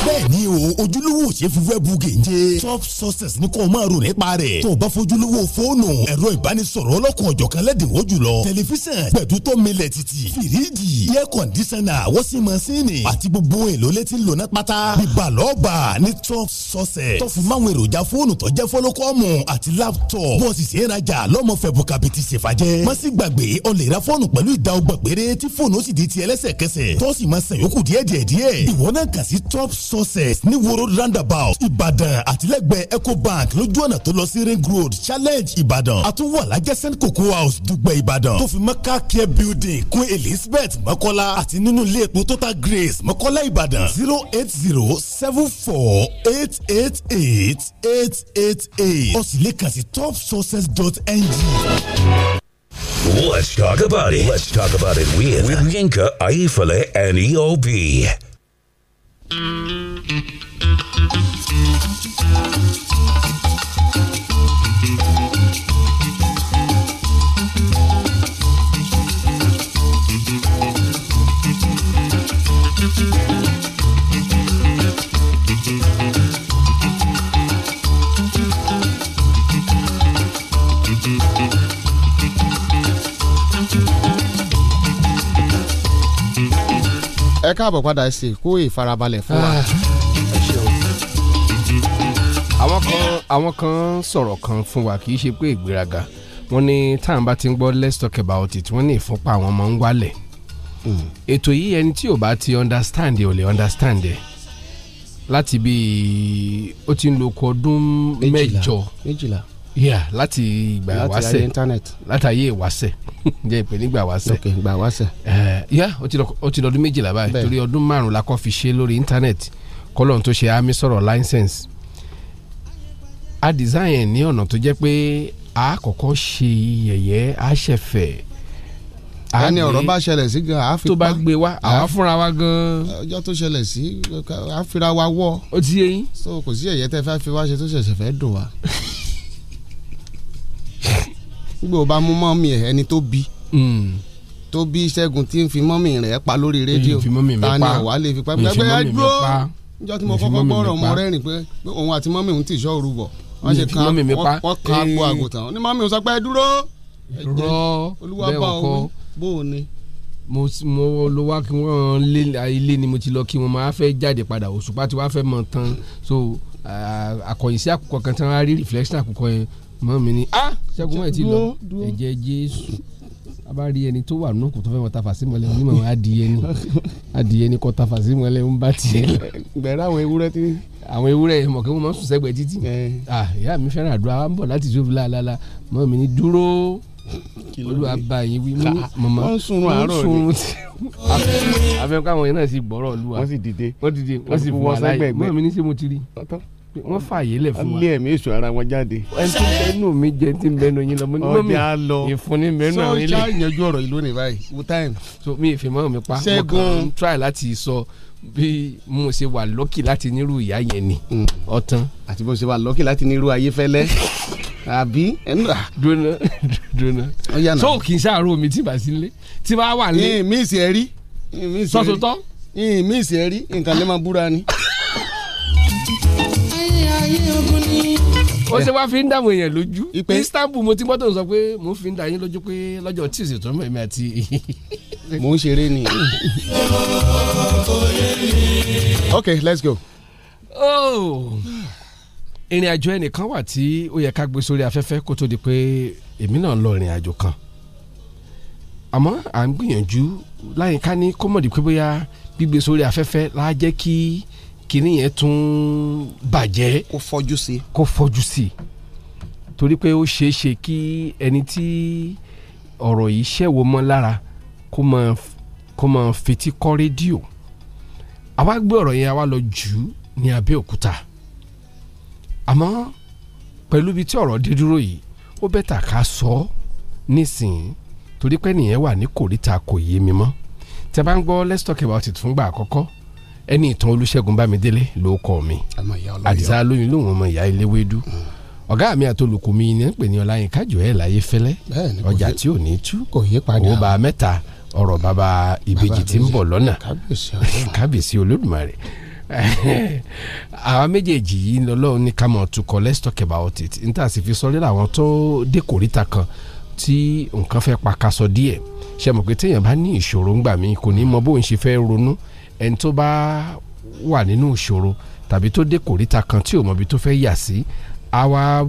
bẹ́ẹ̀ni o ojúlówó ṣe fífẹ́ bu gèje. top success ni kò máa rò nípa rẹ̀. tó o bá fojúlówó fóònù ẹ̀rọ ìbánisọ̀rọ̀ ọlọ́kùn ọ̀jọ̀kan lẹ́dínwó jùlọ. tẹlifíṣàn gbẹdutọ milẹ titi firiji air conditioner wọ́sí masini àti gbogbo èlò létí lónà pátá. bíbalọ́ọ̀bà ní top success tó fi máwọn èròjà fóònù tó jẹ́ fọ́lọ́ kọ́mù àti láptọ̀pù bọ́ọ̀sì ṣe é rajà lọ́mọ fẹ̀bù kàbìtì ṣèfàjẹ́ má sì gbàgbé ọ lè ra fọ́ọ̀nù pẹ̀lú ìdá ọgbà péré tí fóònù ó sì di ti ẹlẹ́sẹ̀kẹsẹ̀ tọ́sí máa ṣàn yòókù díẹ̀díẹ̀ díẹ̀ ìwọ náà kà sí top sources ní woro roundabout ìbàdàn àtìlẹ́gbẹ̀ẹ́ Bank. lójú ọ̀nà tó lọ sí ring road challenge ìbàdàn àtúwọ̀ alájẹsẹ́ni cocoa house dùgbẹ̀ ìbàdàn tó fi mẹ́ka care building kún elizabeth mọ́kọ́lá àti nínú ilé epo total grace mọ́kọ́lá ìbàdàn zero eight zero seven four eight eight eight eight eight eight. aid o sì lè kàn Let's talk about it. Let's talk about it with, with Yinka, Aifale, and EOB. Mm -hmm. ẹ káàbọ̀ padà sí kó ìfarabalẹ̀ fún wa. Ah. àwọn kan àwọn kan sọ̀rọ̀ kan fún wa kì í ṣe pé ìgbéraga wọ́n ní táwọn bá ti ń gbọ́ let's talk about it wọ́n ní ìfúnpá àwọn máa ń wálẹ̀ hmm. ètò yìí ẹni tí ò bá ti understand ẹ ò lè understand ẹ láti bí ó ti ń lo ọdún mẹ́jọ méjìlá yeah láti ìgbà ìwáṣẹ̀ láti ayé internet láti ayé ìwáṣẹ̀ jẹ́ ìpè nígbà ìwáṣẹ̀ ok ìgbà ìwáṣẹ̀. Eh, yá ó ti lọ́dún méjìlá báyìí torí ọdún márùn-ún la kọ́ fi ṣe lórí internet kọ́lọ́n tó ṣe àmì sọ̀rọ̀ license a design ẹ̀ ní ọ̀nà tó jẹ́ pé a kọ́kọ́ ṣe yẹ̀yẹ́ a ṣẹ̀fẹ̀ ẹni ọ̀rọ̀ bá ṣẹlẹ̀ sí gan àá fi pa tó bá gbé wa àwa eh. fúnra wa gan. ọjọ́ tó ṣẹlẹ̀ sí àá fira wa wọ́. ó ti yé yín. so kò sí ẹ̀yẹ tẹ́ fẹ́ fi wá ṣe tó ṣẹ̀ṣẹ̀ fẹ́ dùn wa. gbé o bá mú mọ́mì ẹ̀ ẹni tó bí hmm. tó bí Ṣẹ́gun tí ń fi mọ́mì rẹ̀ pa lórí rédíò hmm, ta ni àwa lè fi pa gbẹgbẹ ẹdúró níjọ́ tí hmm, mo kọ́kọ́ gbọ́rọ̀ mọ́ rẹ́rìn pé òun àti mọ́mì òun ti ìṣọ́ òru wọ́n ṣe kan wọ́n kan agbo àgùntàn ní mọ́mì òun sọ pé dúró ẹ̀jẹ̀ olúwa bá òun bó o ní mo mo lo wá kí wọ́n lé ilé ni mo ti lọ kí wọ́n máa fẹ́ jáde padà òṣùpá tí wọ́n fẹ́ mọ̀ tán so àkọ̀yìn sí àkùkọ kan tí wọ́n á rí reflection àkùkọ yẹn mọ́ mi ni ah ṣẹ́gun mọ́ ẹ̀ ti lọ ẹ̀jẹ̀ jésù a bá rí ẹni tó wà nù kò tó fẹ́ wọn tafa sí mọ́lẹ̀ onímọ̀ wọn adìyẹ ni adìyẹ ni kò tafa sí mọ́lẹ̀ ń bá tiẹ̀ lọ. gbẹ̀rẹ̀ àwọn ewúrẹ́ ti. àwọn ewúrẹ́ mọ̀ kí wọ́n máa ń sùn sẹ́gbẹ̀ẹ́ títì. Ah, ìyá mi fẹ́ràn àdúrà wa ń bọ̀ láti ṣòfin láàlálà mọ́ mi ni dúró olúwa bá yín wí mú mọ̀mọ́ wọ́n sunrun àárọ̀ ni àfẹ́káwọn yẹn náà sì gbọ́rọ̀ olúwa wọ́n sì dìde wọ́n sì fún wa láyè mọ́ mi ni ṣé mo ti rí wọ́n fààyè lẹ̀ fún wa. alẹ́ mi sùn ara wọn jáde. ẹni tí bẹ́nu mi jẹ ti bẹ́nu yín lọ mo ní mọ́mí ìfúnni bẹ́nu àwọn ilé. sọ ìyanjú ọ̀rọ̀ ìlú ni báyìí wo time. so mi ìfẹ́ mọ́ mi pa mo kàn ń try láti sọ bí mo ṣe wà lọ́kì láti nírú ìyá yẹn ni hmm. ọ̀tán. àti bó ṣe wà lọ́kì láti nírú ayé fẹ́lẹ́ àbí ẹnura. dona dona so kì í ṣàárò mi tí bá sí tí bá wà lé. mi ì sí ẹ rí. mi ì sí ẹ rí nǹkan lè máa búra ni ó ṣe wá fi ń dààmú èèyàn lójú ní Istanbul mo ti gbọ́ tó ń sọ pé mo fi ń dà yín lójú pé lọ́jọ́ tíìsì tó ń bẹ̀ mí àti. mo ń ṣeré ni. okay let's go. oh ìrìn àjò ẹnìkan wà tí ó yẹ ká gbé sórí afẹ́fẹ́ kó tó di pé èmi náà lọ ìrìn àjò kan àmọ́ à ń gbìyànjú láyìnká ní kó mọ̀ di pé bóyá gbígbé sórí afẹ́fẹ́ láá jẹ́ kí kíní yẹn tún bàjẹ́ kó fọ́jú sí kó fọ́jú sí torí pé ó ṣeé ṣe kí ẹni tí ọ̀rọ̀ yìí ṣẹ̀wọ́ mọ́ lára kó máa kó máa fetí kọ́ rédíò àwa gbé ọ̀rọ̀ yẹn àwa lọ jù ú ní Abẹ́òkúta àmọ́ pẹ̀lú ibi tí ọ̀rọ̀ dé dúró yìí ó bẹ́tà ká sọ ọ́ nísìnyí torí pé nìyẹn wà ní kòríta kò yé mi mọ́ tẹ bá ń gbọ́ let's talk about it fúngbà àkọ́kọ́ ẹni ìtàn olúṣẹ́gun bámidélé ló kọ́ mi àdìsá lóyún lóhùn ọmọ ìyá eléwédú hmm. ọ̀gá mi àtolùkù mi ní pè ní ọláyínká joel ayéfẹ́lẹ́ ọjà tí ò ní tú owó bá mẹ́ta ọ̀rọ̀ bàbá ìbejì tí ń bọ̀ lọ́nà kábíyèsí olódùmarè àwọn méjèèjì yìí lọ́lọ́run ní ká mọ̀ tukọ̀ let's talk about it n tà sì fi sọ lẹ́la àwọn tó dé kòríta kan tí nǹkan fẹ́ pa kaṣọ díẹ̀ ṣe mọ̀ pé téèyàn bá ní ìṣòro ńgbà mi kò ní mọ bóun ṣe fẹ́ ronú. Mm ẹni tó bá wà nínú ìṣòro tàbí tó dé kòríta kan tí ò mọ̀bi tó fẹ́ yà sí á wá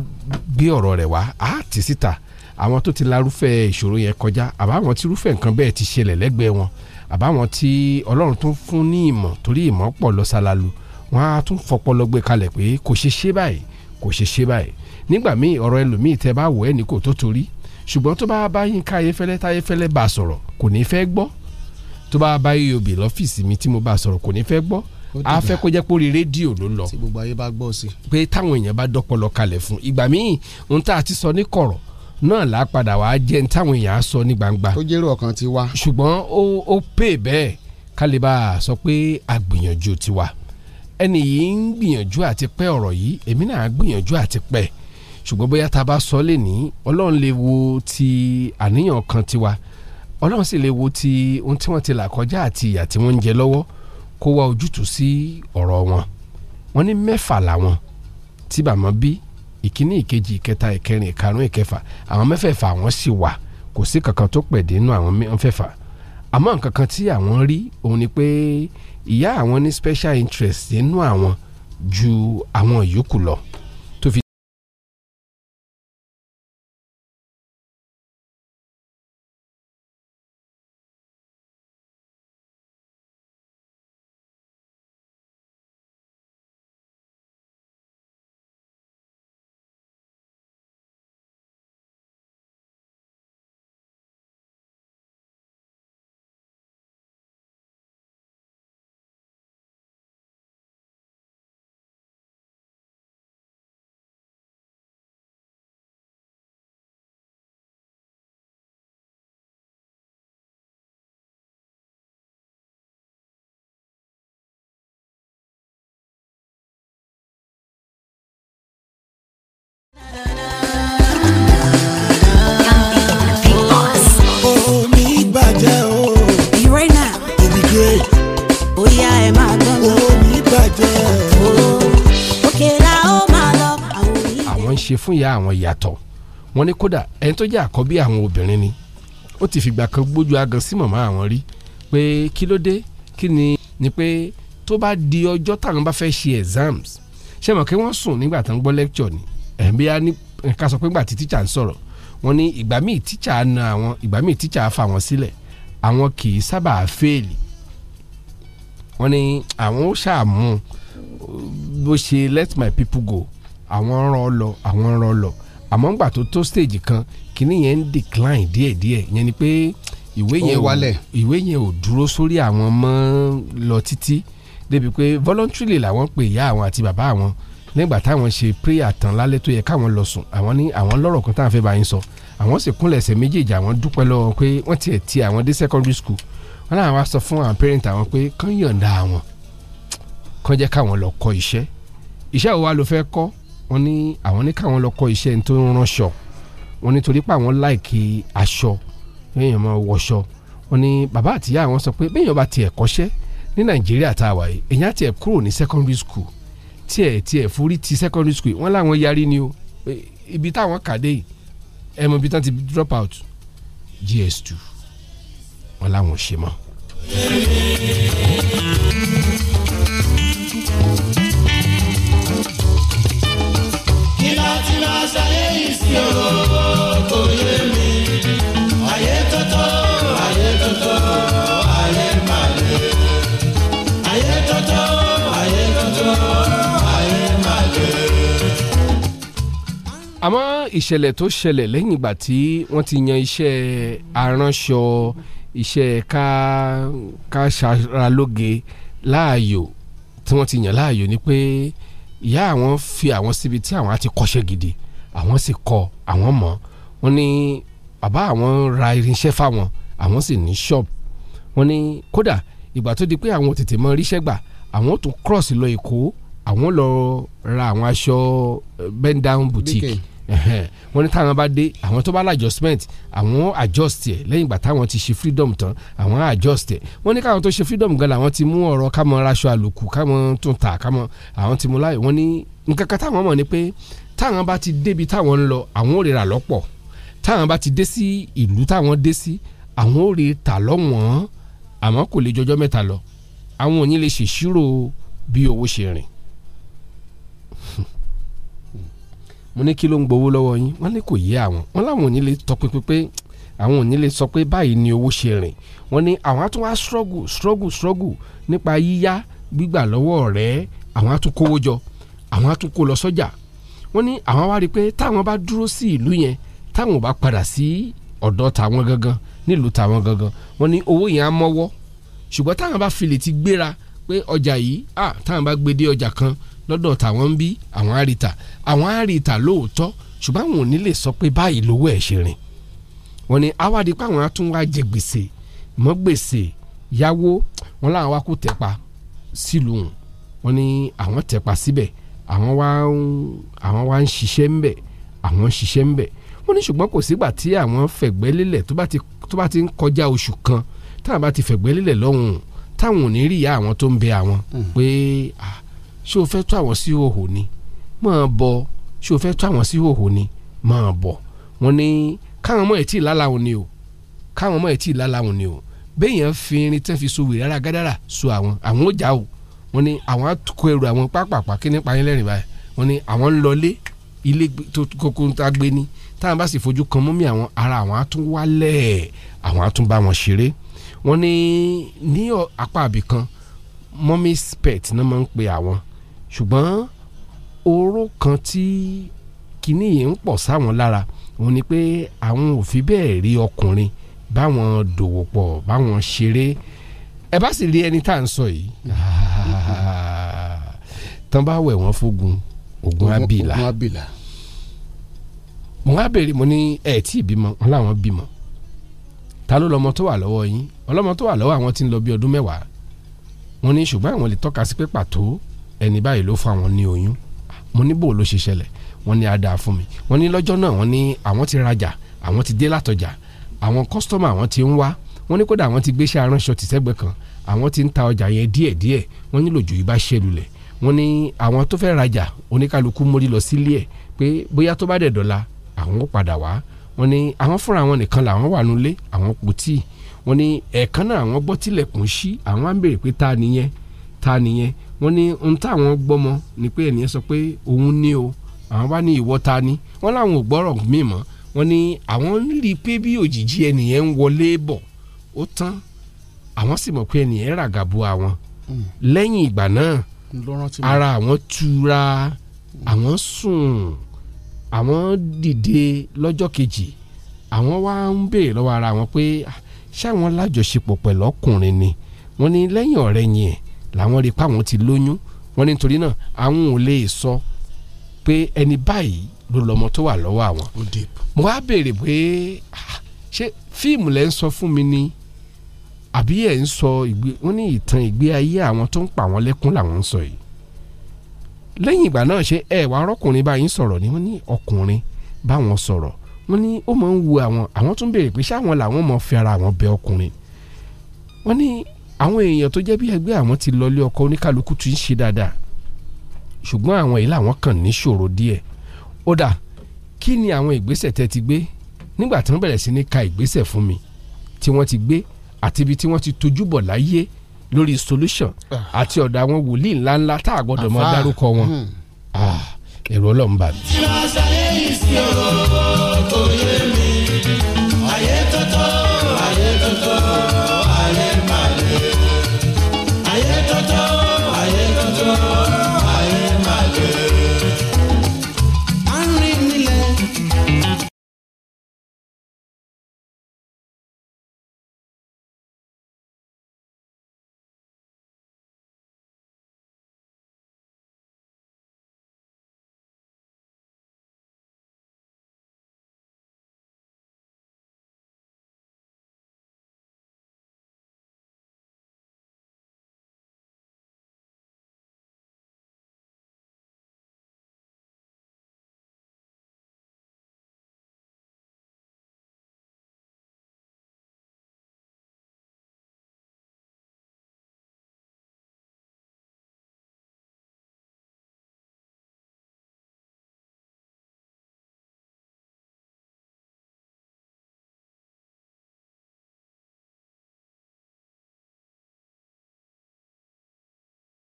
gbé ọ̀rọ̀ rẹ̀ wá á tì síta àwọn tó ti larúfẹ́ ìṣòro yẹn kọjá àbáwọn tí irúfẹ́ nǹkan bẹ́ẹ̀ ti ṣẹlẹ̀ lẹ́gbẹ̀ẹ́ wọn àbáwọn tí ọlọ́run tó fún ní ìmọ̀ torí ìmọ̀ pọ̀ lọ́sàlálù wọn á tún fọpọlọ gbé kalẹ̀ pé kò ṣe ṣe báyìí kò ṣe ṣe báyìí nígbà míì ọ̀rọ̀ ẹlòmíì tẹ́ bá wò ẹ́ kò tó torí ṣùgbọ́n tó bá bá yín ká ayéfẹ́lẹ́ táyéfẹ́lẹ́ bá sọ̀rọ̀ kò ní fẹ́ gbọ́ tó bá bá eob lọ́fíìsì mi tí mo bá sọ̀rọ̀ kò ní fẹ́ gbọ́ a fẹ́ kó jẹ́ pé orí rédíò ló lọ. tí gbogbo ayé bá gbọ́ sí. pé táwọn èèyàn bá dọ́pọ̀lọ kalẹ̀ fún ìgbà míì ohun tá a ti sọ ní kọ̀rọ̀ náà là á padà wá jẹ́ ní táwọn èèyàn á sọ ní gbangba. tó jẹ́rù ọkàn ti wá. ṣùgbọ́n ó pè bẹ́ẹ̀ kálíbà sọ pé àgbìyànjú ti wà ẹni yìí ń gbìyànjú àti pẹ́ ọ̀rọ̀ yìí èmi náà gbìyànjú àti pẹ́ ṣùgbọ́n bóyá tá bá sọ lé ní ọlọ́run lè wo ti àníyàn kan tiwa ọlọ́run sì lè wo ti ohun tí wọ́n ti là kọjá àti ìyà tí wọ́n ń jẹ lọ́wọ́ kó wá ojútùú sí ọ̀rọ̀ wọn wọ́n ní mẹ́fà làwọn tí bàmọ́ bí ìkíní ìkejì ìkẹta ìkẹrin ìkarùn ìkẹfà àwọn mẹ́fẹ̀ẹ̀fà àwọn sì wà kò sí kankan tó pẹ̀dé nínú àwọn mẹ́fẹ̀ẹ̀fà àmọ́ nǹkan tí àwọn rí òun ni pé ìyá àwọn ní special interest nínú àwọn ju àwọn yòókù lọ. ṣe fún ìyá àwọn yàtọ̀ wọ́n ní kódà ẹni tó jẹ́ àkọ́bí àwọn obìnrin ni ó ti fìgbà kan gbójú agan sí màmá àwọn rí pé kí ló dé kí ni ni pé tó bá di ọjọ́ táwọn bá fẹ́ ṣe exams ṣé mọ̀ kí wọ́n sùn nígbà tó ń gbọ́ lecture ni ẹ̀mí á ní ká sọ pé nígbà tí teacher ń sọ̀rọ̀ wọ́n ní ìgbà míì tíṣà na àwọn ìgbà míì tíṣà fa wọn sílẹ̀ àwọn kì í sábà fẹ́ẹ̀lì wọ́n ní àwọn ó ṣàmú bó ṣe let my people go àwọn ń rán ọ lọ àwọn ń rán ọ lọ àmọ́ ńgbà tó tó stage kan kíní yẹn ń decline díẹ̀díẹ̀ yẹn ni pé ìwé yẹn ò ìwé yẹn ò dúró sórí àwọn mọ́ lọ títí débi pé voluntarily làwọn pè ìyá àwọn àti bàbá àwọn nígbà táwọn ṣe prayer tán lálẹ́ tó yẹ káwọn lọ sùn àwọn ní àwọn lọ́rọ̀ kan táwọn fẹ́ bá yín sọ àwọn sì kúnlẹ̀ ẹsẹ̀ méjèèjì àwọn dúpẹ́ lọ́wọ́ pé wọ́n tiẹ̀ ti àwọn dé secondary school wọn náà wá sọ fún àwọn parent àwọn pé kán yọ̀ǹda àwọn kán jẹ́ káwọn lọ kọ́ iṣẹ́ iṣẹ́ wo ló fẹ́ kọ́ wọ́n ní àwọn ní káwọn lọ kọ́ iṣẹ́ tó ń ránṣọ wọ́n ní torí pé àwọn láìkí aṣọ èèyàn máa wọṣọ wọ́n ní bàbá àtìyá àwọn sọ pé béèyàn bá tiẹ̀ kọ́ṣẹ́ ní nàìjíríà tá a wà yìí èèyàn tiẹ̀ kúrò ní secondary school tiẹ̀ tiẹ̀ forí ti secondary school wọ́n láwọn yarí ni o ibi táwọn kàdé ẹ mọ ibi tán ti drop out gs2 wọ́n láwọn ò ṣe mọ́. Kristi ooo kò yé mi ayé tótó ayé tótó ayé màlè ayé tótó ayé tótó ayé màlè. àmọ́ ìṣẹ̀lẹ̀ tó ṣẹlẹ̀ lẹ́yìn ìgbà tí wọ́n ti yan iṣẹ́ aránṣọ iṣẹ́ ká ká láàyò tí wọ́n ti yàn láàyò ni pé ìyá àwọn fi àwọn síbi tí àwọn á ti kọ́ṣẹ́ gidi àwọn sì kọ́ àwọn mọ̀ wọ́n ní bàbá àwọn ra irinṣẹ́ fáwọn àwọn sì ní shop wọ́n ní kódà ìgbà tó di pé àwọn tètè mọ ríṣẹ́ gbà àwọn tún cross lọ Èkó àwọn lọ ra àwọn aṣọ eh, bend down boutique wọ́n ní táwọn bá dé àwọn tó bá la adjustment àwọn adjust ẹ̀ lẹ́yìn ìgbà táwọn ti ṣe freedom tán àwọn adjust ẹ̀ wọ́n ní káwọn tó ṣe freedom gan làwọn ti mú ọ̀rọ̀ kámọ́ raṣọ àlòkù kámọ́ tún ta kámọ́ àwọn ti mú láyè wọ́n ní nǹkan kan táwọn mọ̀ ni pé táwọn bá ti débi táwọn ń lọ àwọn ò lè rà lọ́pọ̀ táwọn bá ti dé sí ìlú táwọn dé sí àwọn ò lè tà lọ́wọ́n àmọ́ kò lè jọjọ́ mẹ́ta lọ àwọn ò ní lè ṣèṣirò bí owó ṣe rìn. mo ní kí ló ń gbowó lọ́wọ́ yín wọ́n ní kò yé àwọn wọ́n láwọn ò ní lè tọpinpin pé àwọn ò ní lè sọ pé báyìí ni owó ṣe rìn wọ́n ní àwọn á tún wá struggle struggle struggle nípa yíyá gbígbà lọ́wọ́ rẹ̀ àwọn á tún kówó jọ àwọn á tún kó lọ sọ́jà wọ́n ní àwọn wá rí i pé táwọn bá dúró sí ìlú yẹn táwọn bá padà sí ọ̀dọ̀ tàwọn gangan nílùú tàwọn gangan wọ́n ní owó yẹn á mọ́wọ́ ṣùgbọ́n táwọn bá filè ti gbéra pé ọjà yìí à táwọn bá gbé dé ọjà kan lọ́dọ̀ tàwọn ń bí àwọn àrìtà àwọn àrìtà lóòótọ́ ṣùgbọ́n àwọn ò ní lè sọ pé báyìí lówó ẹ̀ ṣe rìn wọ́n ní awádìí pé àwọn atúnwá jẹ gbèsè mọ́ gbèsè yáwó wọn láwọn wá kó tẹ̀pa sílùú wọn ní àwọn tẹ̀pa síbẹ̀ si àwọn wá ń àwọn wá ń ṣiṣẹ́ ń bẹ̀ àwọn ń ṣiṣẹ́ ń bẹ̀ wọ́n ní ṣùgbọ́n kò sígbà tí àwọn fẹ̀gbẹ́ lélẹ̀ tó bá ti tó bá ti ń kọjá oṣù kan táwọn bá ti fẹ̀gbẹ́ lélẹ̀ lọ́hùn táwọn ò ní rí ìyá àwọn tó ń bẹ àwọn hmm. pé ṣé o fẹ́ tó àwọn sí òhò ni máa bọ ṣé o fẹ́ tó àwọn sí òhò ni máa bọ wọ́n ní káwọn ọmọ ẹ̀ tí ì lálàhùn ni o káwọn ọmọ ẹ̀ tí ì lálàhùn ni o béèyàn fi irin tẹ́ fi so wèrè ara gádàrà so àwọn àwọn ó já o wọ́n ní àwọn àtúkọ ẹrù àwọn pápápá kí nípa yín lẹ́rìn báyìí wọ́n ní àwọn ń lọlé ilé tó kókó tá gbé ní táwọn bá sì fojú kan mọ́mí àwọn ara àwọn àtún wálẹ̀ àwọn àtún bá wọn ṣeré wọ́n ní ní apá àbìkan mommy's pet náà máa ń pe àwọn ṣùgbọ́n oró kan tí kinní yìí ń pọ̀ sáwọn lára wọ́n ní pé àwọn ò bẹ́ẹ̀ rí ọkùnrin báwọn dòwò pọ̀ báwọn ṣeré ẹ bá sì rí ẹni tá à ń sọ yìí tán bá wẹ̀ wọ́n fógun ogun abila mo wá béèrè mo ní ẹ tí ì bímọ wọn làwọn bímọ ta ló lọmọ tó wà lọ́wọ́ yín ọlọ́mọ tó wà lọ́wọ́ àwọn tí ń lọ bí ọdún mẹ́wàá wọn ní ṣùgbọ́n àwọn lè tọ́ka sí pé pàtó ẹni báyìí ló fún àwọn ní oyún mo ní bò ló ṣe ṣẹlẹ̀ wọ́n ní adá fún mi wọ́n ní lọ́jọ́ náà wọ́n ní àwọn ti rajà àwọn ti dé látọjà àwọn kọ́sítọ́mà àwọn ti ń wá wọ́n ní kódà àwọn ti gbéṣẹ́ aránṣọ tìṣẹ́gbẹ́ kan àwọn tí ń ta ọjà yẹn díẹ̀díẹ̀ wọ́n nílò jù ibà ṣẹ́ lulẹ̀ wọ́n ní àwọn tó fẹ́ rajà oníkálukú mórí lọ sílé ẹ̀ pé bóyá tó bá dẹ̀ dọ̀la àwọn ó padà wá wọ́n ní àwọn fúnra àwọn nìkan làwọn wà nulé àwọn kò tíì wọ́n ní ẹ̀ẹ̀kan náà àwọn gbọ́ tilẹ̀kùn ṣí àwọn á ń béèrè pé ta nìyẹn ta nìyẹn wọ́n ní ohun táwọn gbọ́mọ ni pé ẹnìyẹn sọ pé òun ní o àwọn wá ní ìwọ ta ni wọ́n láwọn ò gbọ́rọ̀ míì mọ́ ní àwọn ń rí i pé bí òjìji ẹnìyẹn ń wọlé bọ̀ ó tán àwọn sì mọ̀ pé ẹnìyẹn ràgàbọ àwọn hmm. lẹ́yìn ìgbà náà ara àwọn tura àwọn sùn àwọn dìde lọ́jọ́ kejì àwọn wá ń béèrè lọ́wọ́ ara wọn pé ah, ṣé àwọn lájọṣepọ̀ pẹ̀lú ọkùnrin ni wọ́n ní lẹ́yìn ọ̀rẹ́ yẹn làwọn rí i pé àwọn ti lóyún wọ́n ní nítorí náà àwọn ò lè sọ pé ẹni báyìí ló lọ́mọ tó wà lọ́wọ́ àwọn. mo wá béèrè pé ah, ṣé fíìmù lẹ́ ń sọ fún mi ni àbí ẹ̀ ń sọ ìgbé wọn ní ìtàn ìgbé ayé àwọn tó ń pa àwọn lẹ́kún làwọn ń sọ yìí lẹ́yìn ìgbà náà ṣe ẹ̀ wá rọ́kùnrin báyìí sọ̀rọ̀ ni wọ́n ní ọkùnrin báwọn sọ̀rọ̀ wọ́n ní ó máa ń wu àwọn àwọn tún béèrè pé ṣáwọn làwọn máa fi ara àwọn bẹ ọkùnrin wọ́n ní àwọn èèyàn tó jẹ́ bí ẹgbẹ́ àwọn ti lọlé ọkọ oníkálukú tún ṣe dáadáa ṣùgbọ́n àwọn èyí làwọn kàn níṣòro díẹ̀ ó dà kí ni àwọn ìgbésẹ̀ tẹ́ ti gbé nígbà tí wọ́n bẹ̀rẹ̀ sí ní ka ìgbésẹ̀ fún mi tí wọ́n ti gbé àti ibi tí wọ́n ti tojú bọ̀ láyé lórí solution ah. àti ọ̀dọ̀ àwọn wòlíì ńláńlá tá a gbọ́dọ̀ mọ̀ ah, dárúkọ wọn hmm. ah, ẹ̀rọ ọlọ́run bá mi. ìlànà ṣàyẹ̀ yìí sí ọ̀rọ̀ òye.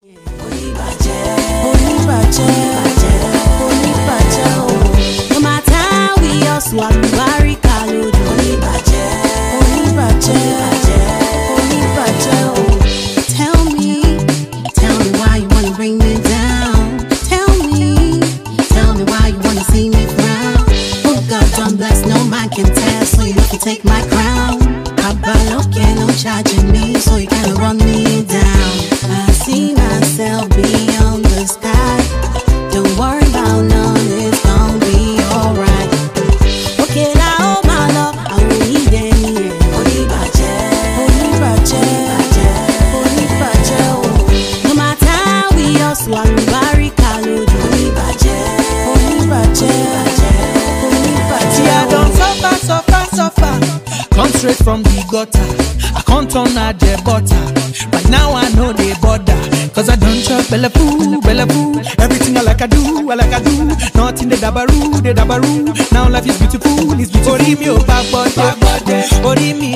Yeah. dabaru, de dabaru. Now life is beautiful, it's beautiful. Orí mi ò bá gbọ́dẹ̀, orí mi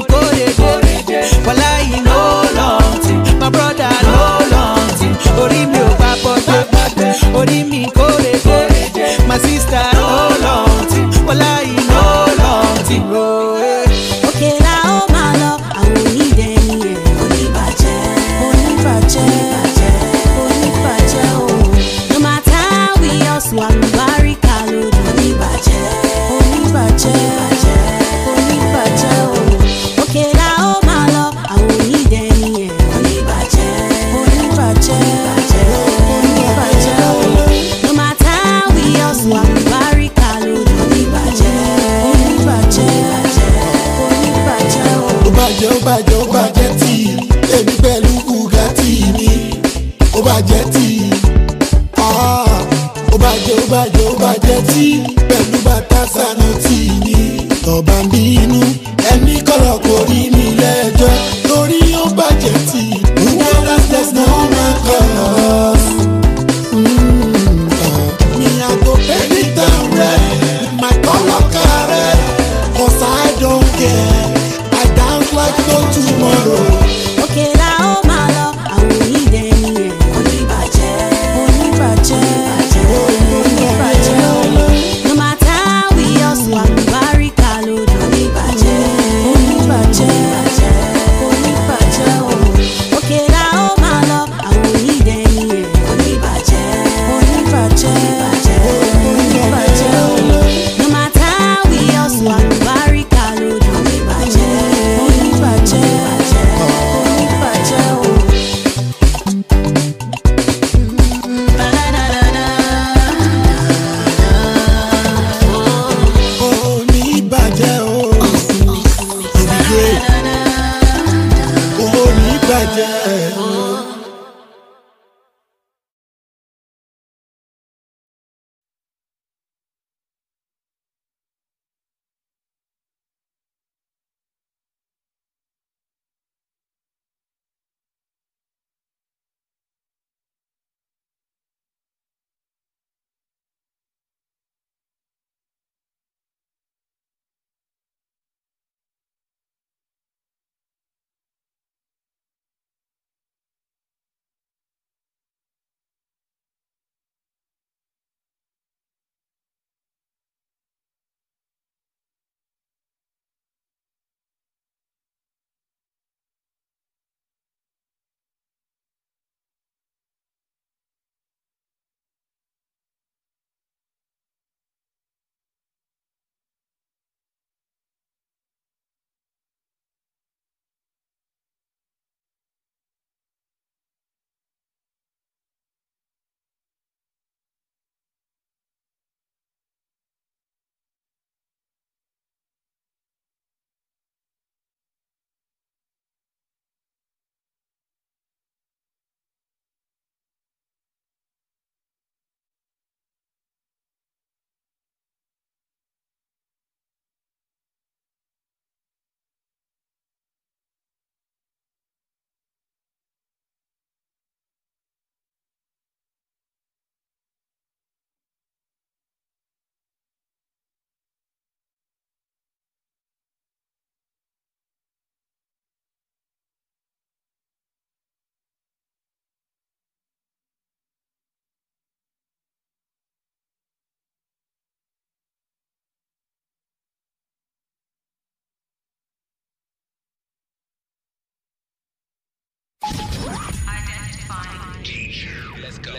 Yeah.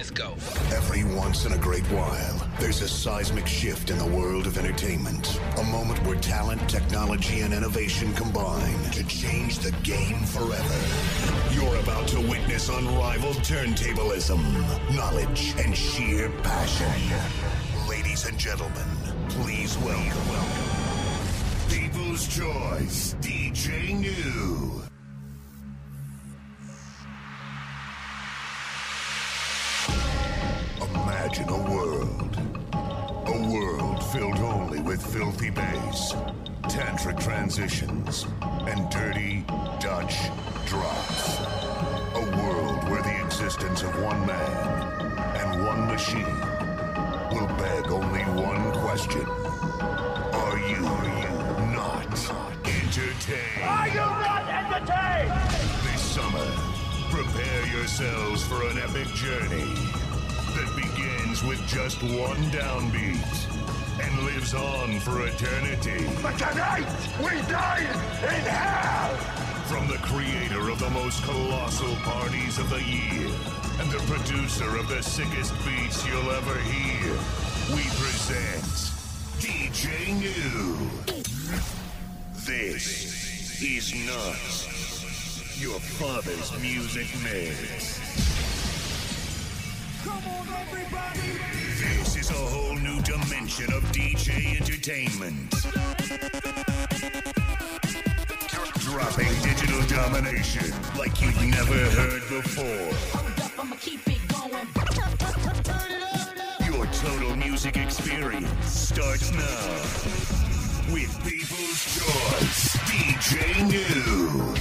Let's go. Every once in a great while, there's a seismic shift in the world of entertainment. A moment where talent, technology, and innovation combine to change the game forever. You're about to witness unrivaled turntablism, knowledge, and sheer passion. Ladies and gentlemen, please welcome. People's Choice, DJ New. A world. A world filled only with filthy bass, tantric transitions, and dirty Dutch drops. A world where the existence of one man and one machine will beg only one question. Are you, not entertained? Are you not entertained? This summer, prepare yourselves for an epic journey with just one downbeat and lives on for eternity. But tonight, we dine in hell! From the creator of the most colossal parties of the year and the producer of the sickest beats you'll ever hear, we present DJ New. This is not your father's music mix. This is a whole new dimension of DJ entertainment. Dropping digital domination like you've never heard before. Your total music experience starts now with People's Choice DJ New.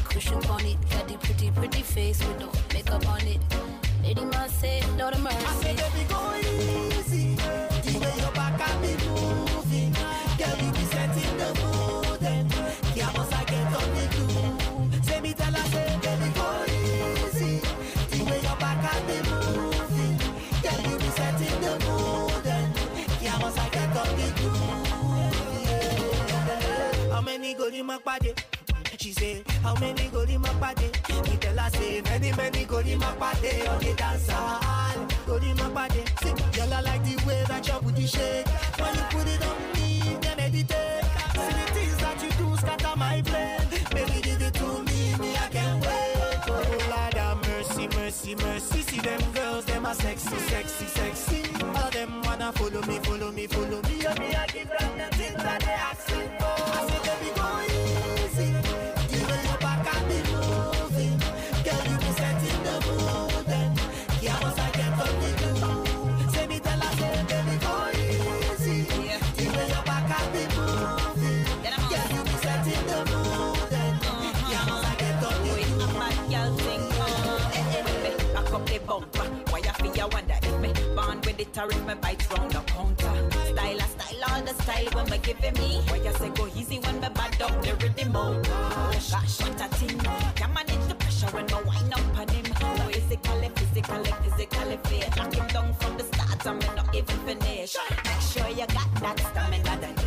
cushions on it. Got the pretty, pretty face with no makeup on it. Lady must say, no to mercy. I said, baby, go easy. The way your back I be moving. Girl, you be setting the mood. and yeah, once I get on the groove. Say me, tell her, say, baby, go easy. The way your back I be moving. Girl, you be setting the mood. and yeah, once I get on the groove. How many go you make how many my party? He tell us, say many many my party. on the dance hall. my party. See, girl I like the way that your booty shake. When you put it on me, then meditate. See the things that you do scatter my brain. Baby give it to me, me I can't wait. Oh Lord have mercy, mercy, mercy. See them girls, them are sexy, sexy, sexy. All them wanna follow me my bites round the counter. Style a style, all the style when me giving me. Why you say go easy when me bad up the rhythm? Oh gosh, gosh, what a thing. Can manage the pressure when I wind up on him. No physically, physically, physically fit. Lock him down from the start, I'm not even finished. Make sure you got that stamina. That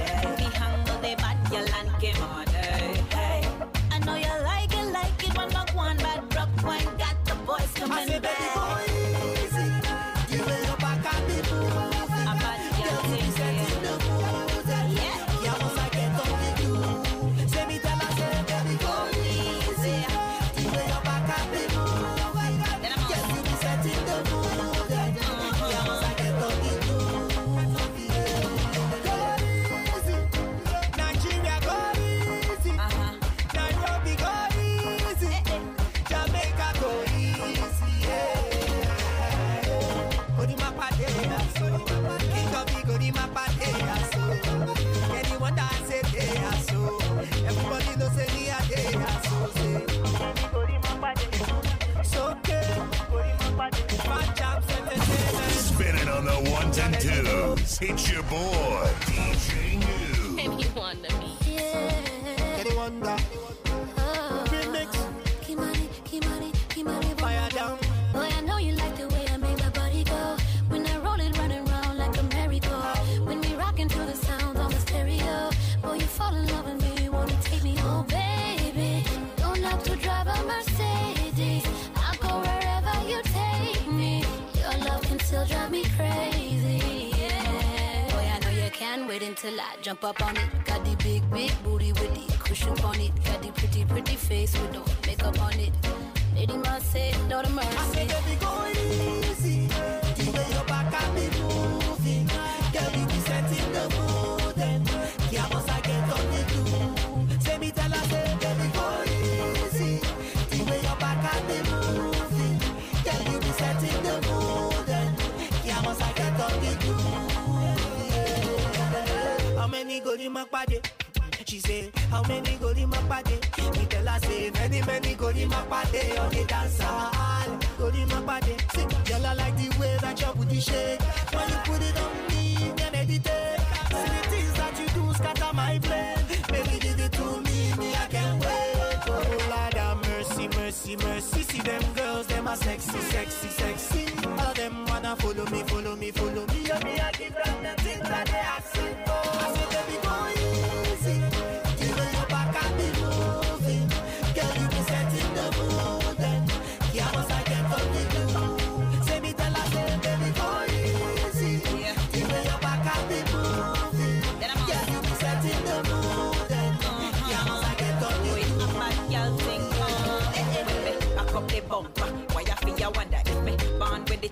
It's your boy, DJ New. Anyone. slide, jump up on it. Got the big, big booty with the cushion on it. Got the pretty, pretty face with no makeup on it. Lady must say, no to mercy. I said, baby, go easy. The way your back got me moving. She say, how many go in my body? Me tell her say, many, many go in my body on the dance hall. Go in my See, girl, I like the way that your booty shake. When you put it on me, then meditate. See the things that you do scatter my brain. Baby, give it to me, me I can't wait. Oh Lord, have mercy, mercy, mercy. See them girls, them are sexy, sexy, sexy. All them wanna follow me.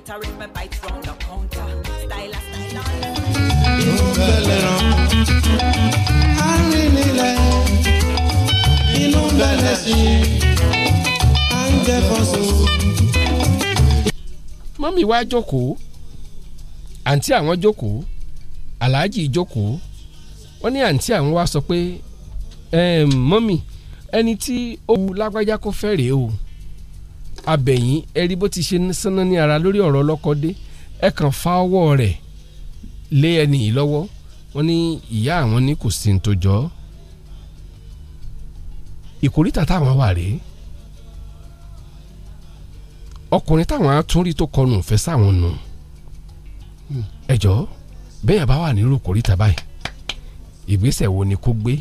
Rhetoric, my bite round the counter. Style, style on. Arìnrìnlẹ̀ inú bẹ̀rẹ̀ sí à ń jẹ́ fọ́sùn. mọ́mí wá jókòó àǹtí àwọn jókòó aláàjì jókòó wọ́n ní àǹtí àwọn wá sọ pé mọ́mí ẹni tí ó wu lágbájá kó fẹ́ rèé o abẹ̀yìn ẹ rí bó ti ṣe sánná ní ara lórí ọ̀rọ̀ ọlọ́kọ́dé ẹ kàn fa ọwọ́ rẹ̀ lé ẹni yìí lọ́wọ́ wọ́n ní ìyá àwọn ní kò sí ní tó jọ ìkórìtà táwọn wà rèé ọkùnrin táwọn atúnrí tó kọnu ìfẹ́ sáwọn nù hmm, ẹjọ́ bẹ́ẹ̀ bá wà nírú kòríta báyìí ìgbésẹ̀ wo ni kò gbé.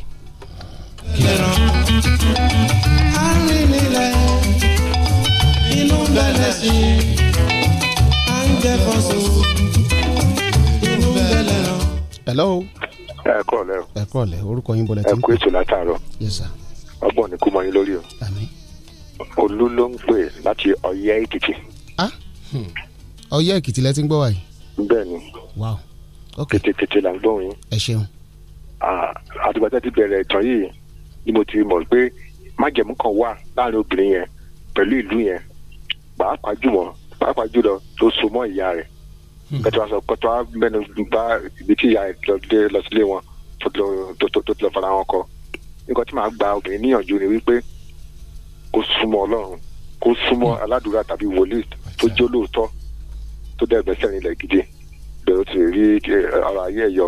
kí ni hello. ẹ kọ́ ọ̀lẹ́ o. ẹ kọ́ ọ̀lẹ́ orúkọ yín bọ́lẹ̀ tí. ẹ kú ètò látàárọ̀. yes sir. ọgbọ́n ni kú mọ yín lórí o. àmín. olú ló ń pè láti ọyẹ́ èkìtì. ah hmm. ọyẹ́ èkìtì lẹ ti ń gbọ́ wáyé. bẹ́ẹ̀ni. wow ok kètèkètè là ń gbọ́ yín. ẹ ṣeun. àtìgbàtà ti bẹ̀rẹ̀ ìtàn yìí ni mo ti mọ̀ pé májẹ̀mú kan wà láàrin obìnrin yẹn pẹ̀lú ìlú yẹn pàápàá jùmọ̀ pàápàá jùlọ tó so mọ́ ìyá rẹ̀ hmm. kẹtù wa sọ kẹtù wa mẹ́nu bá ibi tí ìyá rẹ̀ lọ sílé wọn tó tó lọ fara wọn kọ nǹkan tí màá gba obìnrin níyànjú ni wípé kó súnmọ́ ọlọ́run kó súnmọ́ hmm. aládùúrà tàbí wòlíì tó jẹ́ olóòótọ́ tó dẹ̀ bẹ́sẹ̀ nílẹ̀ gidi bẹ̀rù ti rí ọ̀rọ̀ eh, ayé ẹ̀yọ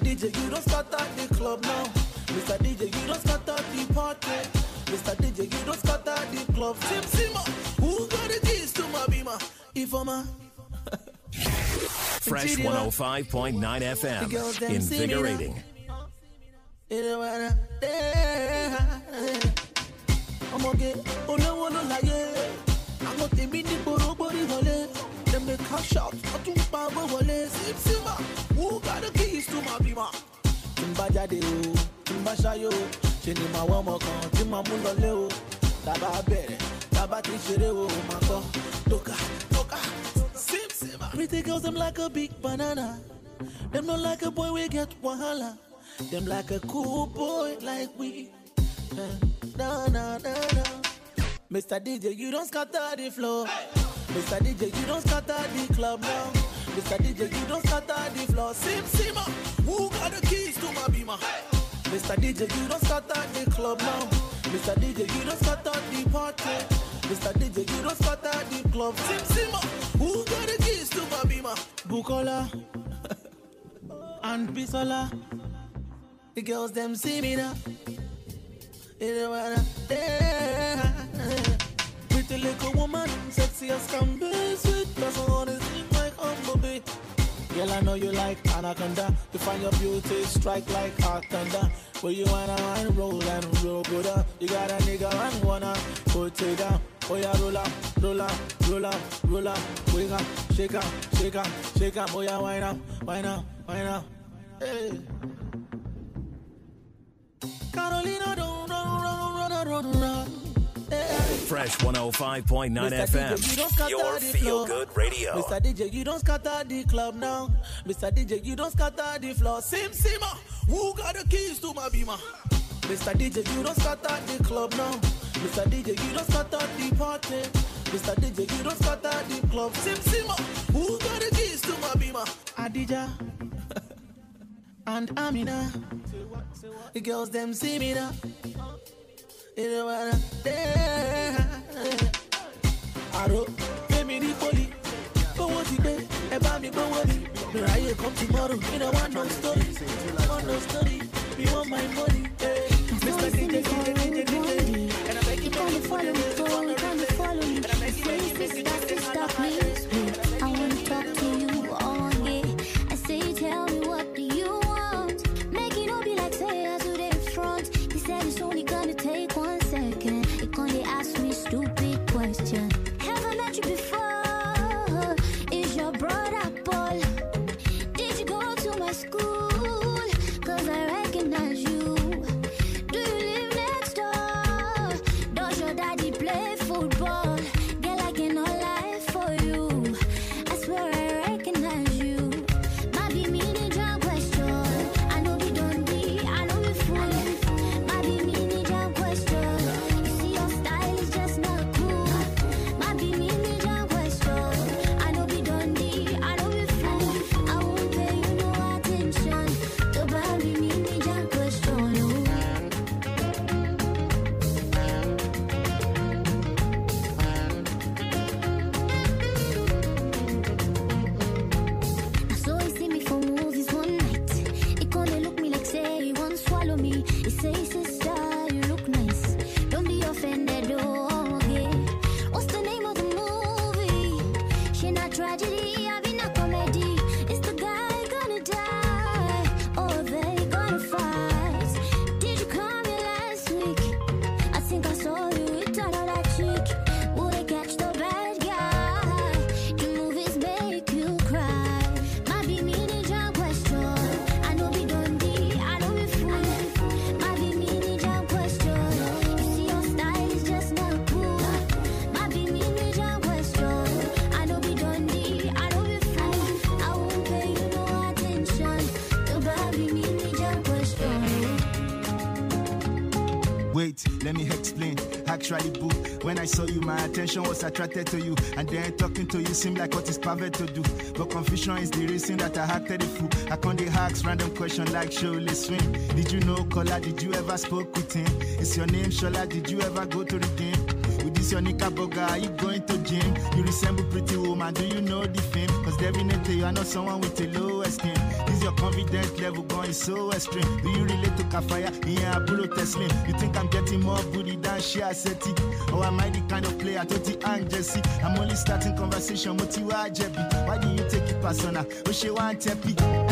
DJ, you don't the club now. Mr. DJ, you don't the party. Mr. DJ, you don't the club. Sim Sima, who got the keys to my Fresh 105.9 FM. Invigorating. who got máa bímọ. tí n bá jáde o tí n bá ṣáyé o ṣe jade o ti n o se ni kọ́ tóka tóka sim sim. pretty girls dem like a big banana Them not like a boy we get wahala Them like a cool boy like we. Eh, na, na, na, na. Mr. DJ, you don't scatter the floor. Hey. Mr. DJ, you don't scatter the club now. Mr. DJ, you don't scatter the floor. Sim, sim, up. Who got the keys to my beamer? Mr. DJ, you don't start at the club now. Mr. DJ, you don't start at the party. Mr. DJ, you don't start at the club. Sim Sima, who got the keys to my beamer? Bukola and Bisola. The girls them see me now. Pretty little woman, sexy as can be, sweet, doesn't wanna like I'm a bit. Girl, I know you like anaconda. You find your beauty strike like hot thunder. Where you wanna and roll and roll good up. You got a nigga and wanna put it down. Oh yeah, roll up, roll up, roll up, roll up. Wake up, shake up, shake up, shake up. Oh yeah, wine up, wine up, wine up. Hey. Carolina, don't run, run, run, run, run, run. Fresh 105.9 FM. You Your feel good radio. Mr. DJ, you don't scatter the club now. Mr. DJ, you don't scatter the floor. Sim Sima, who got the keys to my beamer? Mr. DJ, you don't scatter the club now. Mr. DJ, you don't scatter the party. Mr. DJ, you don't scatter the club. Sim Sima, who got the keys to my beamer? Adija and Amina. The girls, them see me now. You know what I'm saying? Àrò Fẹ́mi ní poli. Owó ti dé, ẹ bá mi gbówó mi. Mi ráyè come tomorrow. You know one no story. One no story. want my money. Hey. Eh. Mr. DJ, DJ, DJ, DJ. And I beg you, follow me, follow attracted to you. And ain't talking to you seem like what is perfect to do. But confusion is the reason that I acted a fool. I can't the hacks, random question like Shola Swim. Did you know Kola? Did you ever spoke with him? Is your name Shola? Did you ever go to the game? With this your knickerbocker, are you going to gym? You resemble pretty woman, do you know the fame? Cause definitely you are not someone with a low death level going so extreme. Do you relate to Kafaya? Yeah, Apollo Tesla. You think I'm getting more booty than Shia Seti? Or am I the kind of player Toti and Jesse? I'm only starting conversation with you, Why do you take it personal? We you want happy.